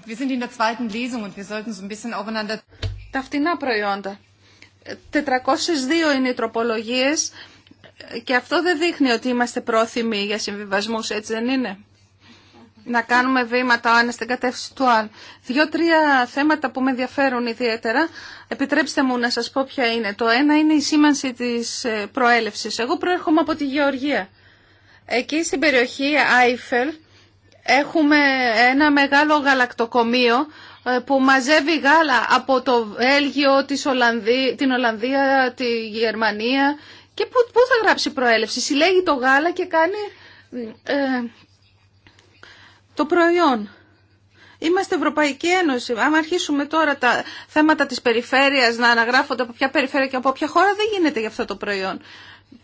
Wir sind in der zweiten Lesung und wir sollten so ein bisschen aufeinander... Τα φτηνά προϊόντα. 402 είναι οι τροπολογίες και αυτό δεν δείχνει ότι είμαστε πρόθυμοι για συμβιβασμούς, έτσι δεν είναι να κάνουμε βήματα ο ένας στην κατεύθυνση του άλλου. Δύο-τρία θέματα που με ενδιαφέρουν ιδιαίτερα. Επιτρέψτε μου να σας πω ποια είναι. Το ένα είναι η σήμανση της ε, προέλευσης. Εγώ προέρχομαι από τη Γεωργία. Εκεί στην περιοχή Άιφελ έχουμε ένα μεγάλο γαλακτοκομείο ε, που μαζεύει γάλα από το Βέλγιο, την Ολλανδία, τη Γερμανία και πού θα γράψει προέλευση. Συλλέγει το γάλα και κάνει ε, το προϊόν. Είμαστε Ευρωπαϊκή Ένωση. Αν αρχίσουμε τώρα τα θέματα της περιφέρειας να αναγράφονται από ποια περιφέρεια και από ποια χώρα δεν γίνεται για αυτό το προϊόν.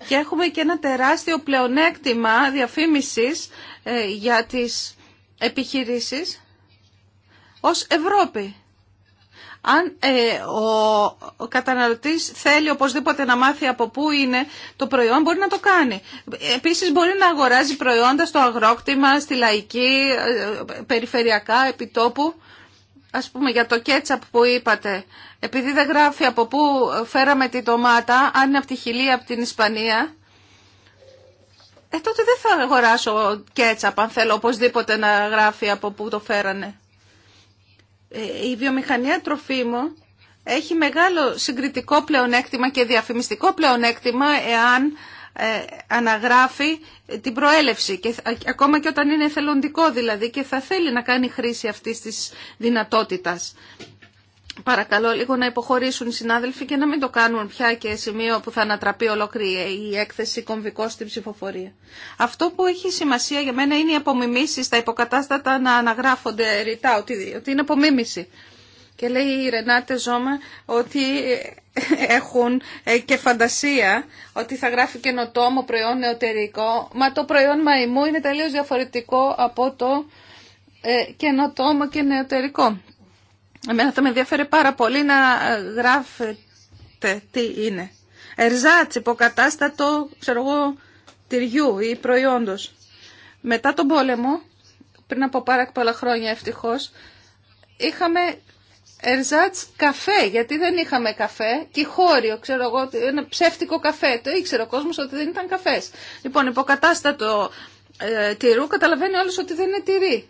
Και έχουμε και ένα τεράστιο πλεονέκτημα διαφήμισης ε, για τις επιχειρήσεις ως Ευρώπη. Αν ε, ο καταναλωτής θέλει οπωσδήποτε να μάθει από πού είναι το προϊόν, μπορεί να το κάνει. Επίσης μπορεί να αγοράζει προϊόντα στο αγρόκτημα, στη λαϊκή, ε, περιφερειακά, επιτόπου. Ας πούμε για το κέτσαπ που είπατε, επειδή δεν γράφει από πού φέραμε τη ντομάτα, αν είναι από τη Χιλή, από την Ισπανία, ε, τότε δεν θα αγοράσω κέτσαπ αν θέλω οπωσδήποτε να γράφει από πού το φέρανε. Ε, η βιομηχανία τροφίμων έχει μεγάλο συγκριτικό πλεονέκτημα και διαφημιστικό πλεονέκτημα εάν ε, αναγράφει την προέλευση και ακόμα και όταν είναι εθελοντικό δηλαδή και θα θέλει να κάνει χρήση αυτής της δυνατότητας. Παρακαλώ λίγο να υποχωρήσουν οι συνάδελφοι και να μην το κάνουν πια και σημείο που θα ανατραπεί ολόκληρη η έκθεση κομβικό στην ψηφοφορία. Αυτό που έχει σημασία για μένα είναι οι απομιμήσεις τα υποκατάστατα να αναγράφονται ρητά, ότι, ότι είναι απομίμηση. Και λέει η Ρενάτε Ζώμα ότι έχουν ε, και φαντασία ότι θα γράφει καινοτόμο προϊόν νεωτερικό, μα το προϊόν μαϊμού είναι τελείως διαφορετικό από το ε, καινοτόμο και νεωτερικό. Εμένα θα με ενδιαφέρει πάρα πολύ να ε, γράφετε τι είναι. Ερζάτς, υποκατάστατο, ξέρω εγώ, τυριού ή προϊόντος. Μετά τον πόλεμο, πριν από πάρα πολλά χρόνια ευτυχώς, είχαμε Ερζάτς καφέ, γιατί δεν είχαμε καφέ και χώριο, ξέρω εγώ, ένα ψεύτικο καφέ. Το ήξερε ο κόσμος ότι δεν ήταν καφές. Λοιπόν, υποκατάστατο ε, τυρού καταλαβαίνει όλος ότι δεν είναι τυρί.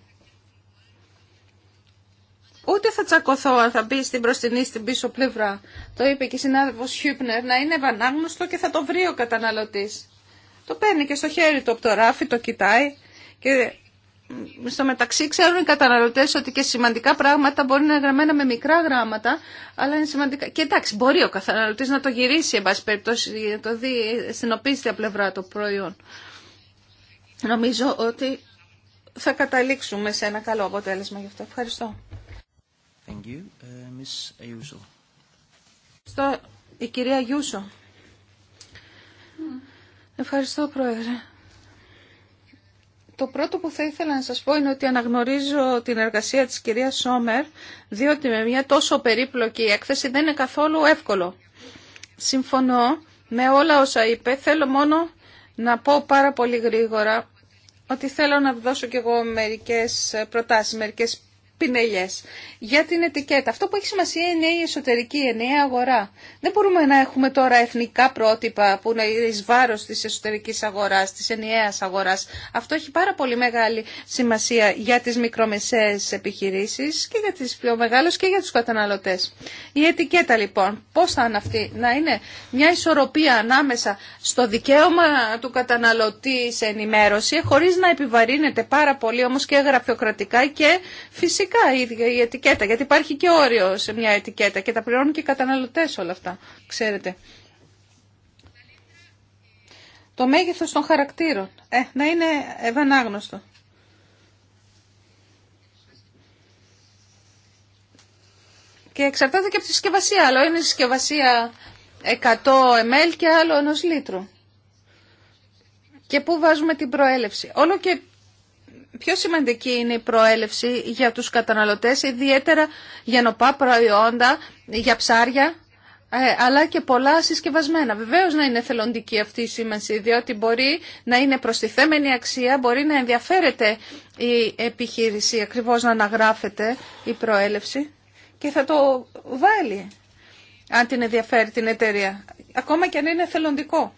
Ούτε θα τσακωθώ αν θα μπει στην προστινή στην πίσω πλευρά. Το είπε και η συνάδελφος Χιούπνερ να είναι ευανάγνωστο και θα το βρει ο καταναλωτής. Το παίρνει και στο χέρι του από το ράφι, το κοιτάει και στο μεταξύ ξέρουν οι καταναλωτέ ότι και σημαντικά πράγματα μπορεί να είναι γραμμένα με μικρά γράμματα, αλλά είναι σημαντικά. Και εντάξει, μπορεί ο καταναλωτή να το γυρίσει, εν πάση περιπτώσει, να το δει στην οπίστια πλευρά το προϊόν. Νομίζω ότι θα καταλήξουμε σε ένα καλό αποτέλεσμα γι' αυτό. Ευχαριστώ. Uh, η κυρία Γιούσο. Ευχαριστώ, Πρόεδρε. Το πρώτο που θα ήθελα να σας πω είναι ότι αναγνωρίζω την εργασία της κυρίας Σόμερ, διότι με μια τόσο περίπλοκη έκθεση δεν είναι καθόλου εύκολο. Συμφωνώ με όλα όσα είπε. Θέλω μόνο να πω πάρα πολύ γρήγορα ότι θέλω να δώσω κι εγώ μερικές προτάσεις, μερικές για την ετικέτα. Αυτό που έχει σημασία είναι η εσωτερική ενιαία αγορά. Δεν μπορούμε να έχουμε τώρα εθνικά πρότυπα που είναι ει βάρο τη εσωτερική αγορά, τη ενιαία αγορά. Αυτό έχει πάρα πολύ μεγάλη σημασία για τι μικρομεσαίες επιχειρήσει και για τι πιο μεγάλε και για του καταναλωτέ. Η ετικέτα λοιπόν, πώ θα είναι αυτή, να είναι μια ισορροπία ανάμεσα στο δικαίωμα του καταναλωτή σε ενημέρωση, χωρί να επιβαρύνεται πάρα πολύ όμω και γραφειοκρατικά και φυσικά Φυσικά η η ετικέτα, γιατί υπάρχει και όριο σε μια ετικέτα και τα πληρώνουν και οι καταναλωτές όλα αυτά, ξέρετε. Το μέγεθος των χαρακτήρων, ε, να είναι ευανάγνωστο. Και εξαρτάται και από τη συσκευασία. Άλλο είναι η συσκευασία 100 ml και άλλο 1 λίτρο. Και πού βάζουμε την προέλευση. Όλο και πιο σημαντική είναι η προέλευση για τους καταναλωτές, ιδιαίτερα για νοπά προϊόντα, για ψάρια, ε, αλλά και πολλά συσκευασμένα. Βεβαίως να είναι θελοντική αυτή η σήμανση, διότι μπορεί να είναι προστιθέμενη αξία, μπορεί να ενδιαφέρεται η επιχείρηση ακριβώς να αναγράφεται η προέλευση και θα το βάλει αν την ενδιαφέρει την εταιρεία, ακόμα και αν είναι θελοντικό.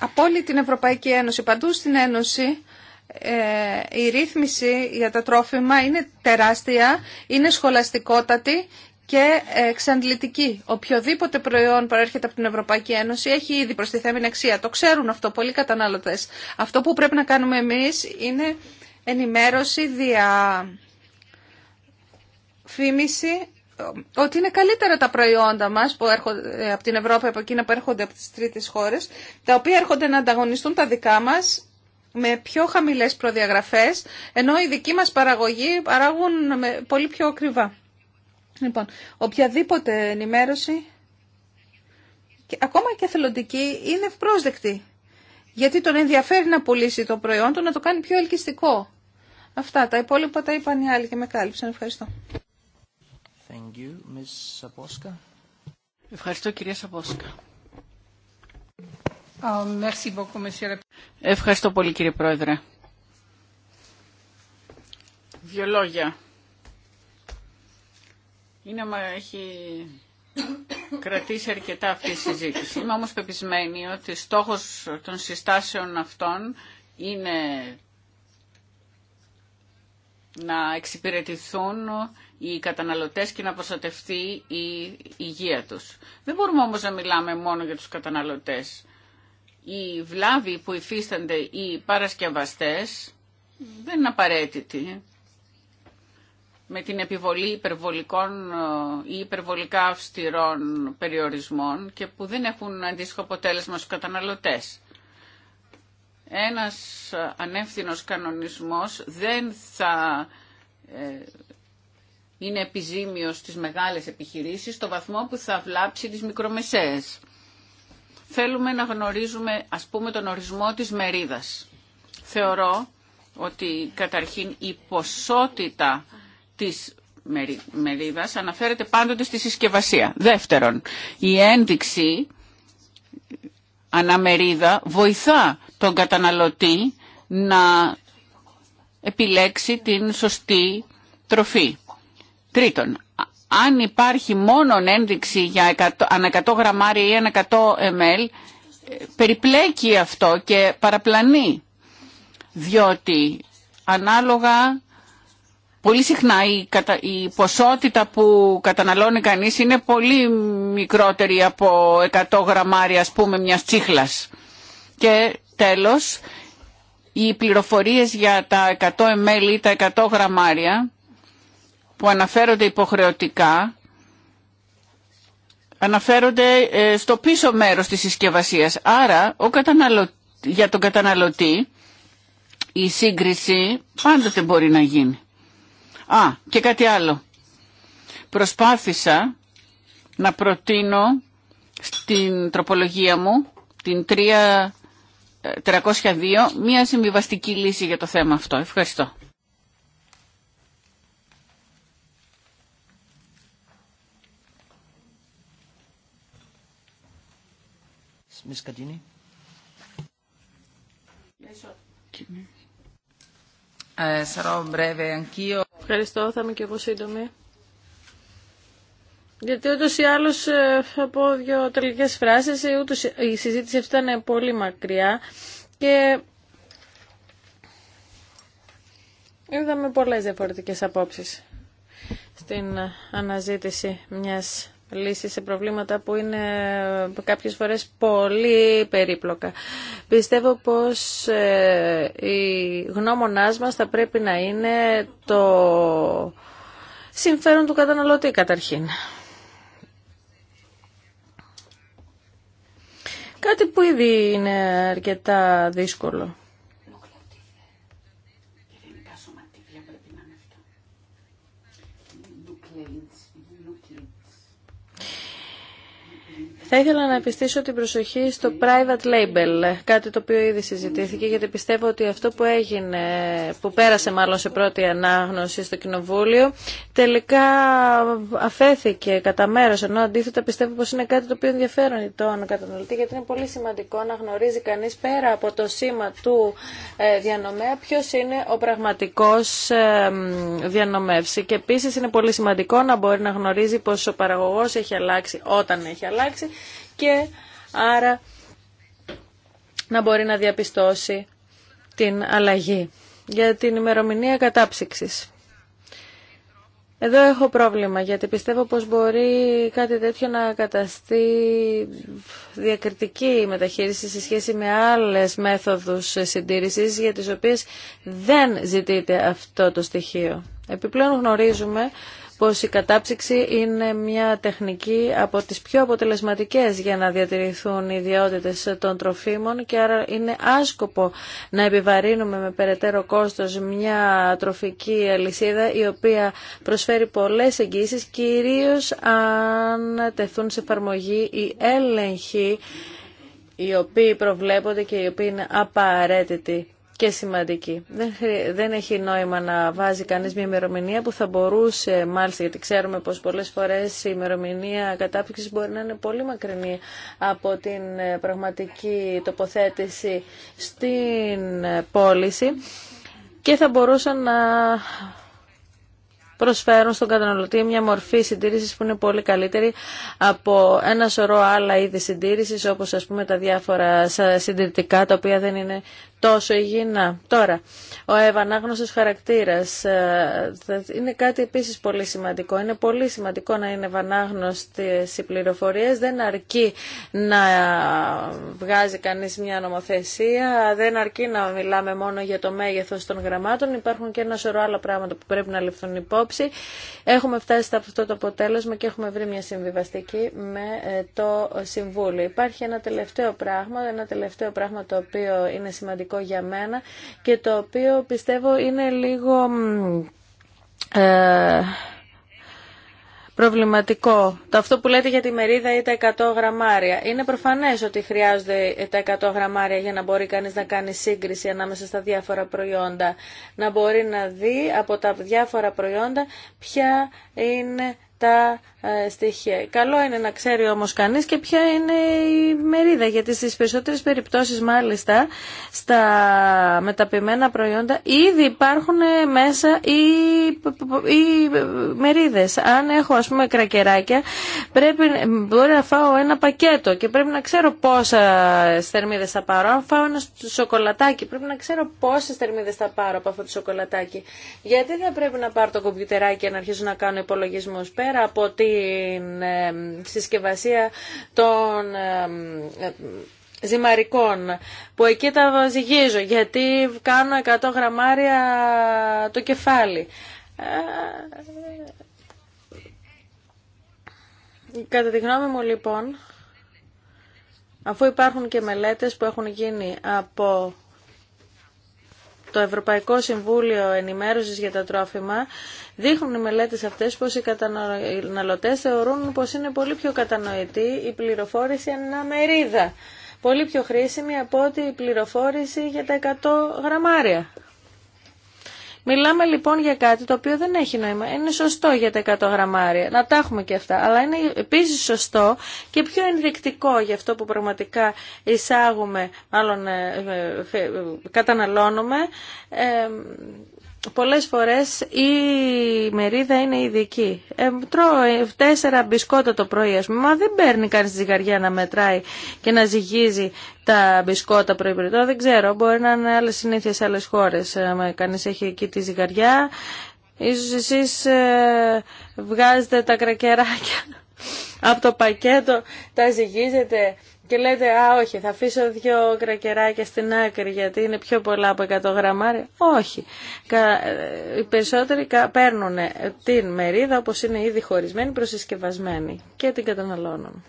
Από όλη την Ευρωπαϊκή Ένωση, παντού στην Ένωση, ε, η ρύθμιση για τα τρόφιμα είναι τεράστια, είναι σχολαστικότατη και εξαντλητική. Οποιοδήποτε προϊόν προέρχεται από την Ευρωπαϊκή Ένωση έχει ήδη προστιθέμενη αξία. Το ξέρουν αυτό πολλοί κατανάλωτες. Αυτό που πρέπει να κάνουμε εμείς είναι ενημέρωση, διαφήμιση ότι είναι καλύτερα τα προϊόντα μας που έρχονται από την Ευρώπη, από εκείνα που έρχονται από τις τρίτες χώρες, τα οποία έρχονται να ανταγωνιστούν τα δικά μας με πιο χαμηλές προδιαγραφές, ενώ οι δικοί μας παραγωγοί παράγουν πολύ πιο ακριβά. Λοιπόν, οποιαδήποτε ενημέρωση, και ακόμα και θελοντική, είναι ευπρόσδεκτη. Γιατί τον ενδιαφέρει να πουλήσει το προϊόν του, να το κάνει πιο ελκυστικό. Αυτά, τα υπόλοιπα τα είπαν οι άλλοι και με κάλυψαν. Ευχαριστώ. Thank you, Ευχαριστώ κυρία Σαπόσκα. Oh, Ευχαριστώ πολύ κύριε Πρόεδρε. Δύο λόγια. Είναι, έχει κρατήσει αρκετά αυτή η συζήτηση. Είμαι όμως πεπισμένη ότι στόχος των συστάσεων αυτών είναι να εξυπηρετηθούν οι καταναλωτές και να προστατευτεί η υγεία τους. Δεν μπορούμε όμως να μιλάμε μόνο για τους καταναλωτές η βλάβη που υφίστανται οι παρασκευαστές δεν είναι απαραίτητη με την επιβολή υπερβολικών ε, ή υπερβολικά αυστηρών περιορισμών και που δεν έχουν αντίστοιχο αποτέλεσμα στους καταναλωτές. Ένας ε, ανεύθυνος κανονισμός δεν θα ε, είναι επιζήμιος στις μεγάλες επιχειρήσεις στο βαθμό που θα βλάψει τις μικρομεσαίες θέλουμε να γνωρίζουμε, ας πούμε, τον ορισμό της μερίδας. Θεωρώ ότι καταρχήν η ποσότητα της μερίδας αναφέρεται πάντοτε στη συσκευασία. Δεύτερον, η ένδειξη αναμερίδα βοηθά τον καταναλωτή να επιλέξει την σωστή τροφή. Τρίτον, αν υπάρχει μόνο ένδειξη για 100, γραμμάρια ή 100 ml, περιπλέκει αυτό και παραπλανεί. Διότι ανάλογα πολύ συχνά η, η ποσότητα που καταναλώνει κανείς είναι πολύ μικρότερη από 100 γραμμάρια ας πούμε μιας τσίχλας. Και τέλος, οι πληροφορίες για τα 100 ml ή τα 100 γραμμάρια που αναφέρονται υποχρεωτικά αναφέρονται ε, στο πίσω μέρος της συσκευασίας. Άρα ο για τον καταναλωτή η σύγκριση πάντοτε μπορεί να γίνει. Α, και κάτι άλλο. Προσπάθησα να προτείνω στην τροπολογία μου την 302 μια ε, συμβιβαστική λύση για το θέμα αυτό. Ευχαριστώ. Ε, Ευχαριστώ, θα είμαι και εγώ σύντομη. Γιατί ούτω ή άλλω ε, από δύο τελικέ φράσει ε, η αλλω πω δυο αυτή ήταν πολύ μακριά και είδαμε πολλές διαφορετικές απόψεις στην αναζήτηση μιας λύσεις σε προβλήματα που είναι κάποιες φορές πολύ περίπλοκα. Πιστεύω πως ε, η γνώμονάς μας θα πρέπει να είναι το συμφέρον του καταναλωτή καταρχήν. Κάτι που ήδη είναι αρκετά δύσκολο. Θα ήθελα να επιστήσω την προσοχή στο private label, κάτι το οποίο ήδη συζητήθηκε, γιατί πιστεύω ότι αυτό που έγινε, που πέρασε μάλλον σε πρώτη ανάγνωση στο Κοινοβούλιο, τελικά αφέθηκε κατά μέρο. Ενώ αντίθετα πιστεύω πω είναι κάτι το οποίο ενδιαφέρον τον καταναλωτή, γιατί είναι πολύ σημαντικό να γνωρίζει κανεί πέρα από το σήμα του ε, διανομέα ποιο είναι ο πραγματικός ε, διανομεύση. Και επίση είναι πολύ σημαντικό να μπορεί να γνωρίζει πω ο παραγωγό έχει αλλάξει όταν έχει αλλάξει και άρα να μπορεί να διαπιστώσει την αλλαγή για την ημερομηνία κατάψυξης. Εδώ έχω πρόβλημα γιατί πιστεύω πως μπορεί κάτι τέτοιο να καταστεί διακριτική μεταχείριση σε σχέση με άλλες μέθοδους συντήρησης για τις οποίες δεν ζητείται αυτό το στοιχείο. Επιπλέον γνωρίζουμε πως η κατάψυξη είναι μια τεχνική από τις πιο αποτελεσματικές για να διατηρηθούν οι ιδιότητες των τροφίμων και άρα είναι άσκοπο να επιβαρύνουμε με περαιτέρω κόστος μια τροφική αλυσίδα η οποία προσφέρει πολλές εγγύσεις κυρίως αν τεθούν σε εφαρμογή οι έλεγχοι οι οποίοι προβλέπονται και οι οποίοι είναι απαραίτητοι και σημαντική. Δεν, έχει νόημα να βάζει κανείς μια ημερομηνία που θα μπορούσε, μάλιστα γιατί ξέρουμε πως πολλές φορές η ημερομηνία κατάπτυξης μπορεί να είναι πολύ μακρινή από την ε, πραγματική τοποθέτηση στην ε, πώληση και θα μπορούσαν να προσφέρουν στον καταναλωτή μια μορφή συντήρησης που είναι πολύ καλύτερη από ένα σωρό άλλα είδη συντήρησης όπως ας πούμε τα διάφορα συντηρητικά τα οποία δεν είναι τόσο υγιεινά. Τώρα, ο ευανάγνωστος χαρακτήρας ε, είναι κάτι επίσης πολύ σημαντικό. Είναι πολύ σημαντικό να είναι ευανάγνωστες οι πληροφορίες. Δεν αρκεί να βγάζει κανείς μια νομοθεσία, δεν αρκεί να μιλάμε μόνο για το μέγεθος των γραμμάτων. Υπάρχουν και ένα σωρό άλλα πράγματα που πρέπει να ληφθούν υπόψη. Έχουμε φτάσει σε αυτό το αποτέλεσμα και έχουμε βρει μια συμβιβαστική με ε, το Συμβούλιο. Υπάρχει ένα τελευταίο πράγμα, ένα τελευταίο πράγμα το οποίο είναι σημαντικό σημαντικό για μένα και το οποίο πιστεύω είναι λίγο ε, προβληματικό. Το αυτό που λέτε για τη μερίδα ή τα 100 γραμμάρια. Είναι προφανές ότι χρειάζονται τα 100 γραμμάρια για να μπορεί κανείς να κάνει σύγκριση ανάμεσα στα διάφορα προϊόντα. Να μπορεί να δει από τα διάφορα προϊόντα ποια είναι τα ε, στοιχεία. Καλό είναι να ξέρει όμως κανείς και ποια είναι η μερίδα, γιατί στις περισσότερες περιπτώσεις μάλιστα στα μεταπημένα προϊόντα ήδη υπάρχουν μέσα οι, οι μερίδες. Αν έχω ας πούμε κρακεράκια πρέπει, μπορεί να φάω ένα πακέτο και πρέπει να ξέρω πόσα θερμίδες θα πάρω. Αν φάω ένα σοκολατάκι πρέπει να ξέρω πόσες θερμίδες θα πάρω από αυτό το σοκολατάκι. Γιατί δεν πρέπει να πάρω το κομπιουτεράκι και να αρχίσω να κάνω υπολογισμούς πέρα από στην ε, συσκευασία των ε, ε, ζυμαρικών που εκεί τα ζυγίζω γιατί κάνω 100 γραμμάρια το κεφάλι. Κατά τη γνώμη μου λοιπόν, αφού υπάρχουν και μελέτες που έχουν γίνει από το Ευρωπαϊκό Συμβούλιο Ενημέρωσης για τα Τρόφιμα, δείχνουν οι μελέτες αυτές πως οι καταναλωτές θεωρούν πως είναι πολύ πιο κατανοητή η πληροφόρηση ανά μερίδα. Πολύ πιο χρήσιμη από ότι η πληροφόρηση για τα 100 γραμμάρια. Μιλάμε λοιπόν για κάτι το οποίο δεν έχει νόημα. Είναι σωστό για τα 100 γραμμάρια, να τα έχουμε και αυτά, αλλά είναι επίση σωστό και πιο ενδεικτικό για αυτό που πραγματικά εισάγουμε, μάλλον ε, ε, ε, καταναλώνουμε, πολλές φορές η μερίδα είναι ειδική. Ε, τρώω τέσσερα μπισκότα το πρωί, ας πούμε, μα δεν παίρνει κανείς ζυγαριά να μετράει και να ζυγίζει τα μπισκότα πρωί πρωί. δεν ξέρω, μπορεί να είναι άλλες συνήθειες σε άλλες χώρες. Ε, κανείς έχει εκεί τη ζυγαριά, ίσως εσείς ε, βγάζετε τα κρακεράκια από το πακέτο, τα ζυγίζετε και λέτε «Α, όχι, θα αφήσω δύο κρακεράκια στην άκρη γιατί είναι πιο πολλά από 100 γραμμάρια». Όχι. Ε, οι περισσότεροι παίρνουν ε, την μερίδα όπως είναι ήδη χωρισμένη, προσυσκευασμένη και την καταναλώνουν.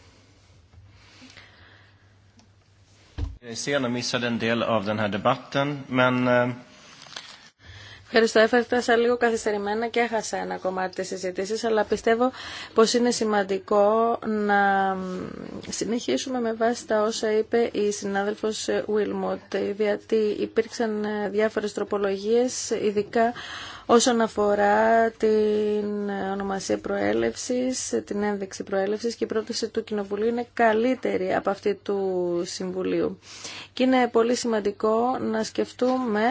Ευχαριστώ. Έφτασα λίγο καθυστερημένα και έχασα ένα κομμάτι της συζήτηση, αλλά πιστεύω πως είναι σημαντικό να συνεχίσουμε με βάση τα όσα είπε η συνάδελφος Βίλμοντ, γιατί υπήρξαν διάφορες τροπολογίες, ειδικά όσον αφορά την ονομασία προέλευσης, την ένδειξη προέλευσης και η πρόταση του Κοινοβουλίου είναι καλύτερη από αυτή του Συμβουλίου. Και είναι πολύ σημαντικό να σκεφτούμε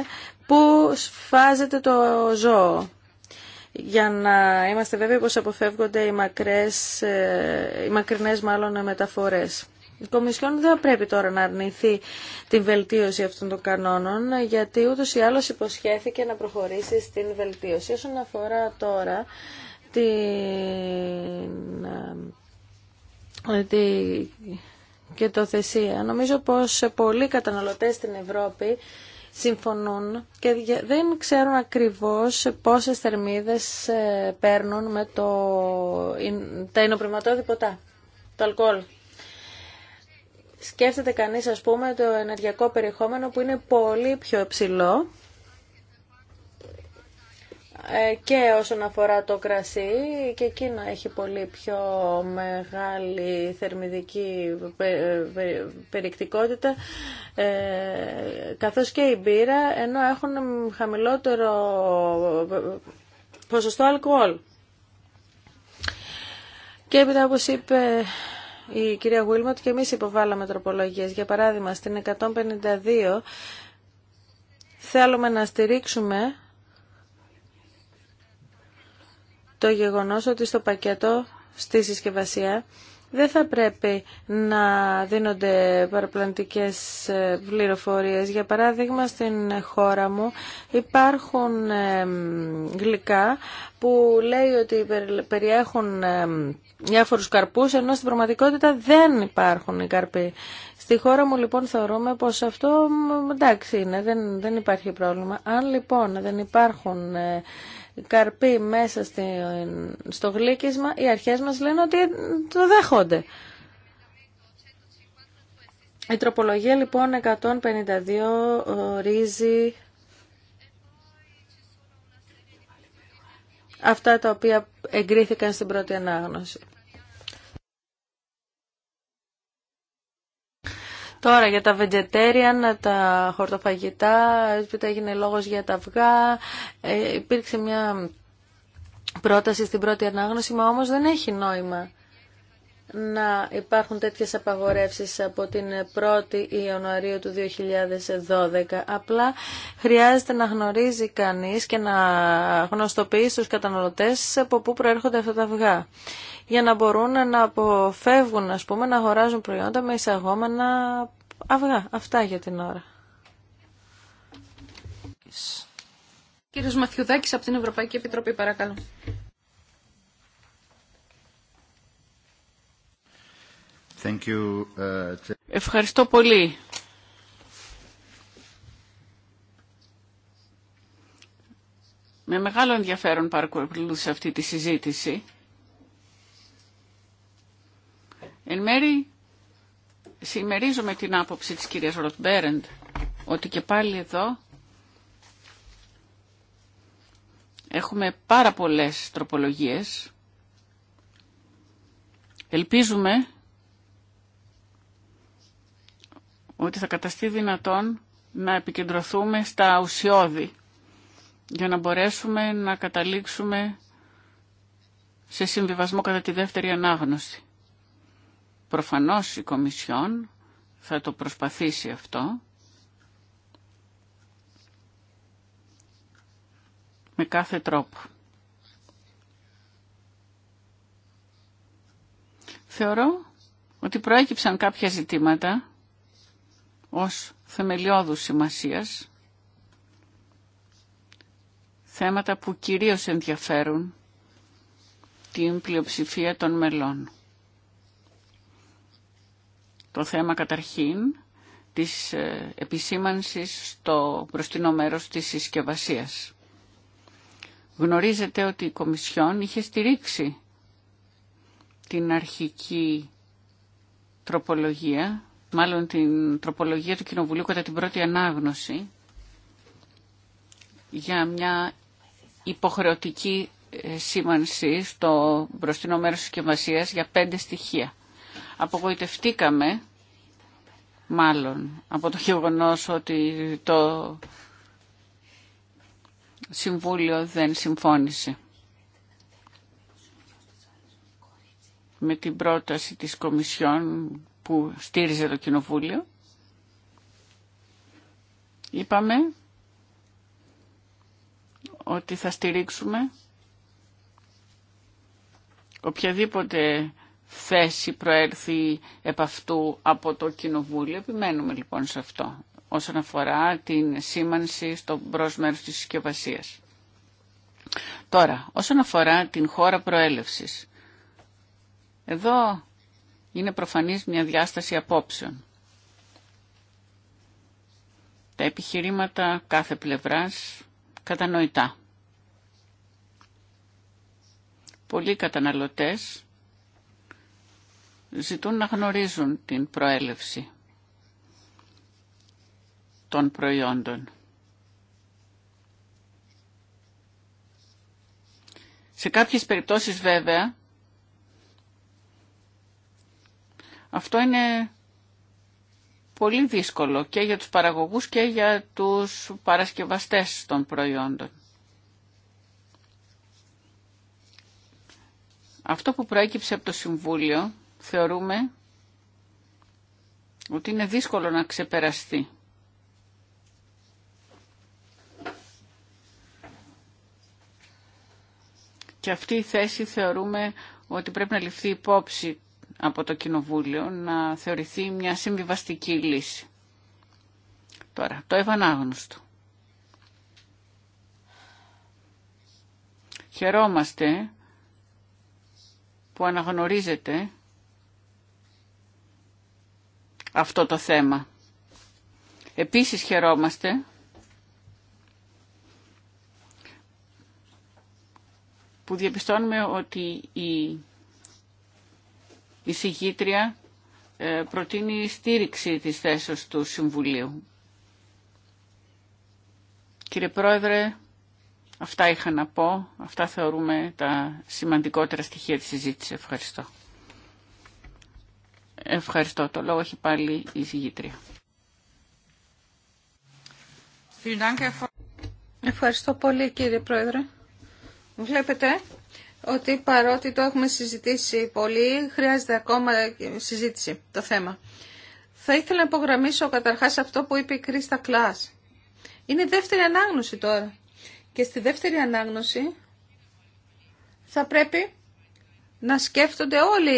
που σφάζεται το ζώο για να είμαστε βέβαιοι πως αποφεύγονται οι, μακρές, ε, οι μακρινές μάλλον μεταφορές. Η Κομισιόν δεν πρέπει τώρα να αρνηθεί την βελτίωση αυτών των κανόνων, γιατί ούτως ή άλλως υποσχέθηκε να προχωρήσει στην βελτίωση. Όσον αφορά τώρα την... Ε, την... και το θεσία, νομίζω πως πολλοί καταναλωτές στην Ευρώπη συμφωνούν και δεν ξέρουν ακριβώς πόσες θερμίδες ε, παίρνουν με τα εινοπνευματώδη ποτά, το αλκοόλ. Σκέφτεται κανείς ας πούμε το ενεργειακό περιεχόμενο που είναι πολύ πιο υψηλό ε, και όσον αφορά το κρασί και εκείνο έχει πολύ πιο μεγάλη θερμιδική περιεκτικότητα ε, καθώς και η μπύρα ενώ έχουν χαμηλότερο ποσοστό αλκοόλ. Και έπειτα όπως είπε η κυρία Γουίλμοντ και εμείς υποβάλαμε τροπολογίες. Για παράδειγμα στην 152 θέλουμε να στηρίξουμε το γεγονός ότι στο πακέτο στη συσκευασία δεν θα πρέπει να δίνονται παραπλανητικές ε, πληροφορίες. Για παράδειγμα, στην χώρα μου υπάρχουν γλυκά που λέει ότι περιέχουν διάφορους καρπούς, ενώ στην πραγματικότητα δεν υπάρχουν οι καρποί. Στη χώρα μου λοιπόν θεωρούμε πως αυτό εντάξει είναι, δεν, δεν υπάρχει πρόβλημα. Αν λοιπόν δεν υπάρχουν ε, καρποί μέσα στο γλύκισμα, οι αρχές μας λένε ότι το δέχονται. Η τροπολογία λοιπόν 152 ορίζει αυτά τα οποία εγκρίθηκαν στην πρώτη ανάγνωση. Τώρα για τα vegetarian, τα χορτοφαγητά, έπειτα έγινε λόγος για τα αυγά. Ε, υπήρξε μια πρόταση στην πρώτη ανάγνωση, μα όμως δεν έχει νόημα να υπάρχουν τέτοιες απαγορεύσεις από την 1η Ιανουαρίου του 2012. Απλά χρειάζεται να γνωρίζει κανείς και να γνωστοποιεί στους καταναλωτές από πού προέρχονται αυτά τα αυγά για να μπορούν να αποφεύγουν ας πούμε, να αγοράζουν προϊόντα με εισαγόμενα αυγά. Αυτά για την ώρα. Κύριος Μαθιουδάκης από την Ευρωπαϊκή Επιτροπή, παρακαλώ. Uh, Ευχαριστώ πολύ. Με μεγάλο ενδιαφέρον παρακολουθούσα αυτή τη συζήτηση. Εν μέρη, συμμερίζομαι την άποψη της κυρίας Ροτμπέρεντ ότι και πάλι εδώ έχουμε πάρα πολλές τροπολογίες. Ελπίζουμε ότι θα καταστεί δυνατόν να επικεντρωθούμε στα ουσιώδη για να μπορέσουμε να καταλήξουμε σε συμβιβασμό κατά τη δεύτερη ανάγνωση. Προφανώς η Κομισιόν θα το προσπαθήσει αυτό με κάθε τρόπο. Θεωρώ ότι προέκυψαν κάποια ζητήματα ως θεμελιώδους σημασίας, θέματα που κυρίως ενδιαφέρουν την πλειοψηφία των μελών. Το θέμα καταρχήν της ε, επισήμανσης στο μπροστινό μέρος της συσκευασία. Γνωρίζετε ότι η Κομισιόν είχε στηρίξει την αρχική τροπολογία μάλλον την τροπολογία του Κοινοβουλίου κατά την πρώτη ανάγνωση για μια υποχρεωτική ε, σήμανση στο μπροστινό μέρος της κεμβασίας... για πέντε στοιχεία. Απογοητευτήκαμε μάλλον από το γεγονός ότι το Συμβούλιο δεν συμφώνησε με την πρόταση της Κομισιόν που στήριζε το Κοινοβούλιο, είπαμε ότι θα στηρίξουμε οποιαδήποτε θέση προέρθει επ' αυτού από το Κοινοβούλιο. Επιμένουμε λοιπόν σε αυτό όσον αφορά την σήμανση στο μπρος μέρος της συσκευασία. Τώρα, όσον αφορά την χώρα προέλευσης, εδώ είναι προφανής μια διάσταση απόψεων. Τα επιχειρήματα κάθε πλευράς κατανοητά. Πολλοί καταναλωτές ζητούν να γνωρίζουν την προέλευση των προϊόντων. Σε κάποιες περιπτώσεις βέβαια Αυτό είναι πολύ δύσκολο και για τους παραγωγούς και για τους παρασκευαστές των προϊόντων. Αυτό που προέκυψε από το Συμβούλιο θεωρούμε ότι είναι δύσκολο να ξεπεραστεί. Και αυτή η θέση θεωρούμε ότι πρέπει να ληφθεί υπόψη από το Κοινοβούλιο να θεωρηθεί μια συμβιβαστική λύση. Τώρα, το ευανάγνωστο. Χαιρόμαστε που αναγνωρίζετε αυτό το θέμα. Επίσης χαιρόμαστε που διαπιστώνουμε ότι η η συγγήτρια ε, προτείνει στήριξη της θέσεως του Συμβουλίου. Κύριε Πρόεδρε, αυτά είχα να πω. Αυτά θεωρούμε τα σημαντικότερα στοιχεία της συζήτησης. Ευχαριστώ. Ευχαριστώ. Το λόγο έχει πάλι η συγγήτρια. Ευχαριστώ πολύ κύριε Πρόεδρε. Βλέπετε ότι παρότι το έχουμε συζητήσει πολύ, χρειάζεται ακόμα συζήτηση το θέμα. Θα ήθελα να υπογραμμίσω καταρχάς αυτό που είπε η Κρίστα Κλάς. Είναι δεύτερη ανάγνωση τώρα. Και στη δεύτερη ανάγνωση θα πρέπει να σκέφτονται όλοι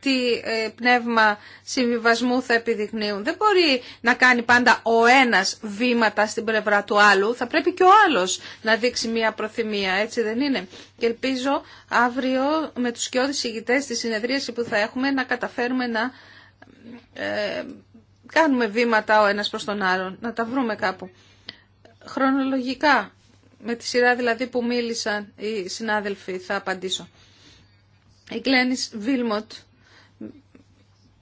τι ε, πνεύμα συμβιβασμού θα επιδεικνύουν. Δεν μπορεί να κάνει πάντα ο ένας βήματα στην πλευρά του άλλου, θα πρέπει και ο άλλος να δείξει μια προθυμία, έτσι δεν είναι. Και ελπίζω αύριο με τους σκιώδεις ηγητές της συνεδρίαση που θα έχουμε να καταφέρουμε να ε, κάνουμε βήματα ο ένας προς τον άλλον, να τα βρούμε κάπου. Χρονολογικά, με τη σειρά δηλαδή που μίλησαν οι συνάδελφοι, θα απαντήσω. Η Γκλένις Βίλμοτ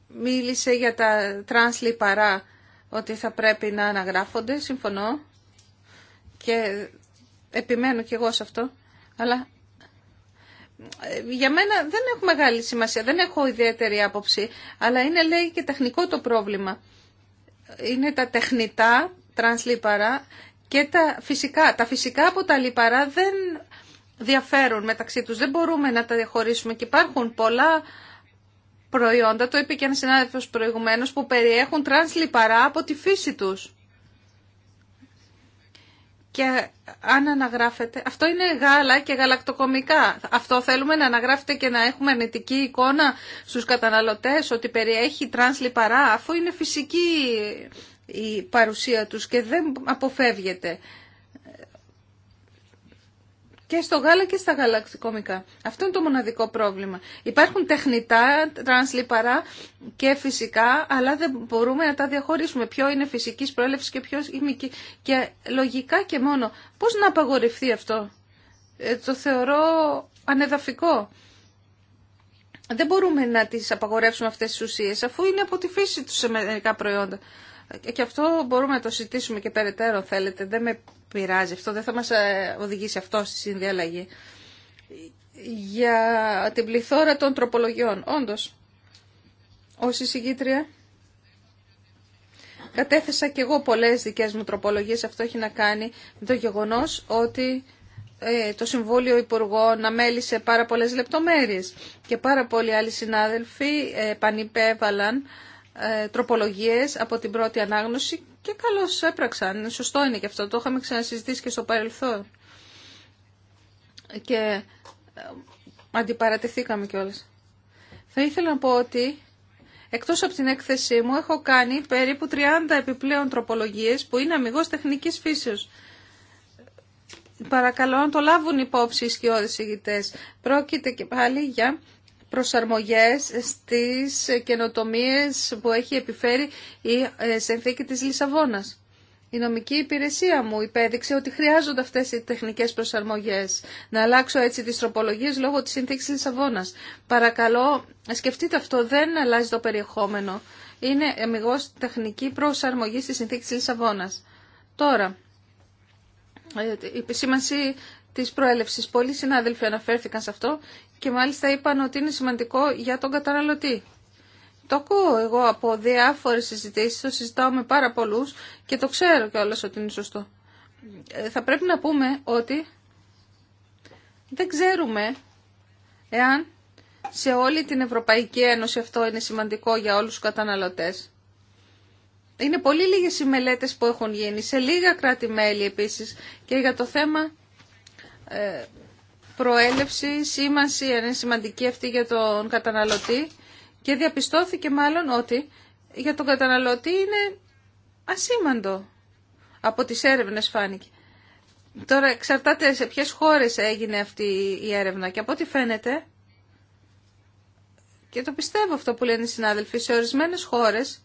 μίλησε για τα τρανς λιπαρά ότι θα πρέπει να αναγράφονται, συμφωνώ και επιμένω κι εγώ σε αυτό, αλλά ε, για μένα δεν έχω μεγάλη σημασία, δεν έχω ιδιαίτερη άποψη, αλλά είναι λέει και τεχνικό το πρόβλημα. Είναι τα τεχνητά τρανς λιπαρά και τα φυσικά. Τα φυσικά από τα λιπαρά δεν διαφέρουν μεταξύ τους. Δεν μπορούμε να τα διαχωρίσουμε και υπάρχουν πολλά προϊόντα, το είπε και ένας συνάδελφος προηγουμένως, που περιέχουν τρανς λιπαρά από τη φύση τους. Και αν αναγράφεται, αυτό είναι γάλα και γαλακτοκομικά. Αυτό θέλουμε να αναγράφεται και να έχουμε αρνητική εικόνα στους καταναλωτές ότι περιέχει τρανς λιπαρά, αφού είναι φυσική η παρουσία τους και δεν αποφεύγεται και στο γάλα και στα γαλακτικομικά. Αυτό είναι το μοναδικό πρόβλημα. Υπάρχουν τεχνητά, τρανς λιπαρά και φυσικά, αλλά δεν μπορούμε να τα διαχωρίσουμε. Ποιο είναι φυσικής προέλευσης και ποιο είναι. Και λογικά και μόνο. Πώς να απαγορευτεί αυτό. Ε, το θεωρώ ανεδαφικό. Δεν μπορούμε να τις απαγορεύσουμε αυτές τις ουσίες, αφού είναι από τη φύση τους σε μερικά προϊόντα. Ε, και αυτό μπορούμε να το συζητήσουμε και περαιτέρω, θέλετε. Δεν με πειράζει αυτό, δεν θα μας ε, οδηγήσει αυτό στη συνδιαλλαγή. Για την πληθώρα των τροπολογιών, όντως, ως εισηγήτρια, κατέθεσα και εγώ πολλές δικές μου τροπολογίες. Αυτό έχει να κάνει με το γεγονός ότι ε, το Συμβούλιο Υπουργών μέλησε πάρα πολλές λεπτομέρειες και πάρα πολλοί άλλοι συνάδελφοι ε, πανυπέβαλαν τροπολογίες από την πρώτη ανάγνωση και καλώ έπραξαν. Σωστό είναι και αυτό. Το είχαμε ξανασυζητήσει και στο παρελθόν. Και ε, αντιπαρατηθήκαμε κιόλα. Θα ήθελα να πω ότι εκτός από την έκθεσή μου έχω κάνει περίπου 30 επιπλέον τροπολογίες που είναι αμυγός τεχνικής φύσεως. Παρακαλώ να το λάβουν υπόψη οι σκιώδες ηγητές. Πρόκειται και πάλι για προσαρμογές στις καινοτομίες που έχει επιφέρει η ε, συνθήκη της Λισαβόνας. Η νομική υπηρεσία μου υπέδειξε ότι χρειάζονται αυτές οι τεχνικές προσαρμογές. Να αλλάξω έτσι τις τροπολογίες λόγω της συνθήκης Λισαβόνας. Παρακαλώ, σκεφτείτε αυτό, δεν αλλάζει το περιεχόμενο. Είναι αμυγός τεχνική προσαρμογή στη συνθήκη της Λισαβόνας. Τώρα, ε, η επισήμανση Τη πρόελευση. Πολλοί συνάδελφοι αναφέρθηκαν σε αυτό και μάλιστα είπαν ότι είναι σημαντικό για τον καταναλωτή. Το ακούω εγώ από διάφορε συζητήσει, το συζητάω με πάρα πολλού και το ξέρω κιόλα ότι είναι σωστό. Ε, θα πρέπει να πούμε ότι δεν ξέρουμε εάν σε όλη την Ευρωπαϊκή Ένωση αυτό είναι σημαντικό για όλους τους καταναλωτές. Είναι πολύ λίγες οι μελέτες που έχουν γίνει, σε λίγα κράτη-μέλη επίσης και για το θέμα ε, προέλευση, σήμανση είναι σημαντική αυτή για τον καταναλωτή και διαπιστώθηκε μάλλον ότι για τον καταναλωτή είναι ασήμαντο από τις έρευνες φάνηκε. Τώρα εξαρτάται σε ποιες χώρες έγινε αυτή η έρευνα και από ό,τι φαίνεται και το πιστεύω αυτό που λένε οι συνάδελφοι, σε ορισμένες χώρες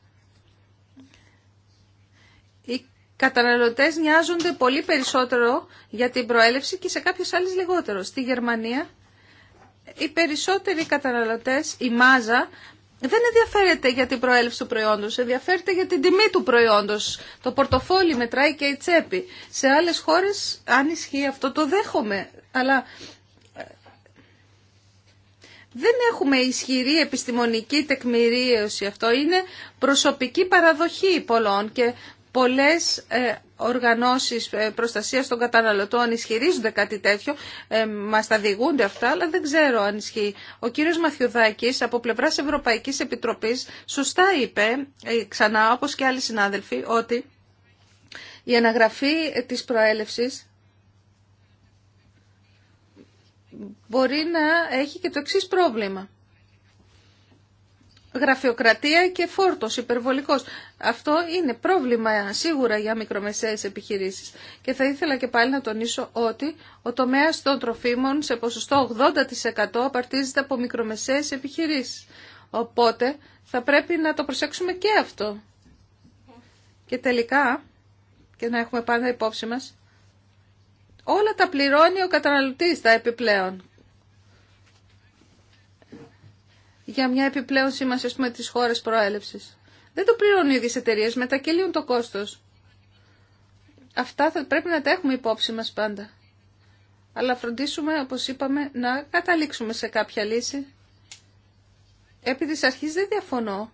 Καταναλωτέ νοιάζονται πολύ περισσότερο για την προέλευση και σε κάποιες άλλες λιγότερο. Στη Γερμανία οι περισσότεροι καταναλωτέ, η μάζα, δεν ενδιαφέρεται για την προέλευση του προϊόντος, ενδιαφέρεται για την τιμή του προϊόντος. Το πορτοφόλι μετράει και η τσέπη. Σε άλλες χώρες, αν ισχύει αυτό, το δέχομαι, αλλά ε, δεν έχουμε ισχυρή επιστημονική τεκμηρίωση αυτό. Είναι προσωπική παραδοχή πολλών και Πολλές ε, οργανώσεις ε, προστασίας των καταναλωτών ισχυρίζονται κάτι τέτοιο, ε, μας τα διηγούνται αυτά, αλλά δεν ξέρω αν ισχύει. Ο κύριος Μαθιουδάκης από πλευράς Ευρωπαϊκής Επιτροπής σωστά είπε, ξανά όπως και άλλοι συνάδελφοι, ότι η αναγραφή της προέλευσης μπορεί να έχει και το εξής πρόβλημα γραφειοκρατία και φόρτος υπερβολικός. Αυτό είναι πρόβλημα σίγουρα για μικρομεσαίες επιχειρήσεις. Και θα ήθελα και πάλι να τονίσω ότι ο τομέας των τροφίμων σε ποσοστό 80% απαρτίζεται από μικρομεσαίες επιχειρήσεις. Οπότε θα πρέπει να το προσέξουμε και αυτό. Και τελικά, και να έχουμε πάντα υπόψη μας, όλα τα πληρώνει ο καταναλωτής τα επιπλέον για μια επιπλέον σήμανση με πούμε, τη χώρας προέλευσης. Δεν το πληρώνουν οι οι εταιρείε, μετακυλίουν το κόστος. Αυτά θα πρέπει να τα έχουμε υπόψη μας πάντα. Αλλά φροντίσουμε, όπως είπαμε, να καταλήξουμε σε κάποια λύση. Επειδή τη αρχή δεν διαφωνώ.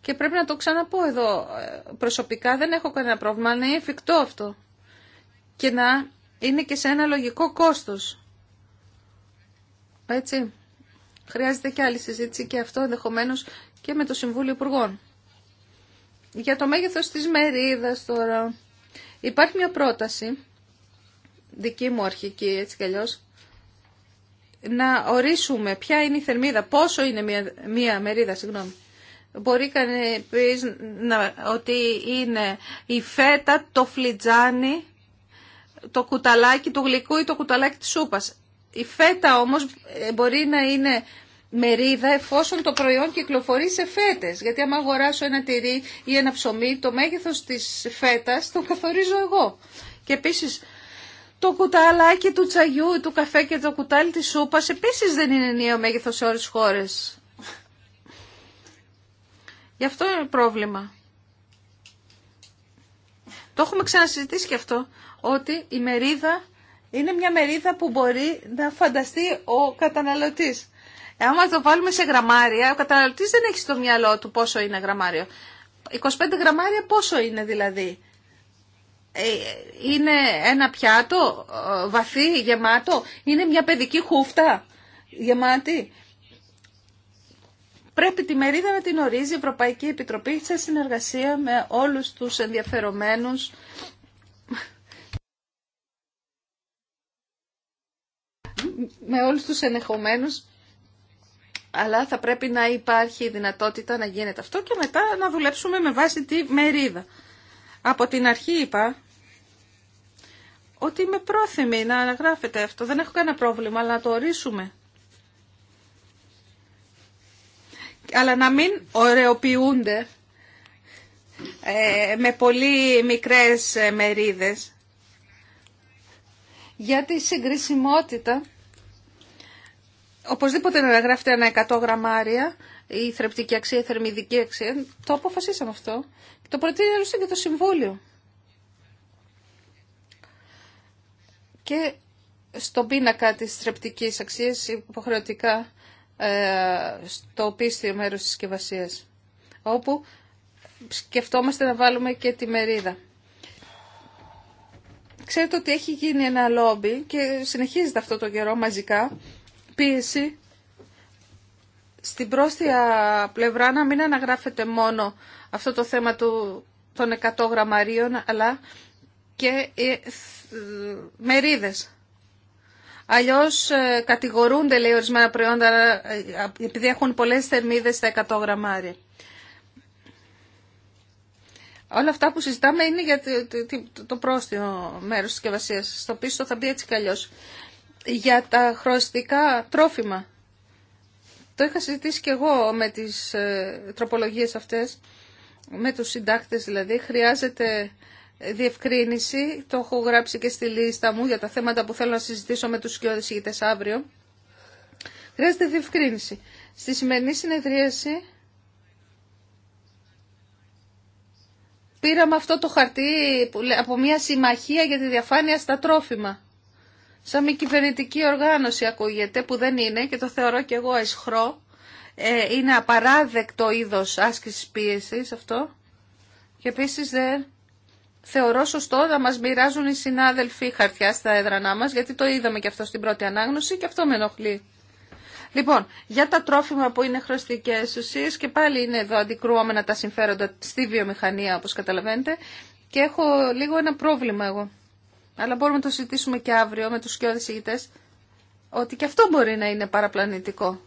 Και πρέπει να το ξαναπώ εδώ. Ε, προσωπικά δεν έχω κανένα πρόβλημα. Να είναι εφικτό αυτό. Και να είναι και σε ένα λογικό κόστος. Έτσι χρειάζεται και άλλη συζήτηση και αυτό ενδεχομένω και με το Συμβούλιο Υπουργών. Για το μέγεθος της μερίδας τώρα υπάρχει μια πρόταση, δική μου αρχική έτσι κι αλλιώς, να ορίσουμε ποια είναι η θερμίδα, πόσο είναι μια, μια μερίδα, συγγνώμη. Μπορεί κανείς να, ότι είναι η φέτα, το φλιτζάνι, το κουταλάκι του γλυκού ή το κουταλάκι της σούπας. Η φέτα όμως ε, μπορεί να είναι μερίδα εφόσον το προϊόν κυκλοφορεί σε φέτες. Γιατί άμα αγοράσω ένα τυρί ή ένα ψωμί, το μέγεθος της φέτας το καθορίζω εγώ. Και επίσης το κουταλάκι του τσαγιού, του καφέ και το κουτάλι της σούπας επίσης δεν είναι ενιαίο μέγεθος σε όλες τις χώρες. Γι' αυτό είναι πρόβλημα. Το έχουμε ξανασυζητήσει και αυτό, ότι η μερίδα είναι μια μερίδα που μπορεί να φανταστεί ο καταναλωτής. Άμα το βάλουμε σε γραμμάρια, ο καταναλωτής δεν έχει στο μυαλό του πόσο είναι γραμμάριο. 25 γραμμάρια πόσο είναι δηλαδή. Ε, είναι ένα πιάτο ε, βαθύ, γεμάτο. Είναι μια παιδική χούφτα γεμάτη. Πρέπει τη μερίδα να την ορίζει η Ευρωπαϊκή Επιτροπή σε συνεργασία με όλους τους ενδιαφερομένους με όλους τους ενεχομένους, αλλά θα πρέπει να υπάρχει η δυνατότητα να γίνεται αυτό και μετά να δουλέψουμε με βάση τη μερίδα. Από την αρχή είπα ότι είμαι πρόθυμη να αναγράφεται αυτό. Δεν έχω κανένα πρόβλημα, αλλά να το ορίσουμε. Αλλά να μην ωρεοποιούνται ε, με πολύ μικρές ε, μερίδες για τη συγκρισιμότητα οπωσδήποτε να γράφεται ένα 100 γραμμάρια η θρεπτική αξία, η θερμιδική αξία. Το αποφασίσαμε αυτό. Το προτείνει άλλωστε και το Συμβούλιο. Και στον πίνακα της θρεπτικής αξίας υποχρεωτικά ε, στο πίστιο μέρος της συσκευασία. όπου σκεφτόμαστε να βάλουμε και τη μερίδα. Ξέρετε ότι έχει γίνει ένα λόμπι και συνεχίζεται αυτό το καιρό μαζικά πίεση στην πρόστια πλευρά να μην αναγράφεται μόνο αυτό το θέμα του, των 100 γραμμαρίων, αλλά και ε, μερίδες. Αλλιώς ε, κατηγορούνται, λέει, ορισμένα προϊόντα ε, επειδή έχουν πολλές θερμίδες στα 100 γραμμάρια. Όλα αυτά που συζητάμε είναι για το πρόστιο μέρος της συσκευασίας Στο πίσω θα μπει έτσι κι για τα χρωστικά τρόφιμα. Το είχα συζητήσει και εγώ με τις ε, τροπολογίες αυτές, με τους συντάκτες δηλαδή. Χρειάζεται διευκρίνηση, το έχω γράψει και στη λίστα μου για τα θέματα που θέλω να συζητήσω με τους σκιώδες αύριο. Χρειάζεται διευκρίνηση. Στη σημερινή συνεδρίαση πήραμε αυτό το χαρτί από μια συμμαχία για τη διαφάνεια στα τρόφιμα σαν μη κυβερνητική οργάνωση ακούγεται, που δεν είναι και το θεωρώ και εγώ αισχρό. Ε, είναι απαράδεκτο είδος άσκησης πίεσης αυτό. Και επίσης δεν θεωρώ σωστό να μας μοιράζουν οι συνάδελφοι χαρτιά στα έδρανά μας, γιατί το είδαμε και αυτό στην πρώτη ανάγνωση και αυτό με ενοχλεί. Λοιπόν, για τα τρόφιμα που είναι χρωστικές ουσίες και πάλι είναι εδώ αντικρούωμενα τα συμφέροντα στη βιομηχανία όπως καταλαβαίνετε και έχω λίγο ένα πρόβλημα εγώ αλλά μπορούμε να το συζητήσουμε και αύριο με τους σκιώδες ηγητές, ότι και αυτό μπορεί να είναι παραπλανητικό.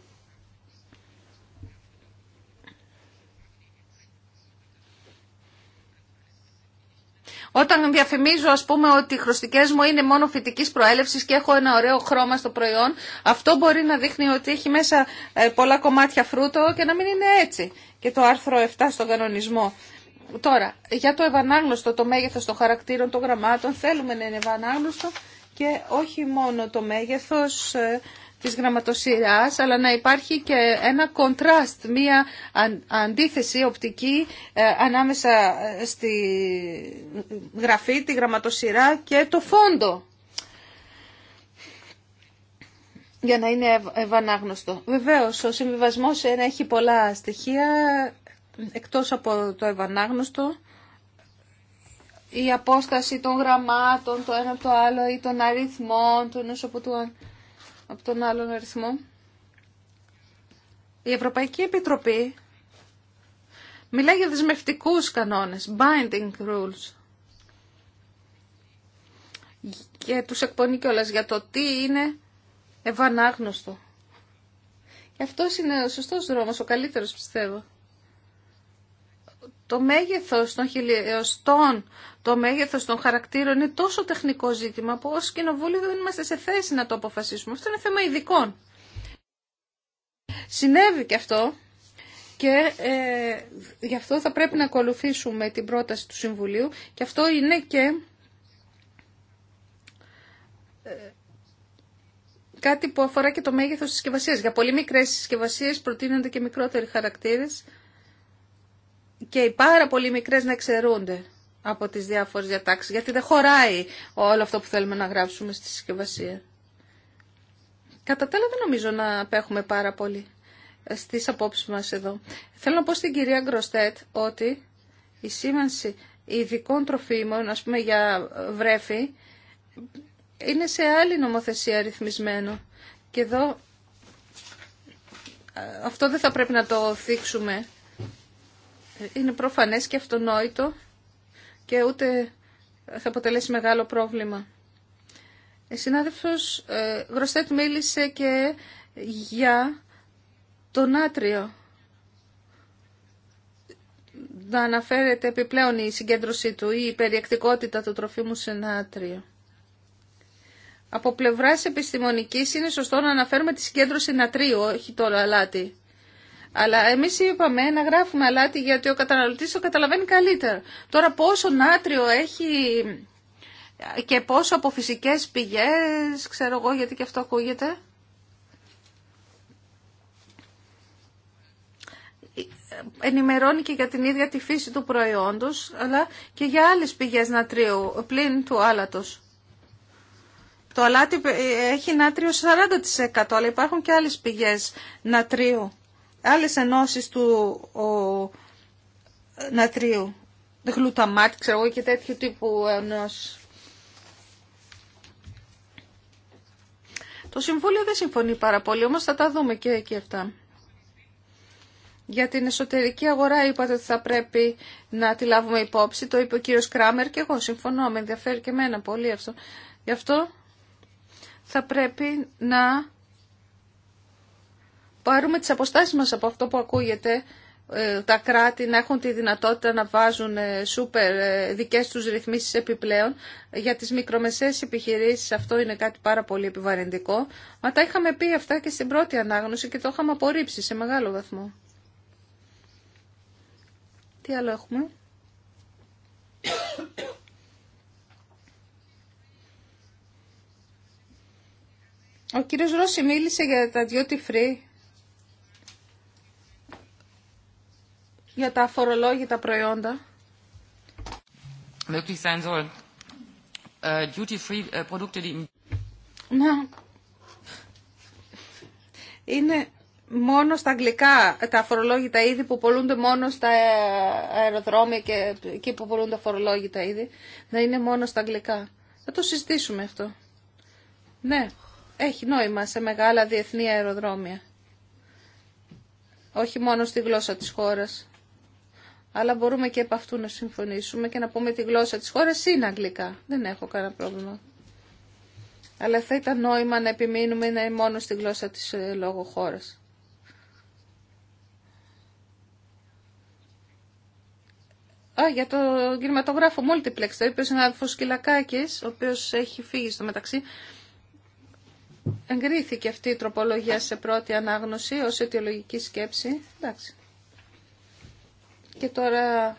Όταν διαφημίζω, ας πούμε, ότι οι χρωστικές μου είναι μόνο φυτικής προέλευσης και έχω ένα ωραίο χρώμα στο προϊόν, αυτό μπορεί να δείχνει ότι έχει μέσα ε, πολλά κομμάτια φρούτο και να μην είναι έτσι. Και το άρθρο 7 στον κανονισμό Τώρα, για το ευανάγνωστο, το μέγεθος των χαρακτήρων των γραμμάτων, θέλουμε να είναι ευανάγνωστο και όχι μόνο το μέγεθος ε, της γραμματοσυράς, αλλά να υπάρχει και ένα κοντράστ, μία αντίθεση οπτική ε, ανάμεσα ε, στη γραφή, τη γραμματοσυρά και το φόντο για να είναι ευανάγνωστο. Βεβαίως, ο συμβιβασμός έχει πολλά στοιχεία, εκτός από το ευανάγνωστο, η απόσταση των γραμμάτων, το ένα από το άλλο, ή των αριθμών, του ενός από, το, από τον άλλον αριθμό. Η Ευρωπαϊκή τον αλλον αριθμο μιλάει για δεσμευτικούς κανόνες, binding rules. Και τους εκπονεί κιόλας για το τι είναι ευανάγνωστο. Και αυτός είναι ο σωστός δρόμος, ο καλύτερος πιστεύω το μέγεθος των χιλιοστών, το μέγεθος των χαρακτήρων είναι τόσο τεχνικό ζήτημα που ως κοινοβούλιο δεν είμαστε σε θέση να το αποφασίσουμε. Αυτό είναι θέμα ειδικών. Συνέβη και αυτό και ε, γι' αυτό θα πρέπει να ακολουθήσουμε την πρόταση του Συμβουλίου και αυτό είναι και ε, κάτι που αφορά και το μέγεθος της συσκευασίας. Για πολύ μικρές συσκευασίες προτείνονται και μικρότεροι χαρακτήρες και οι πάρα πολύ μικρές να εξαιρούνται από τις διάφορες διατάξεις, γιατί δεν χωράει όλο αυτό που θέλουμε να γράψουμε στη συσκευασία. Κατά τα δεν νομίζω να απέχουμε πάρα πολύ στις απόψεις μας εδώ. Θέλω να πω στην κυρία Γκροστέτ ότι η σήμανση ειδικών τροφίμων, ας πούμε για βρέφη, είναι σε άλλη νομοθεσία ρυθμισμένο. Και εδώ ε, αυτό δεν θα πρέπει να το θίξουμε είναι προφανές και αυτονόητο και ούτε θα αποτελέσει μεγάλο πρόβλημα. Η ε, συνάδελφος ε, Γροστέτ μίλησε και για το νάτριο. Να αναφέρεται επιπλέον η συγκέντρωση του ή η περιεκτικότητα του τροφίμου σε νάτριο. Από πλευράς επιστημονικής είναι σωστό να αναφέρουμε τη συγκέντρωση νατρίου, όχι το αλάτι. Αλλά εμεί είπαμε να γράφουμε αλάτι γιατί ο καταναλωτής το καταλαβαίνει καλύτερα. Τώρα πόσο νάτριο έχει και πόσο από φυσικέ πηγές, ξέρω εγώ γιατί και αυτό ακούγεται. ενημερώνει και για την ίδια τη φύση του προϊόντος, αλλά και για άλλες πηγές νατρίου, πλην του άλατος. Το αλάτι έχει νάτριο 40%, αλλά υπάρχουν και άλλες πηγές νατρίου άλλες ενώσεις του ο, νατρίου, γλουταμάτ, ξέρω εγώ και τέτοιου τύπου ενώσεις. Το Συμβούλιο δεν συμφωνεί πάρα πολύ, όμως θα τα δούμε και εκεί αυτά. Για την εσωτερική αγορά είπατε ότι θα πρέπει να τη λάβουμε υπόψη. Το είπε ο κύριος Κράμερ και εγώ συμφωνώ, με ενδιαφέρει και εμένα πολύ αυτό. Γι' αυτό θα πρέπει να πάρουμε τις αποστάσεις μας από αυτό που ακούγεται ε, τα κράτη να έχουν τη δυνατότητα να βάζουν ε, σούπερ ε, δικές τους ρυθμίσεις επιπλέον. Για τις μικρομεσαίες επιχειρήσεις αυτό είναι κάτι πάρα πολύ επιβαρυντικό. Μα τα είχαμε πει αυτά και στην πρώτη ανάγνωση και το είχαμε απορρίψει σε μεγάλο βαθμό. Τι άλλο έχουμε. Ο κύριος Ρώση μίλησε για τα duty free για τα αφορολόγητα προϊόντα. Äh, äh, Να. Είναι μόνο στα αγγλικά τα αφορολόγητα είδη που πολλούνται μόνο στα αεροδρόμια και εκεί που πολλούνται αφορολόγητα είδη. Να είναι μόνο στα αγγλικά. Θα το συζητήσουμε αυτό. Ναι, έχει νόημα σε μεγάλα διεθνή αεροδρόμια. Όχι μόνο στη γλώσσα της χώρας αλλά μπορούμε και από αυτού να συμφωνήσουμε και να πούμε τη γλώσσα της χώρας είναι αγγλικά. Δεν έχω κανένα πρόβλημα. Αλλά θα ήταν νόημα να επιμείνουμε να είναι μόνο στη γλώσσα της ε, λόγω χώρας. Α, για το κινηματογράφο Multiplex, το είπε ο συνάδελφο Κυλακάκη, ο οποίο έχει φύγει στο μεταξύ. Εγκρίθηκε αυτή η τροπολογία σε πρώτη ανάγνωση ω αιτιολογική σκέψη. Εντάξει. Και τώρα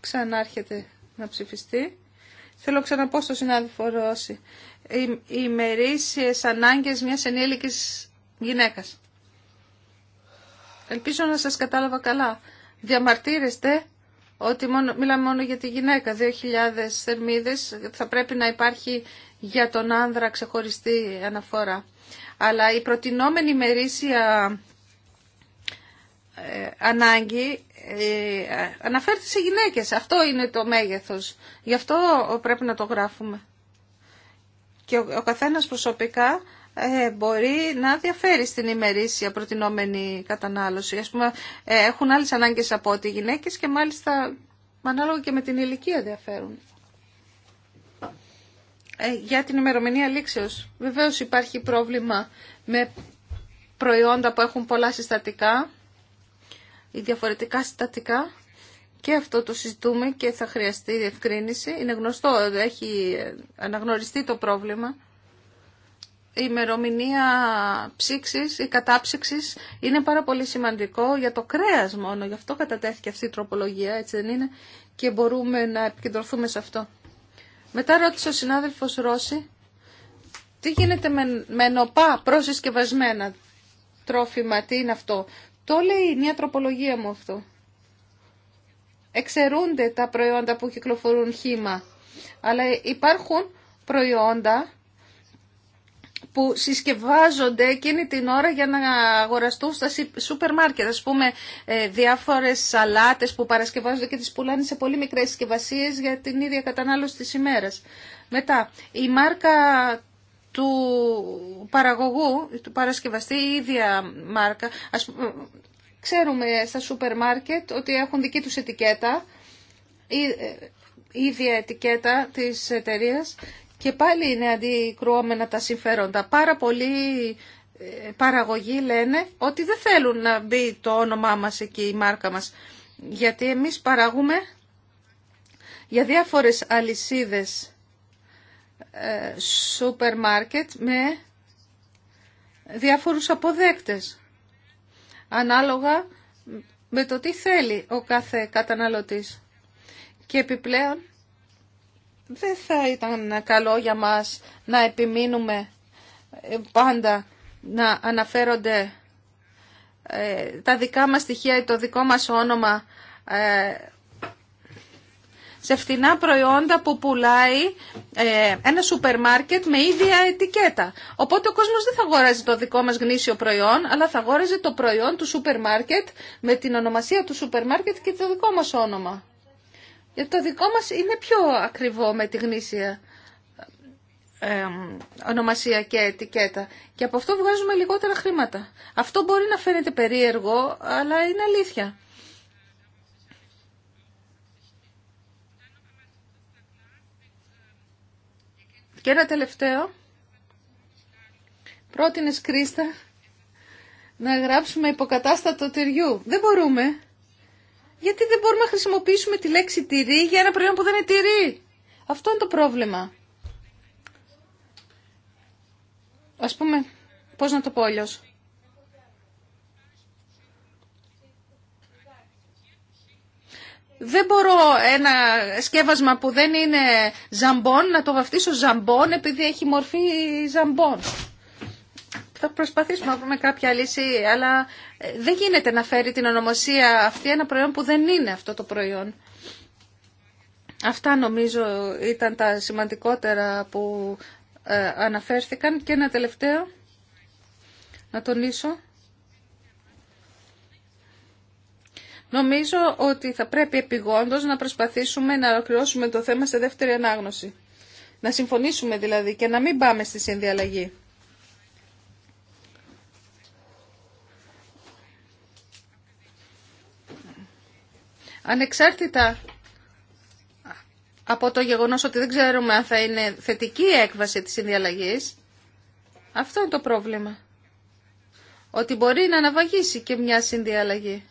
ξανάρχεται να ψηφιστεί. Θέλω ξαναπώ στο συνάδελφο Ρώση. Οι ημερήσιες ανάγκες μιας ενήλικης γυναίκας. Ελπίζω να σας κατάλαβα καλά. Διαμαρτύρεστε ότι μόνο, μιλάμε μόνο για τη γυναίκα. 2.000 θερμίδες θα πρέπει να υπάρχει για τον άνδρα ξεχωριστή αναφορά. Αλλά η προτινόμενη μερίσια ε, ανάγκη ε, αναφέρεται σε γυναίκες. Αυτό είναι το μέγεθος. Γι' αυτό πρέπει να το γράφουμε. Και ο καθένας προσωπικά ε, μπορεί να διαφέρει στην ημερήσια προτινόμενη κατανάλωση. Ας πούμε, ε, έχουν άλλες ανάγκες από ό,τι οι γυναίκες και μάλιστα ανάλογα και με την ηλικία διαφέρουν. για την ημερομηνία λήξεως. Βεβαίως υπάρχει πρόβλημα με προϊόντα που έχουν πολλά συστατικά ή διαφορετικά συστατικά. Και αυτό το συζητούμε και θα χρειαστεί διευκρίνηση. Είναι γνωστό, έχει αναγνωριστεί το πρόβλημα. Η ημερομηνία ψήξης ή κατάψυξης είναι πάρα πολύ σημαντικό για το κρέας μόνο. Γι' αυτό κατατέθηκε αυτή η τροπολογία, έτσι δεν είναι, και μπορούμε να επικεντρωθούμε σε αυτό. Μετά ρώτησε ο συνάδελφος Ρώση, τι γίνεται με νοπά προσυσκευασμένα τρόφιμα, τι είναι αυτό. Το λέει μια τροπολογία μου αυτό. Εξαιρούνται τα προϊόντα που κυκλοφορούν χήμα. Αλλά υπάρχουν προϊόντα που συσκευάζονται εκείνη την ώρα για να αγοραστούν στα σούπερ μάρκετ. Ας πούμε ε, διάφορες σαλάτες που παρασκευάζονται και τις πουλάνε σε πολύ μικρές συσκευασίες για την ίδια κατανάλωση της ημέρας. Μετά, η μάρκα του παραγωγού, του παρασκευαστή, η ίδια μάρκα. Ας, ξέρουμε στα σούπερ μάρκετ ότι έχουν δική τους ετικέτα, η, ε, ίδια ετικέτα της εταιρεία και πάλι είναι αντικρουόμενα τα συμφέροντα. Πάρα πολλοί ε, παραγωγοί λένε ότι δεν θέλουν να μπει το όνομά μας εκεί, η μάρκα μας, γιατί εμείς παράγουμε για διάφορες αλυσίδες ε, σούπερ μάρκετ με διάφορους αποδέκτες ανάλογα με το τι θέλει ο κάθε καταναλωτής. Και επιπλέον δεν θα ήταν καλό για μας να επιμείνουμε ε, πάντα να αναφέρονται ε, τα δικά μας στοιχεία ή το δικό μας όνομα σε φθηνά προϊόντα που πουλάει ε, ένα σούπερ μάρκετ με ίδια ετικέτα. Οπότε ο κόσμος δεν θα αγοράζει το δικό μας γνήσιο προϊόν, αλλά θα αγοράζει το προϊόν του σούπερ μάρκετ με την ονομασία του σούπερ μάρκετ και το δικό μας όνομα. Γιατί το δικό μας είναι πιο ακριβό με τη γνήσια ε, ονομασία και ετικέτα. Και από αυτό βγάζουμε λιγότερα χρήματα. Αυτό μπορεί να φαίνεται περίεργο, αλλά είναι αλήθεια. Και ένα τελευταίο. Πρότεινε Κρίστα να γράψουμε υποκατάστατο τυριού. Δεν μπορούμε. Γιατί δεν μπορούμε να χρησιμοποιήσουμε τη λέξη τυρί για ένα προϊόν που δεν είναι τυρί. Αυτό είναι το πρόβλημα. Ας πούμε, πώς να το πω Δεν μπορώ ένα σκεύασμα που δεν είναι ζαμπόν να το βαφτίσω ζαμπόν επειδή έχει μορφή ζαμπόν. Θα προσπαθήσουμε να βρούμε κάποια λύση, αλλά ε, δεν γίνεται να φέρει την ονομασία αυτή ένα προϊόν που δεν είναι αυτό το προϊόν. Αυτά νομίζω ήταν τα σημαντικότερα που ε, αναφέρθηκαν και ένα τελευταίο να τονίσω Νομίζω ότι θα πρέπει επιγόντως να προσπαθήσουμε να ολοκληρώσουμε το θέμα σε δεύτερη ανάγνωση. Να συμφωνήσουμε δηλαδή και να μην πάμε στη συνδιαλλαγή. Ανεξάρτητα από το γεγονός ότι δεν ξέρουμε αν θα είναι θετική η έκβαση της συνδιαλλαγής, αυτό είναι το πρόβλημα. Ότι μπορεί να αναβαγίσει και μια συνδιαλλαγή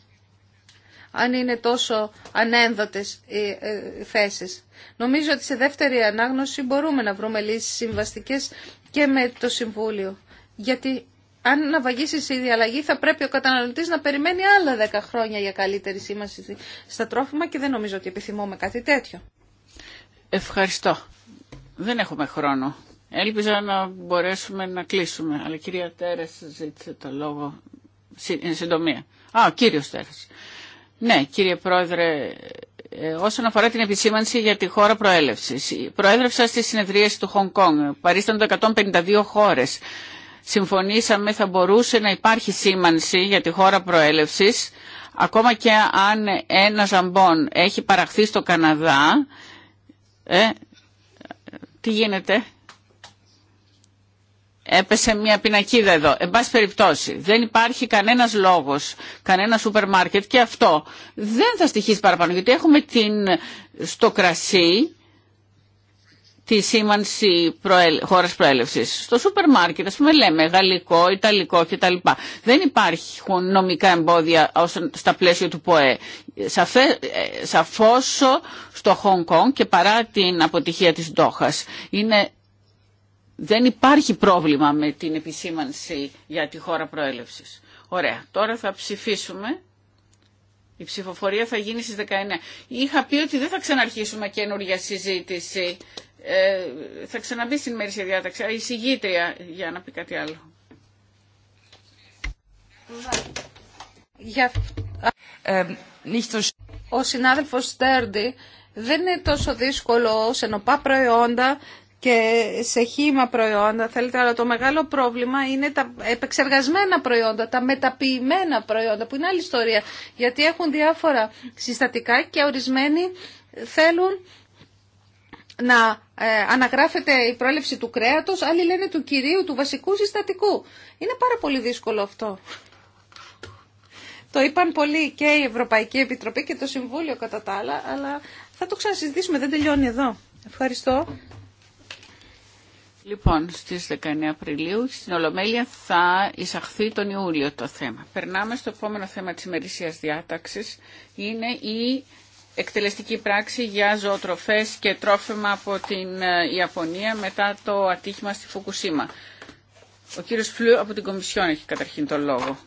αν είναι τόσο ανένδοτες ε, οι θέσεις. Νομίζω ότι σε δεύτερη ανάγνωση μπορούμε να βρούμε λύσεις συμβαστικές και με το Συμβούλιο. Γιατί αν να βαγίσει η διαλλαγή θα πρέπει ο καταναλωτής να περιμένει άλλα δέκα χρόνια για καλύτερη σήμανση στα τρόφιμα και δεν νομίζω ότι επιθυμούμε κάτι τέτοιο. Ευχαριστώ. Δεν έχουμε χρόνο. Έλπιζα να μπορέσουμε να κλείσουμε, αλλά κυρία Τέρες ζήτησε το λόγο συντομία. Α, κύριος Τέρες. Ναι, κύριε Πρόεδρε, ε, όσον αφορά την επισήμανση για τη χώρα προέλευσης. Προέδρευσα στις συνεδρίες του Χονγκ Κόνγκ. το 152 χώρες. Συμφωνήσαμε θα μπορούσε να υπάρχει σήμανση για τη χώρα προέλευσης ακόμα και αν ένα ζαμπόν έχει παραχθεί στο Καναδά. Ε, τι γίνεται έπεσε μια πινακίδα εδώ. Εν πάση περιπτώσει, δεν υπάρχει κανένας λόγος, κανένα σούπερ μάρκετ και αυτό δεν θα στοιχίσει παραπάνω, γιατί έχουμε την, στο κρασί τη σήμανση προέλ... χώρα προέλευση. Στο σούπερ μάρκετ, α πούμε, λέμε γαλλικό, ιταλικό κτλ. Δεν υπάρχουν νομικά εμπόδια στα πλαίσια του ΠΟΕ. Ε, Σαφώ στο Χονγκ και παρά την αποτυχία τη Ντόχα, Είναι δεν υπάρχει πρόβλημα με την επισήμανση για τη χώρα προέλευσης. Ωραία. Τώρα θα ψηφίσουμε. Η ψηφοφορία θα γίνει στις 19. Είχα πει ότι δεν θα ξαναρχίσουμε καινούργια συζήτηση. Ε, θα ξαναμπεί στην μέρη σε διάταξη. Η για να πει κάτι άλλο. Ε, Ο συνάδελφος Στέρντι δεν είναι τόσο δύσκολο σε νοπά προϊόντα και σε χήμα προϊόντα θέλετε, αλλά το μεγάλο πρόβλημα είναι τα επεξεργασμένα προϊόντα, τα μεταποιημένα προϊόντα, που είναι άλλη ιστορία, γιατί έχουν διάφορα συστατικά και ορισμένοι θέλουν να ε, αναγράφεται η πρόληψη του κρέατος, άλλοι λένε του κυρίου, του βασικού συστατικού. Είναι πάρα πολύ δύσκολο αυτό. Το είπαν πολύ και η Ευρωπαϊκή Επιτροπή και το Συμβούλιο κατά τα άλλα, αλλά θα το ξανασυζητήσουμε, δεν τελειώνει εδώ. Ευχαριστώ. Λοιπόν, στις 19 Απριλίου στην Ολομέλεια θα εισαχθεί τον Ιούλιο το θέμα. Περνάμε στο επόμενο θέμα της ημερησίας διάταξης. Είναι η εκτελεστική πράξη για ζωοτροφές και τρόφιμα από την ε, Ιαπωνία μετά το ατύχημα στη Φουκουσίμα. Ο κύριος Φλου από την Κομισιόν έχει καταρχήν τον λόγο.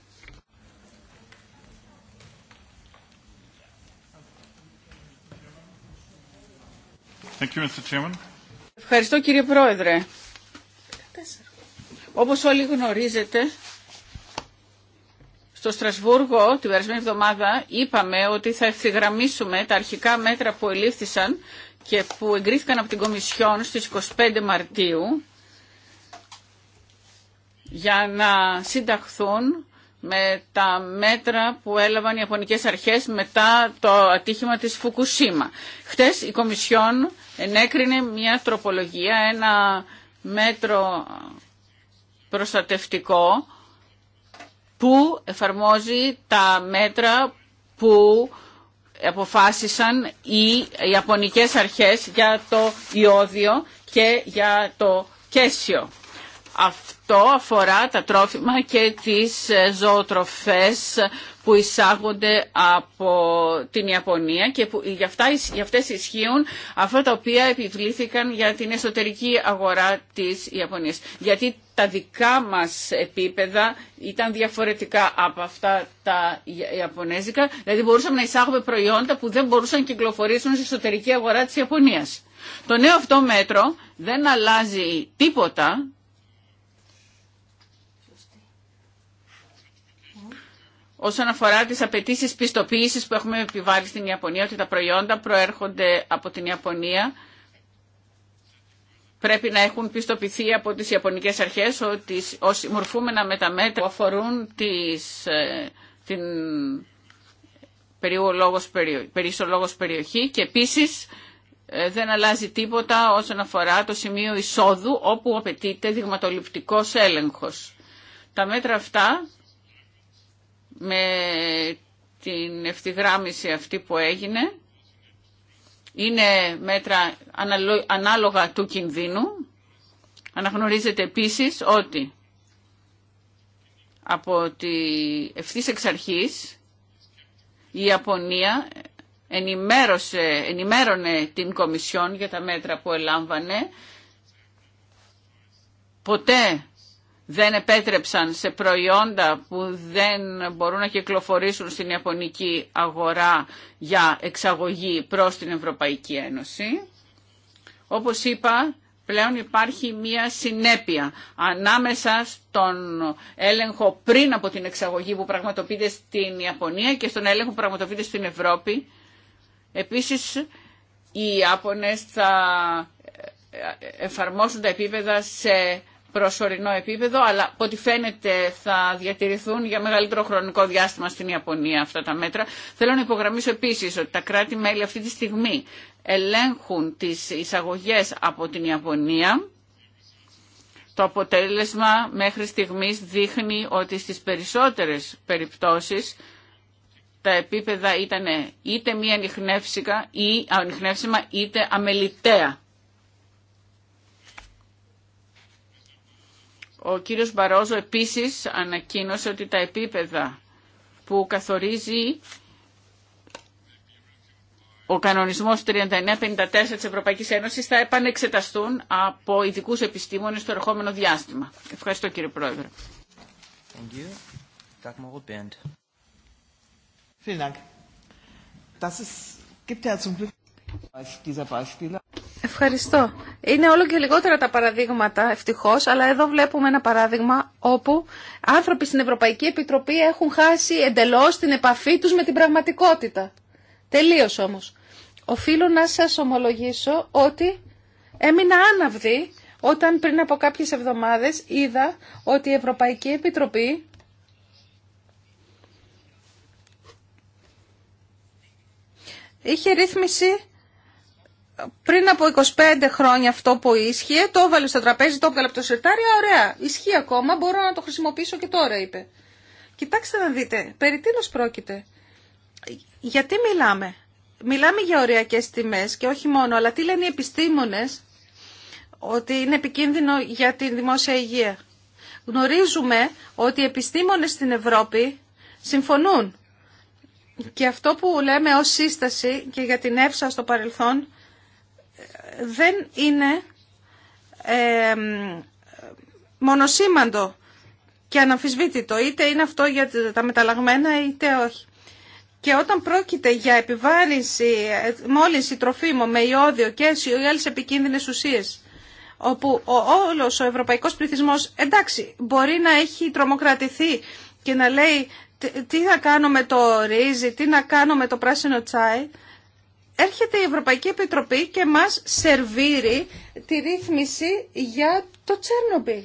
Ευχαριστώ κύριε Πρόεδρε. Όπως όλοι γνωρίζετε, στο Στρασβούργο την περασμένη εβδομάδα είπαμε ότι θα ευθυγραμμίσουμε τα αρχικά μέτρα που ελήφθησαν και που εγκρίθηκαν από την Κομισιόν στις 25 Μαρτίου για να συνταχθούν με τα μέτρα που έλαβαν οι Ιαπωνικές αρχές μετά το ατύχημα της Φουκουσίμα. Χτες η Κομισιόν ενέκρινε μια τροπολογία, ένα μέτρο προστατευτικό που εφαρμόζει τα μέτρα που αποφάσισαν οι Ιαπωνικές αρχές για το ιόδιο και για το κέσιο. Αυτό αφορά τα τρόφιμα και τις ζωοτροφές που εισάγονται από την Ιαπωνία και που για, αυτά, για αυτές ισχύουν αυτά τα οποία επιβλήθηκαν για την εσωτερική αγορά της Ιαπωνίας. Γιατί τα δικά μας επίπεδα ήταν διαφορετικά από αυτά τα Ιαπωνέζικα. Δηλαδή μπορούσαμε να εισάγουμε προϊόντα που δεν μπορούσαν να κυκλοφορήσουν στην εσωτερική αγορά της Ιαπωνίας. Το νέο αυτό μέτρο δεν αλλάζει τίποτα. όσον αφορά τις απαιτήσεις πιστοποίησης που έχουμε επιβάλει στην Ιαπωνία, ότι τα προϊόντα προέρχονται από την Ιαπωνία πρέπει να έχουν πιστοποιηθεί από τις Ιαπωνικές αρχές ότι ως μορφούμενα με τα μέτρα που αφορούν ε, την περιολόγος, περιοχή και επίσης ε, δεν αλλάζει τίποτα όσον αφορά το σημείο εισόδου όπου απαιτείται δειγματοληπτικός έλεγχος. Τα μέτρα αυτά με την ευθυγράμμιση αυτή που έγινε είναι μέτρα ανάλογα του κινδύνου. Αναγνωρίζεται επίσης ότι από τη ευθύς εξ αρχής η Ιαπωνία ενημέρωσε, ενημέρωνε την Κομισιόν για τα μέτρα που ελάμβανε. Ποτέ δεν επέτρεψαν σε προϊόντα που δεν μπορούν να κυκλοφορήσουν στην Ιαπωνική αγορά για εξαγωγή προς την Ευρωπαϊκή Ένωση. Όπως είπα, πλέον υπάρχει μία συνέπεια ανάμεσα στον έλεγχο πριν από την εξαγωγή που πραγματοποιείται στην Ιαπωνία και στον έλεγχο που πραγματοποιείται στην Ευρώπη. Επίσης, οι Ιάπωνες θα ε, ε, εφαρμόσουν τα επίπεδα σε προσωρινό επίπεδο, αλλά από ό,τι φαίνεται θα διατηρηθούν για μεγαλύτερο χρονικό διάστημα στην Ιαπωνία αυτά τα μέτρα. Θέλω να υπογραμμίσω επίσης ότι τα κράτη-μέλη αυτή τη στιγμή ελέγχουν τις εισαγωγές από την Ιαπωνία. Το αποτέλεσμα μέχρι στιγμής δείχνει ότι στις περισσότερες περιπτώσεις τα επίπεδα ήταν είτε μη ανιχνεύσιμα είτε αμεληταία. Ο κύριος Μπαρόζο επίσης ανακοίνωσε ότι τα επίπεδα που καθορίζει ο κανονισμός 3954 της Ευρωπαϊκής Ένωσης θα επανεξεταστούν από ειδικούς επιστήμονες στο ερχόμενο διάστημα. Ευχαριστώ κύριε Πρόεδρε. Ευχαριστώ. Είναι όλο και λιγότερα τα παραδείγματα ευτυχώ, αλλά εδώ βλέπουμε ένα παράδειγμα όπου άνθρωποι στην Ευρωπαϊκή Επιτροπή έχουν χάσει εντελώς την επαφή τους με την πραγματικότητα. Τελείω όμως. Οφείλω να σας ομολογήσω ότι έμεινα άναυδη όταν πριν από κάποιες εβδομάδες είδα ότι η Ευρωπαϊκή Επιτροπή είχε ρύθμιση πριν από 25 χρόνια αυτό που ίσχυε, το έβαλε στο τραπέζι, το έβγαλε από το σιρτάρι, ωραία, ισχύει ακόμα, μπορώ να το χρησιμοποιήσω και τώρα, είπε. Κοιτάξτε να δείτε, περί τίνος πρόκειται. Γιατί μιλάμε. Μιλάμε για ωριακέ τιμέ και όχι μόνο, αλλά τι λένε οι επιστήμονε ότι είναι επικίνδυνο για την δημόσια υγεία. Γνωρίζουμε ότι οι επιστήμονες στην Ευρώπη συμφωνούν. Και αυτό που λέμε ως σύσταση και για την Έύσα στο παρελθόν δεν είναι ε, μονοσήμαντο και αναμφισβήτητο. Είτε είναι αυτό για τα μεταλλαγμένα είτε όχι. Και όταν πρόκειται για επιβάρυνση, ε, μόλυνση τροφίμων με ιόδιο και ή άλλες επικίνδυνες ουσίες, όπου ο, όλος ο ευρωπαϊκός πληθυσμός, εντάξει, μπορεί να έχει τρομοκρατηθεί και να λέει τι, τι θα κάνω με το ρύζι, τι να κάνω με το πράσινο τσάι, έρχεται η Ευρωπαϊκή Επιτροπή και μας σερβίρει τη ρύθμιση για το Τσέρνομπιλ.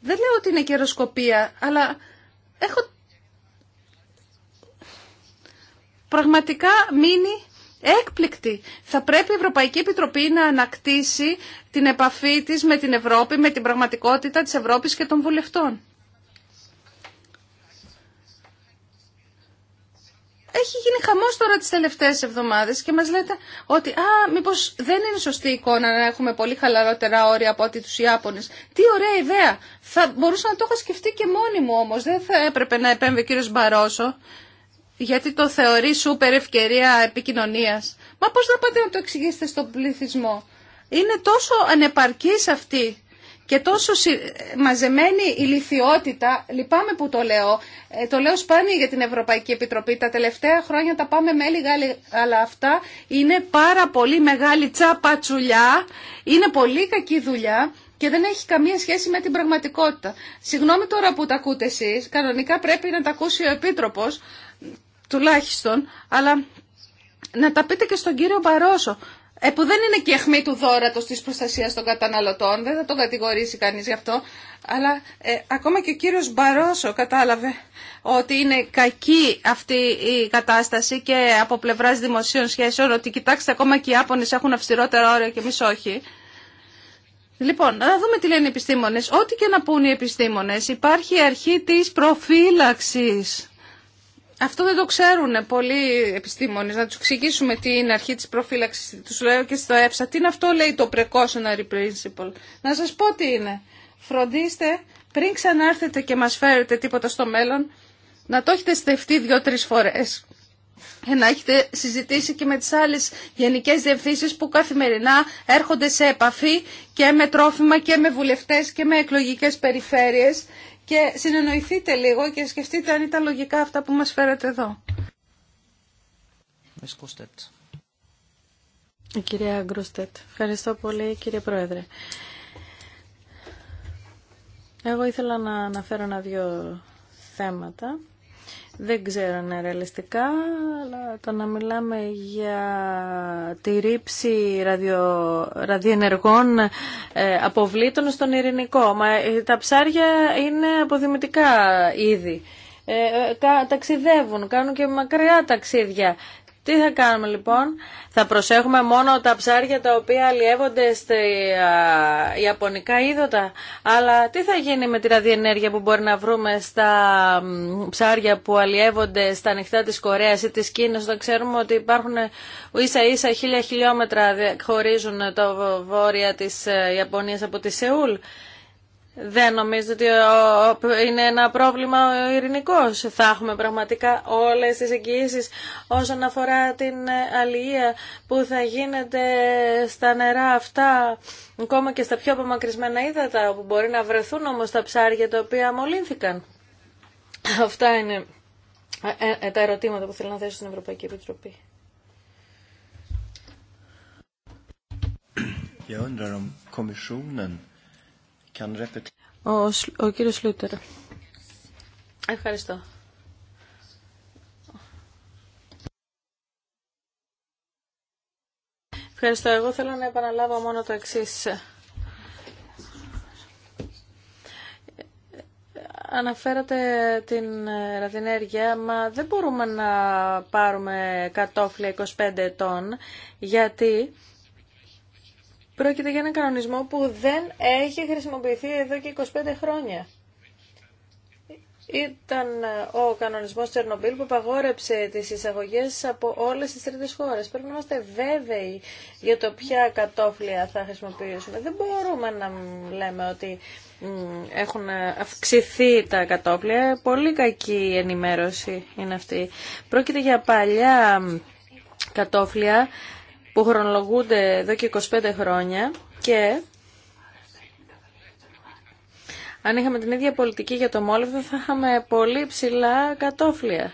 Δεν λέω ότι είναι καιροσκοπία, αλλά έχω πραγματικά μείνει έκπληκτη. Θα πρέπει η Ευρωπαϊκή Επιτροπή να ανακτήσει την επαφή της με την Ευρώπη, με την πραγματικότητα της Ευρώπης και των βουλευτών. έχει γίνει χαμός τώρα τις τελευταίες εβδομάδες και μας λέτε ότι α, μήπως δεν είναι σωστή εικόνα να έχουμε πολύ χαλαρότερα όρια από ό,τι του Ιάπωνες. Τι ωραία ιδέα. Θα μπορούσα να το είχα σκεφτεί και μόνη μου όμω. Δεν θα έπρεπε να επέμβει ο κύριο Μπαρόσο γιατί το θεωρεί σούπερ ευκαιρία επικοινωνίας. Μα πώ να πάτε να το εξηγήσετε στον πληθυσμό. Είναι τόσο ανεπαρκή αυτή και τόσο μαζεμένη η λιθιότητα, λυπάμαι που το λέω, ε, το λέω σπάνια για την Ευρωπαϊκή Επιτροπή, τα τελευταία χρόνια τα πάμε με λίγα, αλλά αυτά είναι πάρα πολύ μεγάλη τσαπατσουλιά, είναι πολύ κακή δουλειά και δεν έχει καμία σχέση με την πραγματικότητα. Συγγνώμη τώρα που τα ακούτε εσείς, κανονικά πρέπει να τα ακούσει ο Επίτροπος, τουλάχιστον, αλλά να τα πείτε και στον κύριο Μπαρόσο ε, που δεν είναι και αιχμή του δόρατος της προστασίας των καταναλωτών, δεν θα τον κατηγορήσει κανείς γι' αυτό, αλλά ε, ακόμα και ο κύριος Μπαρόσο κατάλαβε ότι είναι κακή αυτή η κατάσταση και από πλευράς δημοσίων σχέσεων, ότι κοιτάξτε ακόμα και οι Άπωνες έχουν αυστηρότερα όρια και εμείς όχι. Λοιπόν, να δούμε τι λένε οι επιστήμονες. Ό,τι και να πούν οι επιστήμονες, υπάρχει η αρχή της προφύλαξης. Αυτό δεν το ξέρουν πολλοί επιστήμονε Να του εξηγήσουμε τι είναι αρχή τη προφύλαξη του λέω και στο ΕΨΑ. Τι είναι αυτό λέει το precautionary principle. Να σα πω τι είναι. Φροντίστε πριν ξανάρθετε και μα φέρετε τίποτα στο μέλλον να το έχετε στεφτεί δύο-τρει φορέ και να έχετε συζητήσει και με τις άλλες γενικές διευθύνσεις που καθημερινά έρχονται σε επαφή και με τρόφιμα και με βουλευτές και με εκλογικές περιφέρειες και συνεννοηθείτε λίγο και σκεφτείτε αν ήταν λογικά αυτά που μας φέρετε εδώ. Η κυρία Γκρούστετ. Ευχαριστώ πολύ κύριε Πρόεδρε. Εγώ ήθελα να αναφέρω ένα-δύο θέματα δεν ξέρω αν είναι ρεαλιστικά, αλλά το να μιλάμε για τη ρήψη ραδιο, ραδιενεργών ε, αποβλήτων στον ειρηνικό. Μα ε, τα ψάρια είναι αποδημητικά ήδη. Ε, ε ταξιδεύουν, κάνουν και μακριά ταξίδια. Τι θα κάνουμε λοιπόν, θα προσέχουμε μόνο τα ψάρια τα οποία αλλιεύονται στα ιαπωνικά είδωτα, αλλά τι θα γίνει με τη ραδιενέργεια που μπορεί να βρούμε στα ψάρια που αλλιεύονται στα ανοιχτά της Κορέας ή της Κίνας, όταν ξέρουμε ότι υπάρχουν ίσα ίσα χίλια χιλιόμετρα χωρίζουν το βόρεια της ε, Ιαπωνίας από τη Σεούλ. Δεν νομίζω ότι είναι ένα πρόβλημα ειρηνικό. Θα έχουμε πραγματικά όλες τις εγγυήσεις όσον αφορά την αλληλεία που θα γίνεται στα νερά αυτά, ακόμα και στα πιο απομακρυσμένα ύδατα, όπου μπορεί να βρεθούν όμως τα ψάρια τα οποία αμολύνθηκαν. Αυτά είναι ε, ε, τα ερωτήματα που θέλω να θέσω στην Ευρωπαϊκή Επιτροπή. undrar kommissionen ο, κύριος Λούτερ. Ευχαριστώ. Ευχαριστώ. Εγώ θέλω να επαναλάβω μόνο το εξής. Αναφέρατε την ε, Ραδινέργεια, μα δεν μπορούμε να πάρουμε κατόφλια 25 ετών, γιατί Πρόκειται για έναν κανονισμό που δεν έχει χρησιμοποιηθεί εδώ και 25 χρόνια. Ήταν ε, ο κανονισμός Τσερνομπίλ που παγόρεψε τις εισαγωγές από όλες τις τρίτες χώρες. Πρέπει να είμαστε βέβαιοι για το ποια κατόφλια θα χρησιμοποιήσουμε. Δεν μπορούμε να λέμε ότι έχουν αυξηθεί τα κατόφλια. Πολύ κακή ενημέρωση είναι αυτή. Πρόκειται για παλιά κατόφλια που χρονολογούνται εδώ και 25 χρόνια και αν είχαμε την ίδια πολιτική για το μόλυβδο θα είχαμε πολύ ψηλά κατόφλια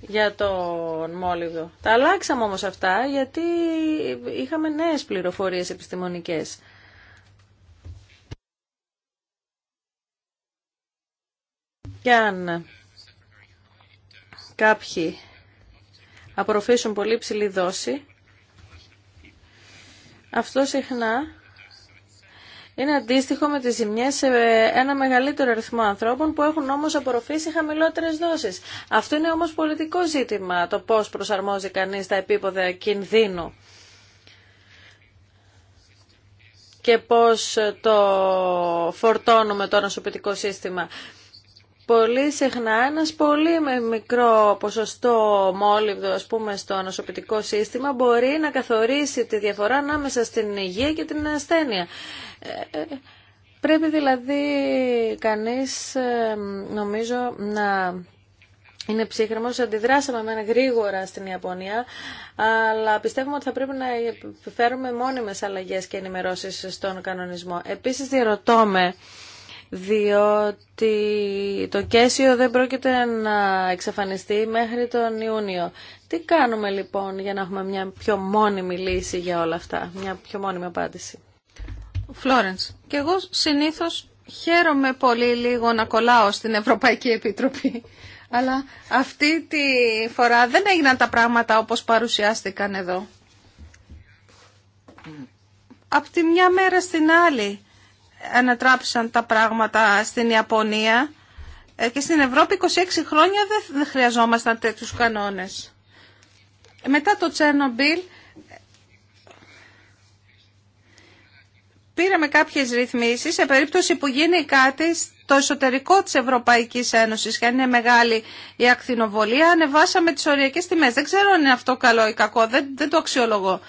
για τον μόλυβδο. Τα αλλάξαμε όμως αυτά γιατί είχαμε νέες πληροφορίες επιστημονικές. Και αν κάποιοι απορροφήσουν πολύ ψηλή δόση, αυτό συχνά είναι αντίστοιχο με τις ζημιές σε ένα μεγαλύτερο αριθμό ανθρώπων που έχουν όμως απορροφήσει χαμηλότερες δόσεις. Αυτό είναι όμως πολιτικό ζήτημα το πώς προσαρμόζει κανείς τα επίποδα κινδύνου και πώς το φορτώνουμε το ανασωπητικό σύστημα πολύ συχνά ένα πολύ με μικρό ποσοστό μόλιβδο ας πούμε στο νοσοποιητικό σύστημα μπορεί να καθορίσει τη διαφορά ανάμεσα στην υγεία και την ασθένεια. Ε, ε, πρέπει δηλαδή κανείς ε, νομίζω να είναι ψύχρεμο. Αντιδράσαμε με γρήγορα στην Ιαπωνία, αλλά πιστεύουμε ότι θα πρέπει να φέρουμε μόνιμε αλλαγέ και ενημερώσει στον κανονισμό. Επίση, διαρωτώ με διότι το κέσιο δεν πρόκειται να εξαφανιστεί μέχρι τον Ιούνιο. Τι κάνουμε λοιπόν για να έχουμε μια πιο μόνιμη λύση για όλα αυτά, μια πιο μόνιμη απάντηση. Φλόρενς, και εγώ συνήθως χαίρομαι πολύ λίγο να κολλάω στην Ευρωπαϊκή Επιτροπή, αλλά αυτή τη φορά δεν έγιναν τα πράγματα όπως παρουσιάστηκαν εδώ. Από τη μια μέρα στην άλλη Ανατράψαν τα πράγματα στην Ιαπωνία ε, και στην Ευρώπη 26 χρόνια δεν χρειαζόμασταν τέτοιους κανόνες. Μετά το Τσέρνομπιλ πήραμε κάποιες ρυθμίσεις σε περίπτωση που γίνει κάτι στο εσωτερικό της Ευρωπαϊκής Ένωσης και αν είναι μεγάλη η ακτινοβολία ανεβάσαμε τις οριακές τιμές. Δεν ξέρω αν είναι αυτό καλό ή κακό, δεν το αξιολογώ.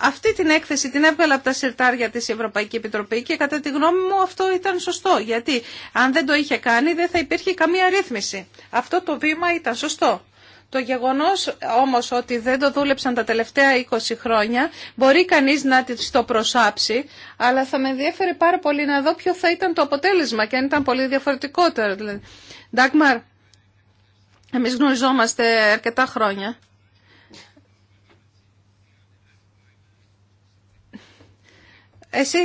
Αυτή την έκθεση την έβγαλε από τα συρτάρια της Ευρωπαϊκή Επιτροπής και κατά τη γνώμη μου αυτό ήταν σωστό, γιατί αν δεν το είχε κάνει δεν θα υπήρχε καμία ρύθμιση. Αυτό το βήμα ήταν σωστό. Το γεγονός όμως ότι δεν το δούλεψαν τα τελευταία 20 χρόνια μπορεί κανείς να το προσάψει, αλλά θα με ενδιαφέρει πάρα πολύ να δω ποιο θα ήταν το αποτέλεσμα και αν ήταν πολύ διαφορετικότερο. Δηλαδή, Ντάκμαρ, εμείς γνωριζόμαστε αρκετά χρόνια. Εσύ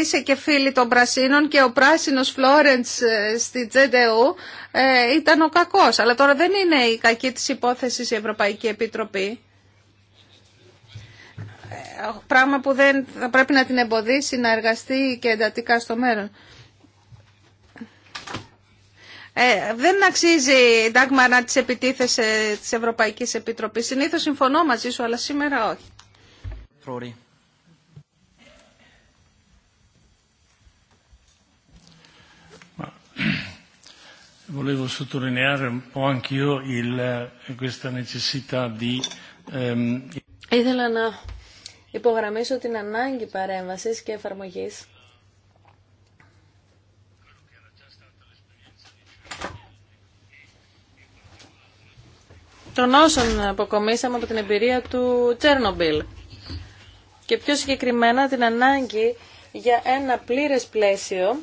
είσαι και φίλη των Πρασίνων και ο πράσινος Φλόρεντς ε, στη Τζεντεού ε, ήταν ο κακός. Αλλά τώρα δεν είναι η κακή της υπόθεσης η Ευρωπαϊκή Επιτροπή. Ε, πράγμα που δεν θα πρέπει να την εμποδίσει να εργαστεί και εντατικά στο μέλλον. δεν αξίζει, Ντάγμα, να της επιτίθεσε της Ευρωπαϊκής Επιτροπής. Συνήθως συμφωνώ μαζί σου, αλλά σήμερα όχι. volevo Ήθελα να υπογραμμίσω την ανάγκη παρέμβασης και εφαρμογής. Των όσων αποκομίσαμε από την εμπειρία του Τσέρνομπιλ και πιο συγκεκριμένα την ανάγκη για ένα πλήρες πλαίσιο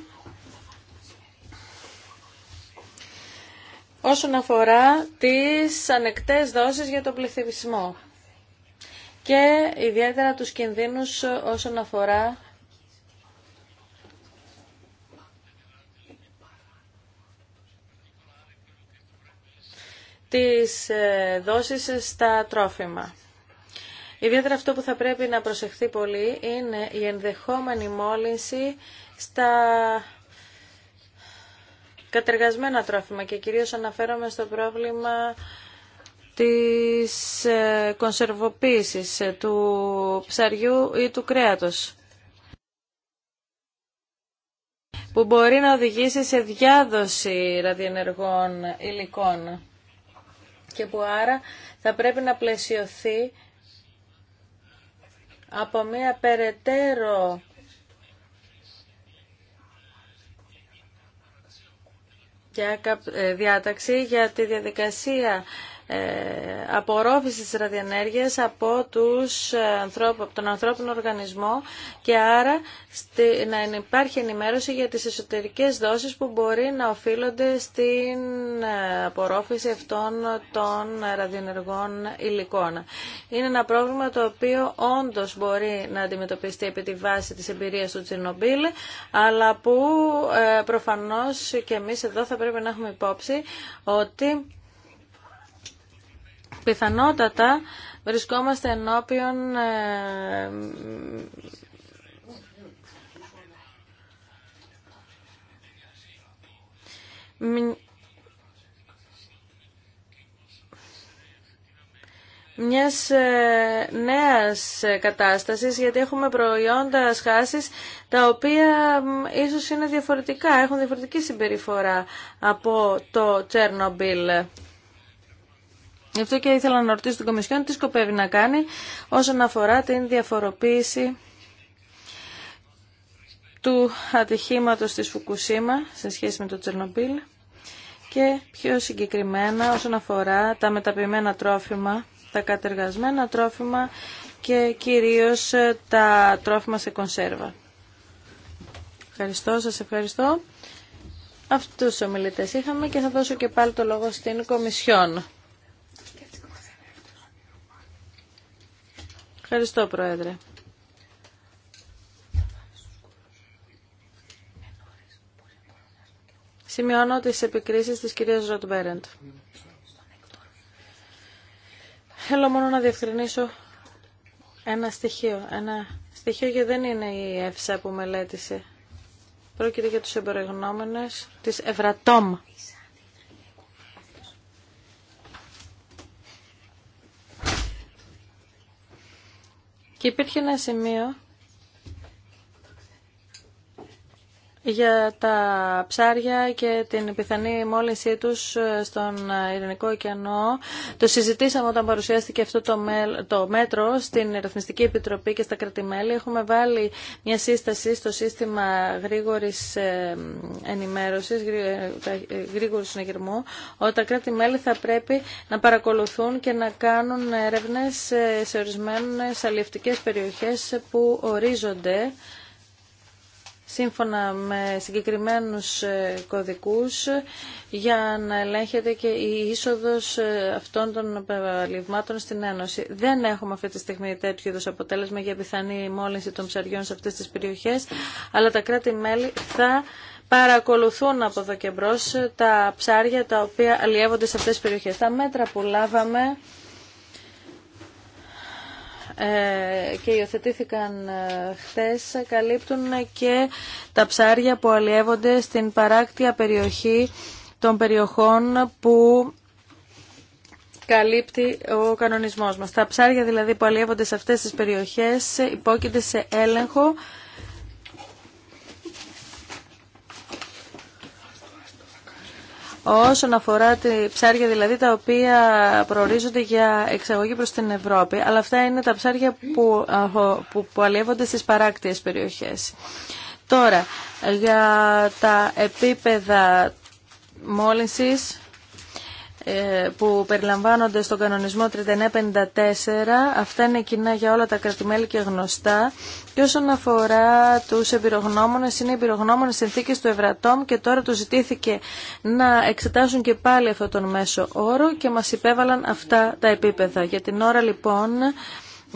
όσον αφορά τις ανεκτές δόσεις για τον πληθυσμό και ιδιαίτερα τους κινδύνους όσον αφορά τις ε, δόσεις στα τρόφιμα. Ιδιαίτερα αυτό που θα πρέπει να προσεχθεί πολύ είναι η ενδεχόμενη μόλυνση στα κατεργασμένα τρόφιμα και κυρίως αναφέρομαι στο πρόβλημα της ε, κονσερβοποίησης ε, του ψαριού ή του κρέατος που μπορεί να οδηγήσει σε διάδοση ραδιενεργών υλικών και που άρα θα πρέπει να πλαισιωθεί από μια περαιτέρω Ε, διάταξη για τη διαδικασία ε, απορρόφησης της ραδιενέργειας από, τους, ε, από τον ανθρώπινο οργανισμό και άρα να υπάρχει ενημέρωση για τις εσωτερικές δόσεις που μπορεί να οφείλονται στην ε, απορρόφηση αυτών των ραδιενεργών υλικών. Είναι ένα πρόβλημα το οποίο όντως μπορεί να αντιμετωπιστεί επί τη βάση της εμπειρίας του Τσινομπίλ, αλλά που προφανώς και εμείς εδώ θα πρέπει να έχουμε υπόψη ότι Πιθανότατα βρισκόμαστε ενώπιον ε, μιας ε, νέας κατάστασης γιατί έχουμε προϊόντα σχάσεις τα οποία ίσως είναι διαφορετικά, έχουν διαφορετική συμπεριφορά από το Τσέρνομπιλ. Γι' αυτό και ήθελα να ρωτήσω την Κομισιόν τι σκοπεύει να κάνει όσον αφορά την διαφοροποίηση του ατυχήματος της Φουκουσίμα σε σχέση με το Τσερνομπίλ και πιο συγκεκριμένα όσον αφορά τα μεταποιημένα τρόφιμα, τα κατεργασμένα τρόφιμα και κυρίως ε, τα τρόφιμα σε κονσέρβα. Ευχαριστώ, σας ευχαριστώ. Αυτούς τους ομιλητές είχαμε και θα δώσω και πάλι το λόγο στην Κομισιόν. Ευχαριστώ, Πρόεδρε. Σημειώνω τις επικρίσεις της κυρίας Ροτμπέρεντ. Θέλω μόνο να διευκρινίσω ένα στοιχείο. Ένα στοιχείο γιατί δεν είναι η ΕΦΣΑ που μελέτησε. Πρόκειται για τους εμπορεγνώμενες της Ευρατόμ. Και υπήρχε ένα σημείο για τα ψάρια και την πιθανή μόλυνσή τους στον Ειρηνικό ωκεανό. Το συζητήσαμε όταν παρουσιάστηκε αυτό το, το μέτρο στην Ρυθμιστική Επιτροπή και στα κρατημέλη. Έχουμε βάλει μια σύσταση στο σύστημα γρήγορης ενημέρωσης, ε, ε, γρήγορου συνεγερμού, ότι τα κρατημέλη θα πρέπει να παρακολουθούν και να κάνουν έρευνες ε, σε ορισμένες αλληλευτικές περιοχές που ορίζονται σύμφωνα με συγκεκριμένους ε, κωδικούς για να ελέγχεται και η είσοδος ε, αυτών των απελευμάτων στην Ένωση. Δεν έχουμε αυτή τη στιγμή τέτοιου είδους αποτέλεσμα για πιθανή μόλυνση των ψαριών σε αυτές τις περιοχές, αλλά τα κράτη-μέλη θα παρακολουθούν από εδώ και μπρος ε, τα ψάρια τα οποία αλλιεύονται σε αυτές τις περιοχές. Τα μέτρα που λάβαμε ε, και υιοθετήθηκαν ε, χθες καλύπτουν και τα ψάρια που αλλιεύονται στην παράκτια περιοχή των περιοχών που καλύπτει ο κανονισμός μας. Τα ψάρια δηλαδή που αλλιεύονται σε αυτές τις περιοχές υπόκειται σε έλεγχο όσον αφορά τη ψάρια δηλαδή τα οποία προορίζονται για εξαγωγή προς την Ευρώπη. Αλλά αυτά είναι τα ψάρια που, που, που αλλιεύονται στις παράκτιες περιοχές. Τώρα, για τα επίπεδα μόλυνσης ε, που περιλαμβάνονται στον κανονισμό 3954. Αυτά είναι κοινά για όλα τα κρατημέλη και γνωστά. Και όσον αφορά τους εμπειρογνώμονες, είναι εμπειρογνώμονες συνθήκες του Ευρατόμ και τώρα του ζητήθηκε να εξετάσουν και πάλι αυτόν τον μέσο όρο και μας υπέβαλαν αυτά τα επίπεδα. Για την ώρα λοιπόν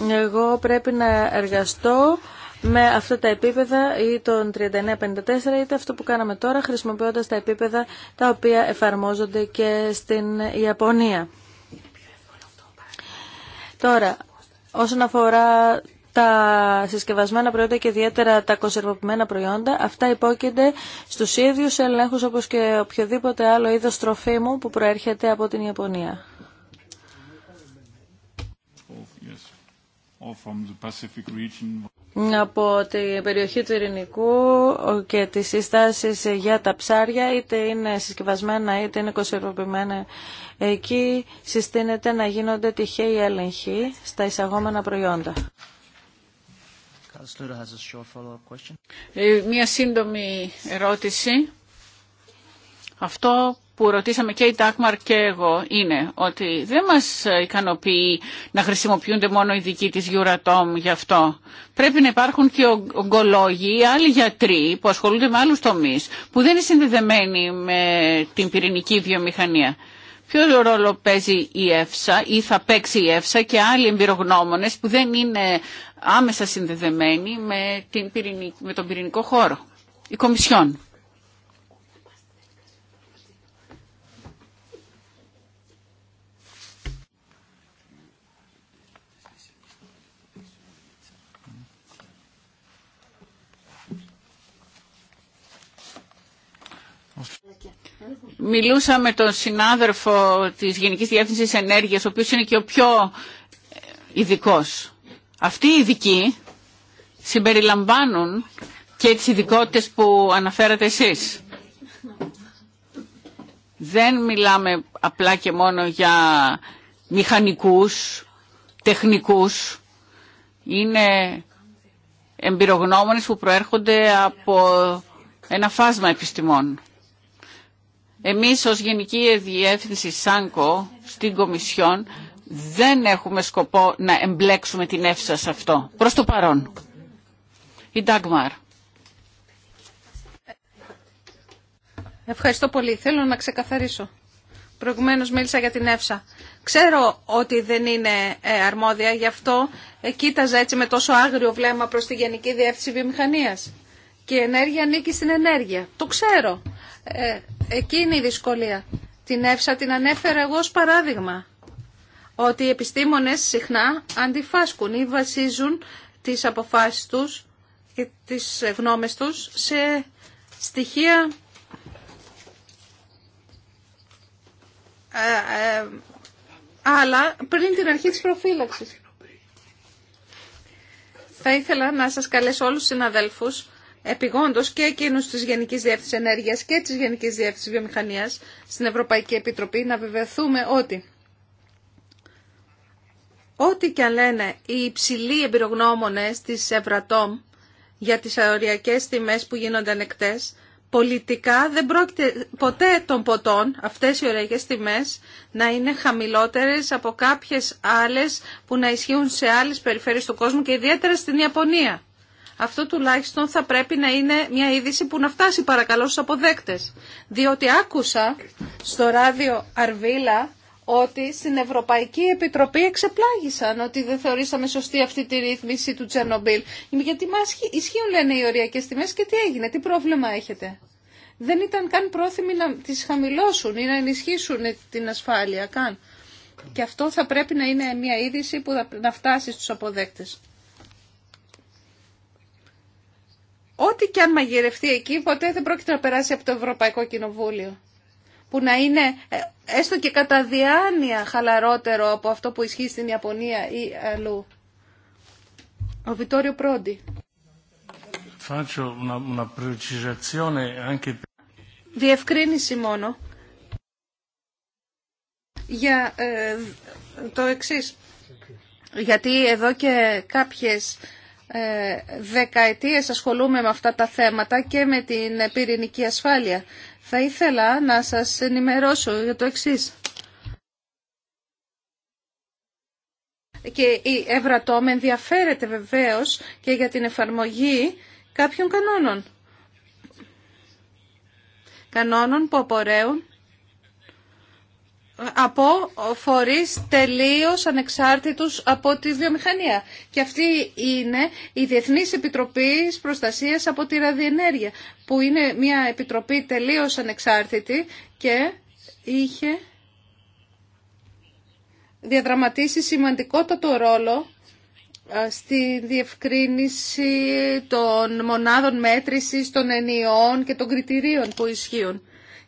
εγώ πρέπει να εργαστώ με αυτά τα επίπεδα ή τον 39-54 είτε αυτό που κάναμε τώρα χρησιμοποιώντας τα επίπεδα τα οποία εφαρμόζονται και στην Ιαπωνία. Τώρα, όσον αφορά τα συσκευασμένα προϊόντα και ιδιαίτερα τα κονσερβοποιημένα προϊόντα, αυτά υπόκεινται στους ίδιους ελέγχους όπως και οποιοδήποτε άλλο είδος τροφίμου που προέρχεται από την Ιαπωνία από την περιοχή του Ειρηνικού και τις συστάσεις για τα ψάρια, είτε είναι συσκευασμένα είτε είναι κοσυροποιημένα. Εκεί συστήνεται να γίνονται τυχαίοι έλεγχοι στα εισαγόμενα προϊόντα. Ε, μία σύντομη ερώτηση. Αυτό που ρωτήσαμε και η Τάκμαρ και εγώ είναι ότι δεν μας ικανοποιεί να χρησιμοποιούνται μόνο οι δικοί της Euratom γι' αυτό. Πρέπει να υπάρχουν και ογκολόγοι ή άλλοι γιατροί που ασχολούνται με άλλους τομείς που δεν είναι συνδεδεμένοι με την πυρηνική βιομηχανία. Ποιο ρόλο παίζει η ΕΦΣΑ ή θα παίξει η ΕΦΣΑ και άλλοι εμπειρογνώμονες που δεν είναι άμεσα συνδεδεμένοι με, την με τον πυρηνικό χώρο. Η Κομισιόν. Μιλούσα με τον συνάδελφο της Γενικής Διεύθυνσης Ενέργειας, ο οποίος είναι και ο πιο ειδικό. Αυτοί οι ειδικοί συμπεριλαμβάνουν και τις ειδικότητε που αναφέρατε εσείς. Δεν μιλάμε απλά και μόνο για μηχανικούς, τεχνικούς. Είναι εμπειρογνώμονες που προέρχονται από ένα φάσμα επιστημών. Εμείς ως Γενική Διεύθυνση ΣΑΝΚΟ στην Κομισιόν δεν έχουμε σκοπό να εμπλέξουμε την ΕΦΣΑ σε αυτό. Προς το παρόν. Η Ντάγμαρ. Ευχαριστώ πολύ. Θέλω να ξεκαθαρίσω. Προηγουμένως μίλησα για την ΕΦΣΑ. Ξέρω ότι δεν είναι ε, αρμόδια, γι' αυτό ε, κοίταζα έτσι με τόσο άγριο βλέμμα προς τη Γενική Διεύθυνση Βιομηχανίας. Και η ενέργεια ανήκει στην ενέργεια. Το ξέρω. Ε, Εκεί είναι η δυσκολία. Την ΕΦΣΑ την ανέφερα εγώ ως παράδειγμα. Ότι οι επιστήμονες συχνά αντιφάσκουν ή βασίζουν τις αποφάσεις τους και τις γνώμες τους σε στοιχεία αλλά ε, ε, πριν την αρχή της προφύλαξης. Θα ήθελα να σας καλέσω όλους τους συναδέλφους Επιγόντω και εκείνου τη Γενική Διεύθυνση ενέργεια και τη Γενική Διεύθυνση Βιομηχανία, στην Ευρωπαϊκή Επιτροπή να βεβαιωθούμε ότι ό,τι και αν λένε οι υψηλοί εμπειρογνώμονε τη Ευρατόμ για τι αεροριακέ τιμέ που γίνονται ανεκτέ, πολιτικά δεν πρόκειται ποτέ των ποτών αυτές οι ωραίες τιμές να είναι χαμηλότερες από κάποιες άλλες που να ισχύουν σε άλλες περιφέρειες του κόσμου και ιδιαίτερα στην Ιαπωνία. Αυτό τουλάχιστον θα πρέπει να είναι μια είδηση που να φτάσει παρακαλώ στους αποδέκτες. Διότι άκουσα στο ράδιο Αρβίλα ότι στην Ευρωπαϊκή Επιτροπή εξεπλάγησαν ότι δεν θεωρήσαμε σωστή αυτή τη ρύθμιση του Τσερνομπίλ. Γιατί μας ισχύουν λένε οι ωριακές τιμές και τι έγινε, τι πρόβλημα έχετε. Δεν ήταν καν πρόθυμοι να τις χαμηλώσουν ή να ενισχύσουν την ασφάλεια καν. Και αυτό θα πρέπει να είναι μια είδηση που να φτάσει στους αποδέκτες. Ό,τι και αν μαγειρευτεί εκεί, ποτέ δεν πρόκειται να περάσει από το Ευρωπαϊκό Κοινοβούλιο. Που να είναι ε, έστω και κατά διάνοια χαλαρότερο από αυτό που ισχύει στην Ιαπωνία ή αλλού. Ο Βιτόριο Πρόντι. Διευκρίνηση μόνο για ε, το εξής. Γιατί εδώ και κάποιες ε, δεκαετίες ασχολούμαι με αυτά τα θέματα και με την πυρηνική ασφάλεια. Θα ήθελα να σας ενημερώσω για το εξής. Και η με ενδιαφέρεται βεβαίως και για την εφαρμογή κάποιων κανόνων. Κανόνων που απορρέουν από φορείς τελείω ανεξάρτητου από τη βιομηχανία. Και αυτή είναι η διεθνή Επιτροπή Προστασίας από τη Ραδιενέργεια, που είναι μια επιτροπή τελείω ανεξάρτητη και είχε διαδραματίσει σημαντικότατο ρόλο στη διευκρίνηση των μονάδων μέτρησης των ενιών και των κριτηρίων που ισχύουν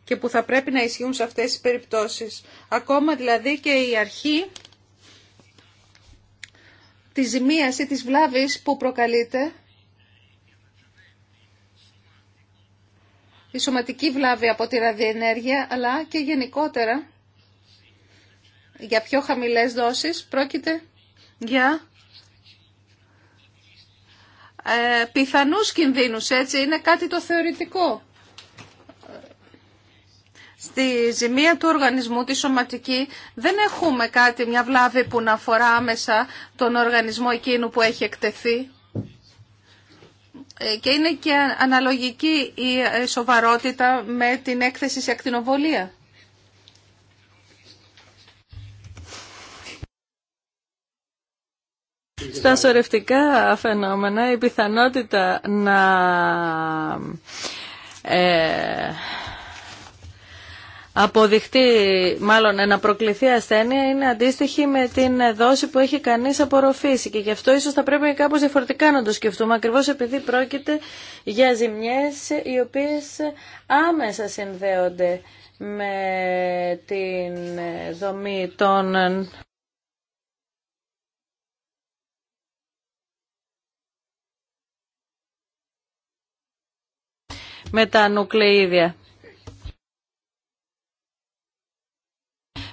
και που θα πρέπει να ισχύουν σε αυτές τις περιπτώσεις. Ακόμα δηλαδή και η αρχή της ζημίας ή της βλάβης που προκαλείται, η σωματική βλάβη από τη ραδιενέργεια, αλλά και γενικότερα για πιο χαμηλές δόσεις πρόκειται για ε, πιθανούς κινδύνους, έτσι, είναι κάτι το θεωρητικό στη ζημία του οργανισμού, τη σωματική, δεν έχουμε κάτι, μια βλάβη που να αφορά άμεσα τον οργανισμό εκείνου που έχει εκτεθεί. Ε, και είναι και αναλογική η ε, σοβαρότητα με την έκθεση σε ακτινοβολία. Στα σωρευτικά φαινόμενα η πιθανότητα να ε, αποδειχτεί, μάλλον να προκληθεί ασθένεια είναι αντίστοιχη με την δόση που έχει κανείς απορροφήσει και γι' αυτό ίσως θα πρέπει κάπως διαφορετικά να το σκεφτούμε ακριβώς επειδή πρόκειται για ζημιές οι οποίες άμεσα συνδέονται με την δομή των με τα νουκλεΐδια.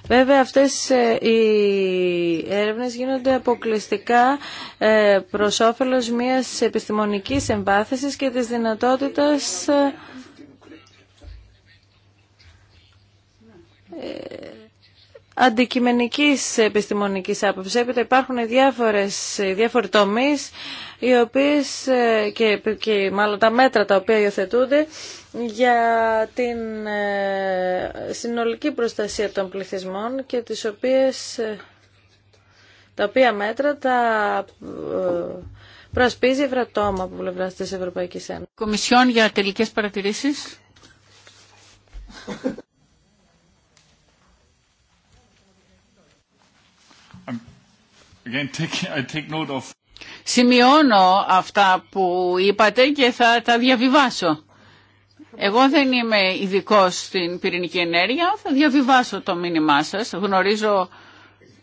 Βέβαια αυτές ε, οι έρευνες γίνονται αποκλειστικά ε, προς όφελος μιας επιστημονικής εμπάθεσης και της δυνατότητας ε, αντικειμενικής επιστημονικής άποψης. Έπειτα υπάρχουν διάφορες, διάφοροι οι οποίες, και, και μάλλον τα μέτρα τα οποία υιοθετούνται για την ε, συνολική προστασία των πληθυσμών και τις οποίες ε, τα οποία μέτρα τα ε, προσπίζει η Ευρατόμα από πλευρά της Ευρωπαϊκή Ένωση. Κομισιόν για τελικέ παρατηρήσεις. Σημειώνω αυτά που είπατε και θα τα διαβιβάσω. Εγώ δεν είμαι ειδικό στην πυρηνική ενέργεια, θα διαβιβάσω το μήνυμά σα. Γνωρίζω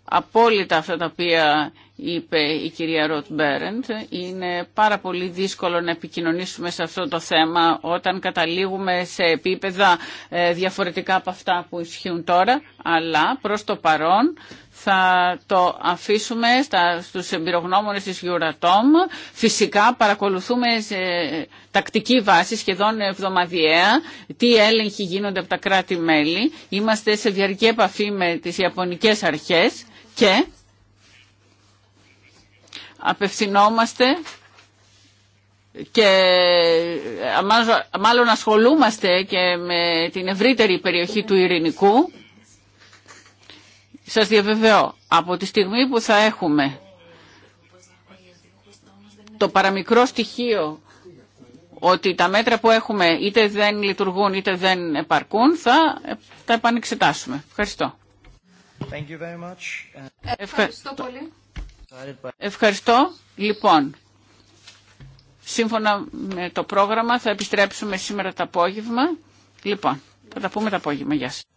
απόλυτα αυτά τα οποία είπε η κυρία Ροτ Μπέρεντ. Είναι πάρα πολύ δύσκολο να επικοινωνήσουμε σε αυτό το θέμα όταν καταλήγουμε σε επίπεδα ε, διαφορετικά από αυτά που ισχύουν τώρα, αλλά προς το παρόν θα το αφήσουμε στα, στους εμπειρογνώμονες της Euratom. Φυσικά παρακολουθούμε σε τακτική βάση, σχεδόν εβδομαδιαία, τι έλεγχοι γίνονται από τα κράτη-μέλη. Είμαστε σε διαρκή επαφή με τις Ιαπωνικές αρχές και απευθυνόμαστε και μάλλον ασχολούμαστε και με την ευρύτερη περιοχή του Ειρηνικού σας διαβεβαιώ, από τη στιγμή που θα έχουμε το παραμικρό στοιχείο ότι τα μέτρα που έχουμε είτε δεν λειτουργούν είτε δεν επαρκούν, θα τα επανεξετάσουμε. Ευχαριστώ. Ευχαριστώ πολύ. Ευχαριστώ. Λοιπόν, σύμφωνα με το πρόγραμμα θα επιστρέψουμε σήμερα το απόγευμα. Λοιπόν, θα τα πούμε το απόγευμα. Γεια σας.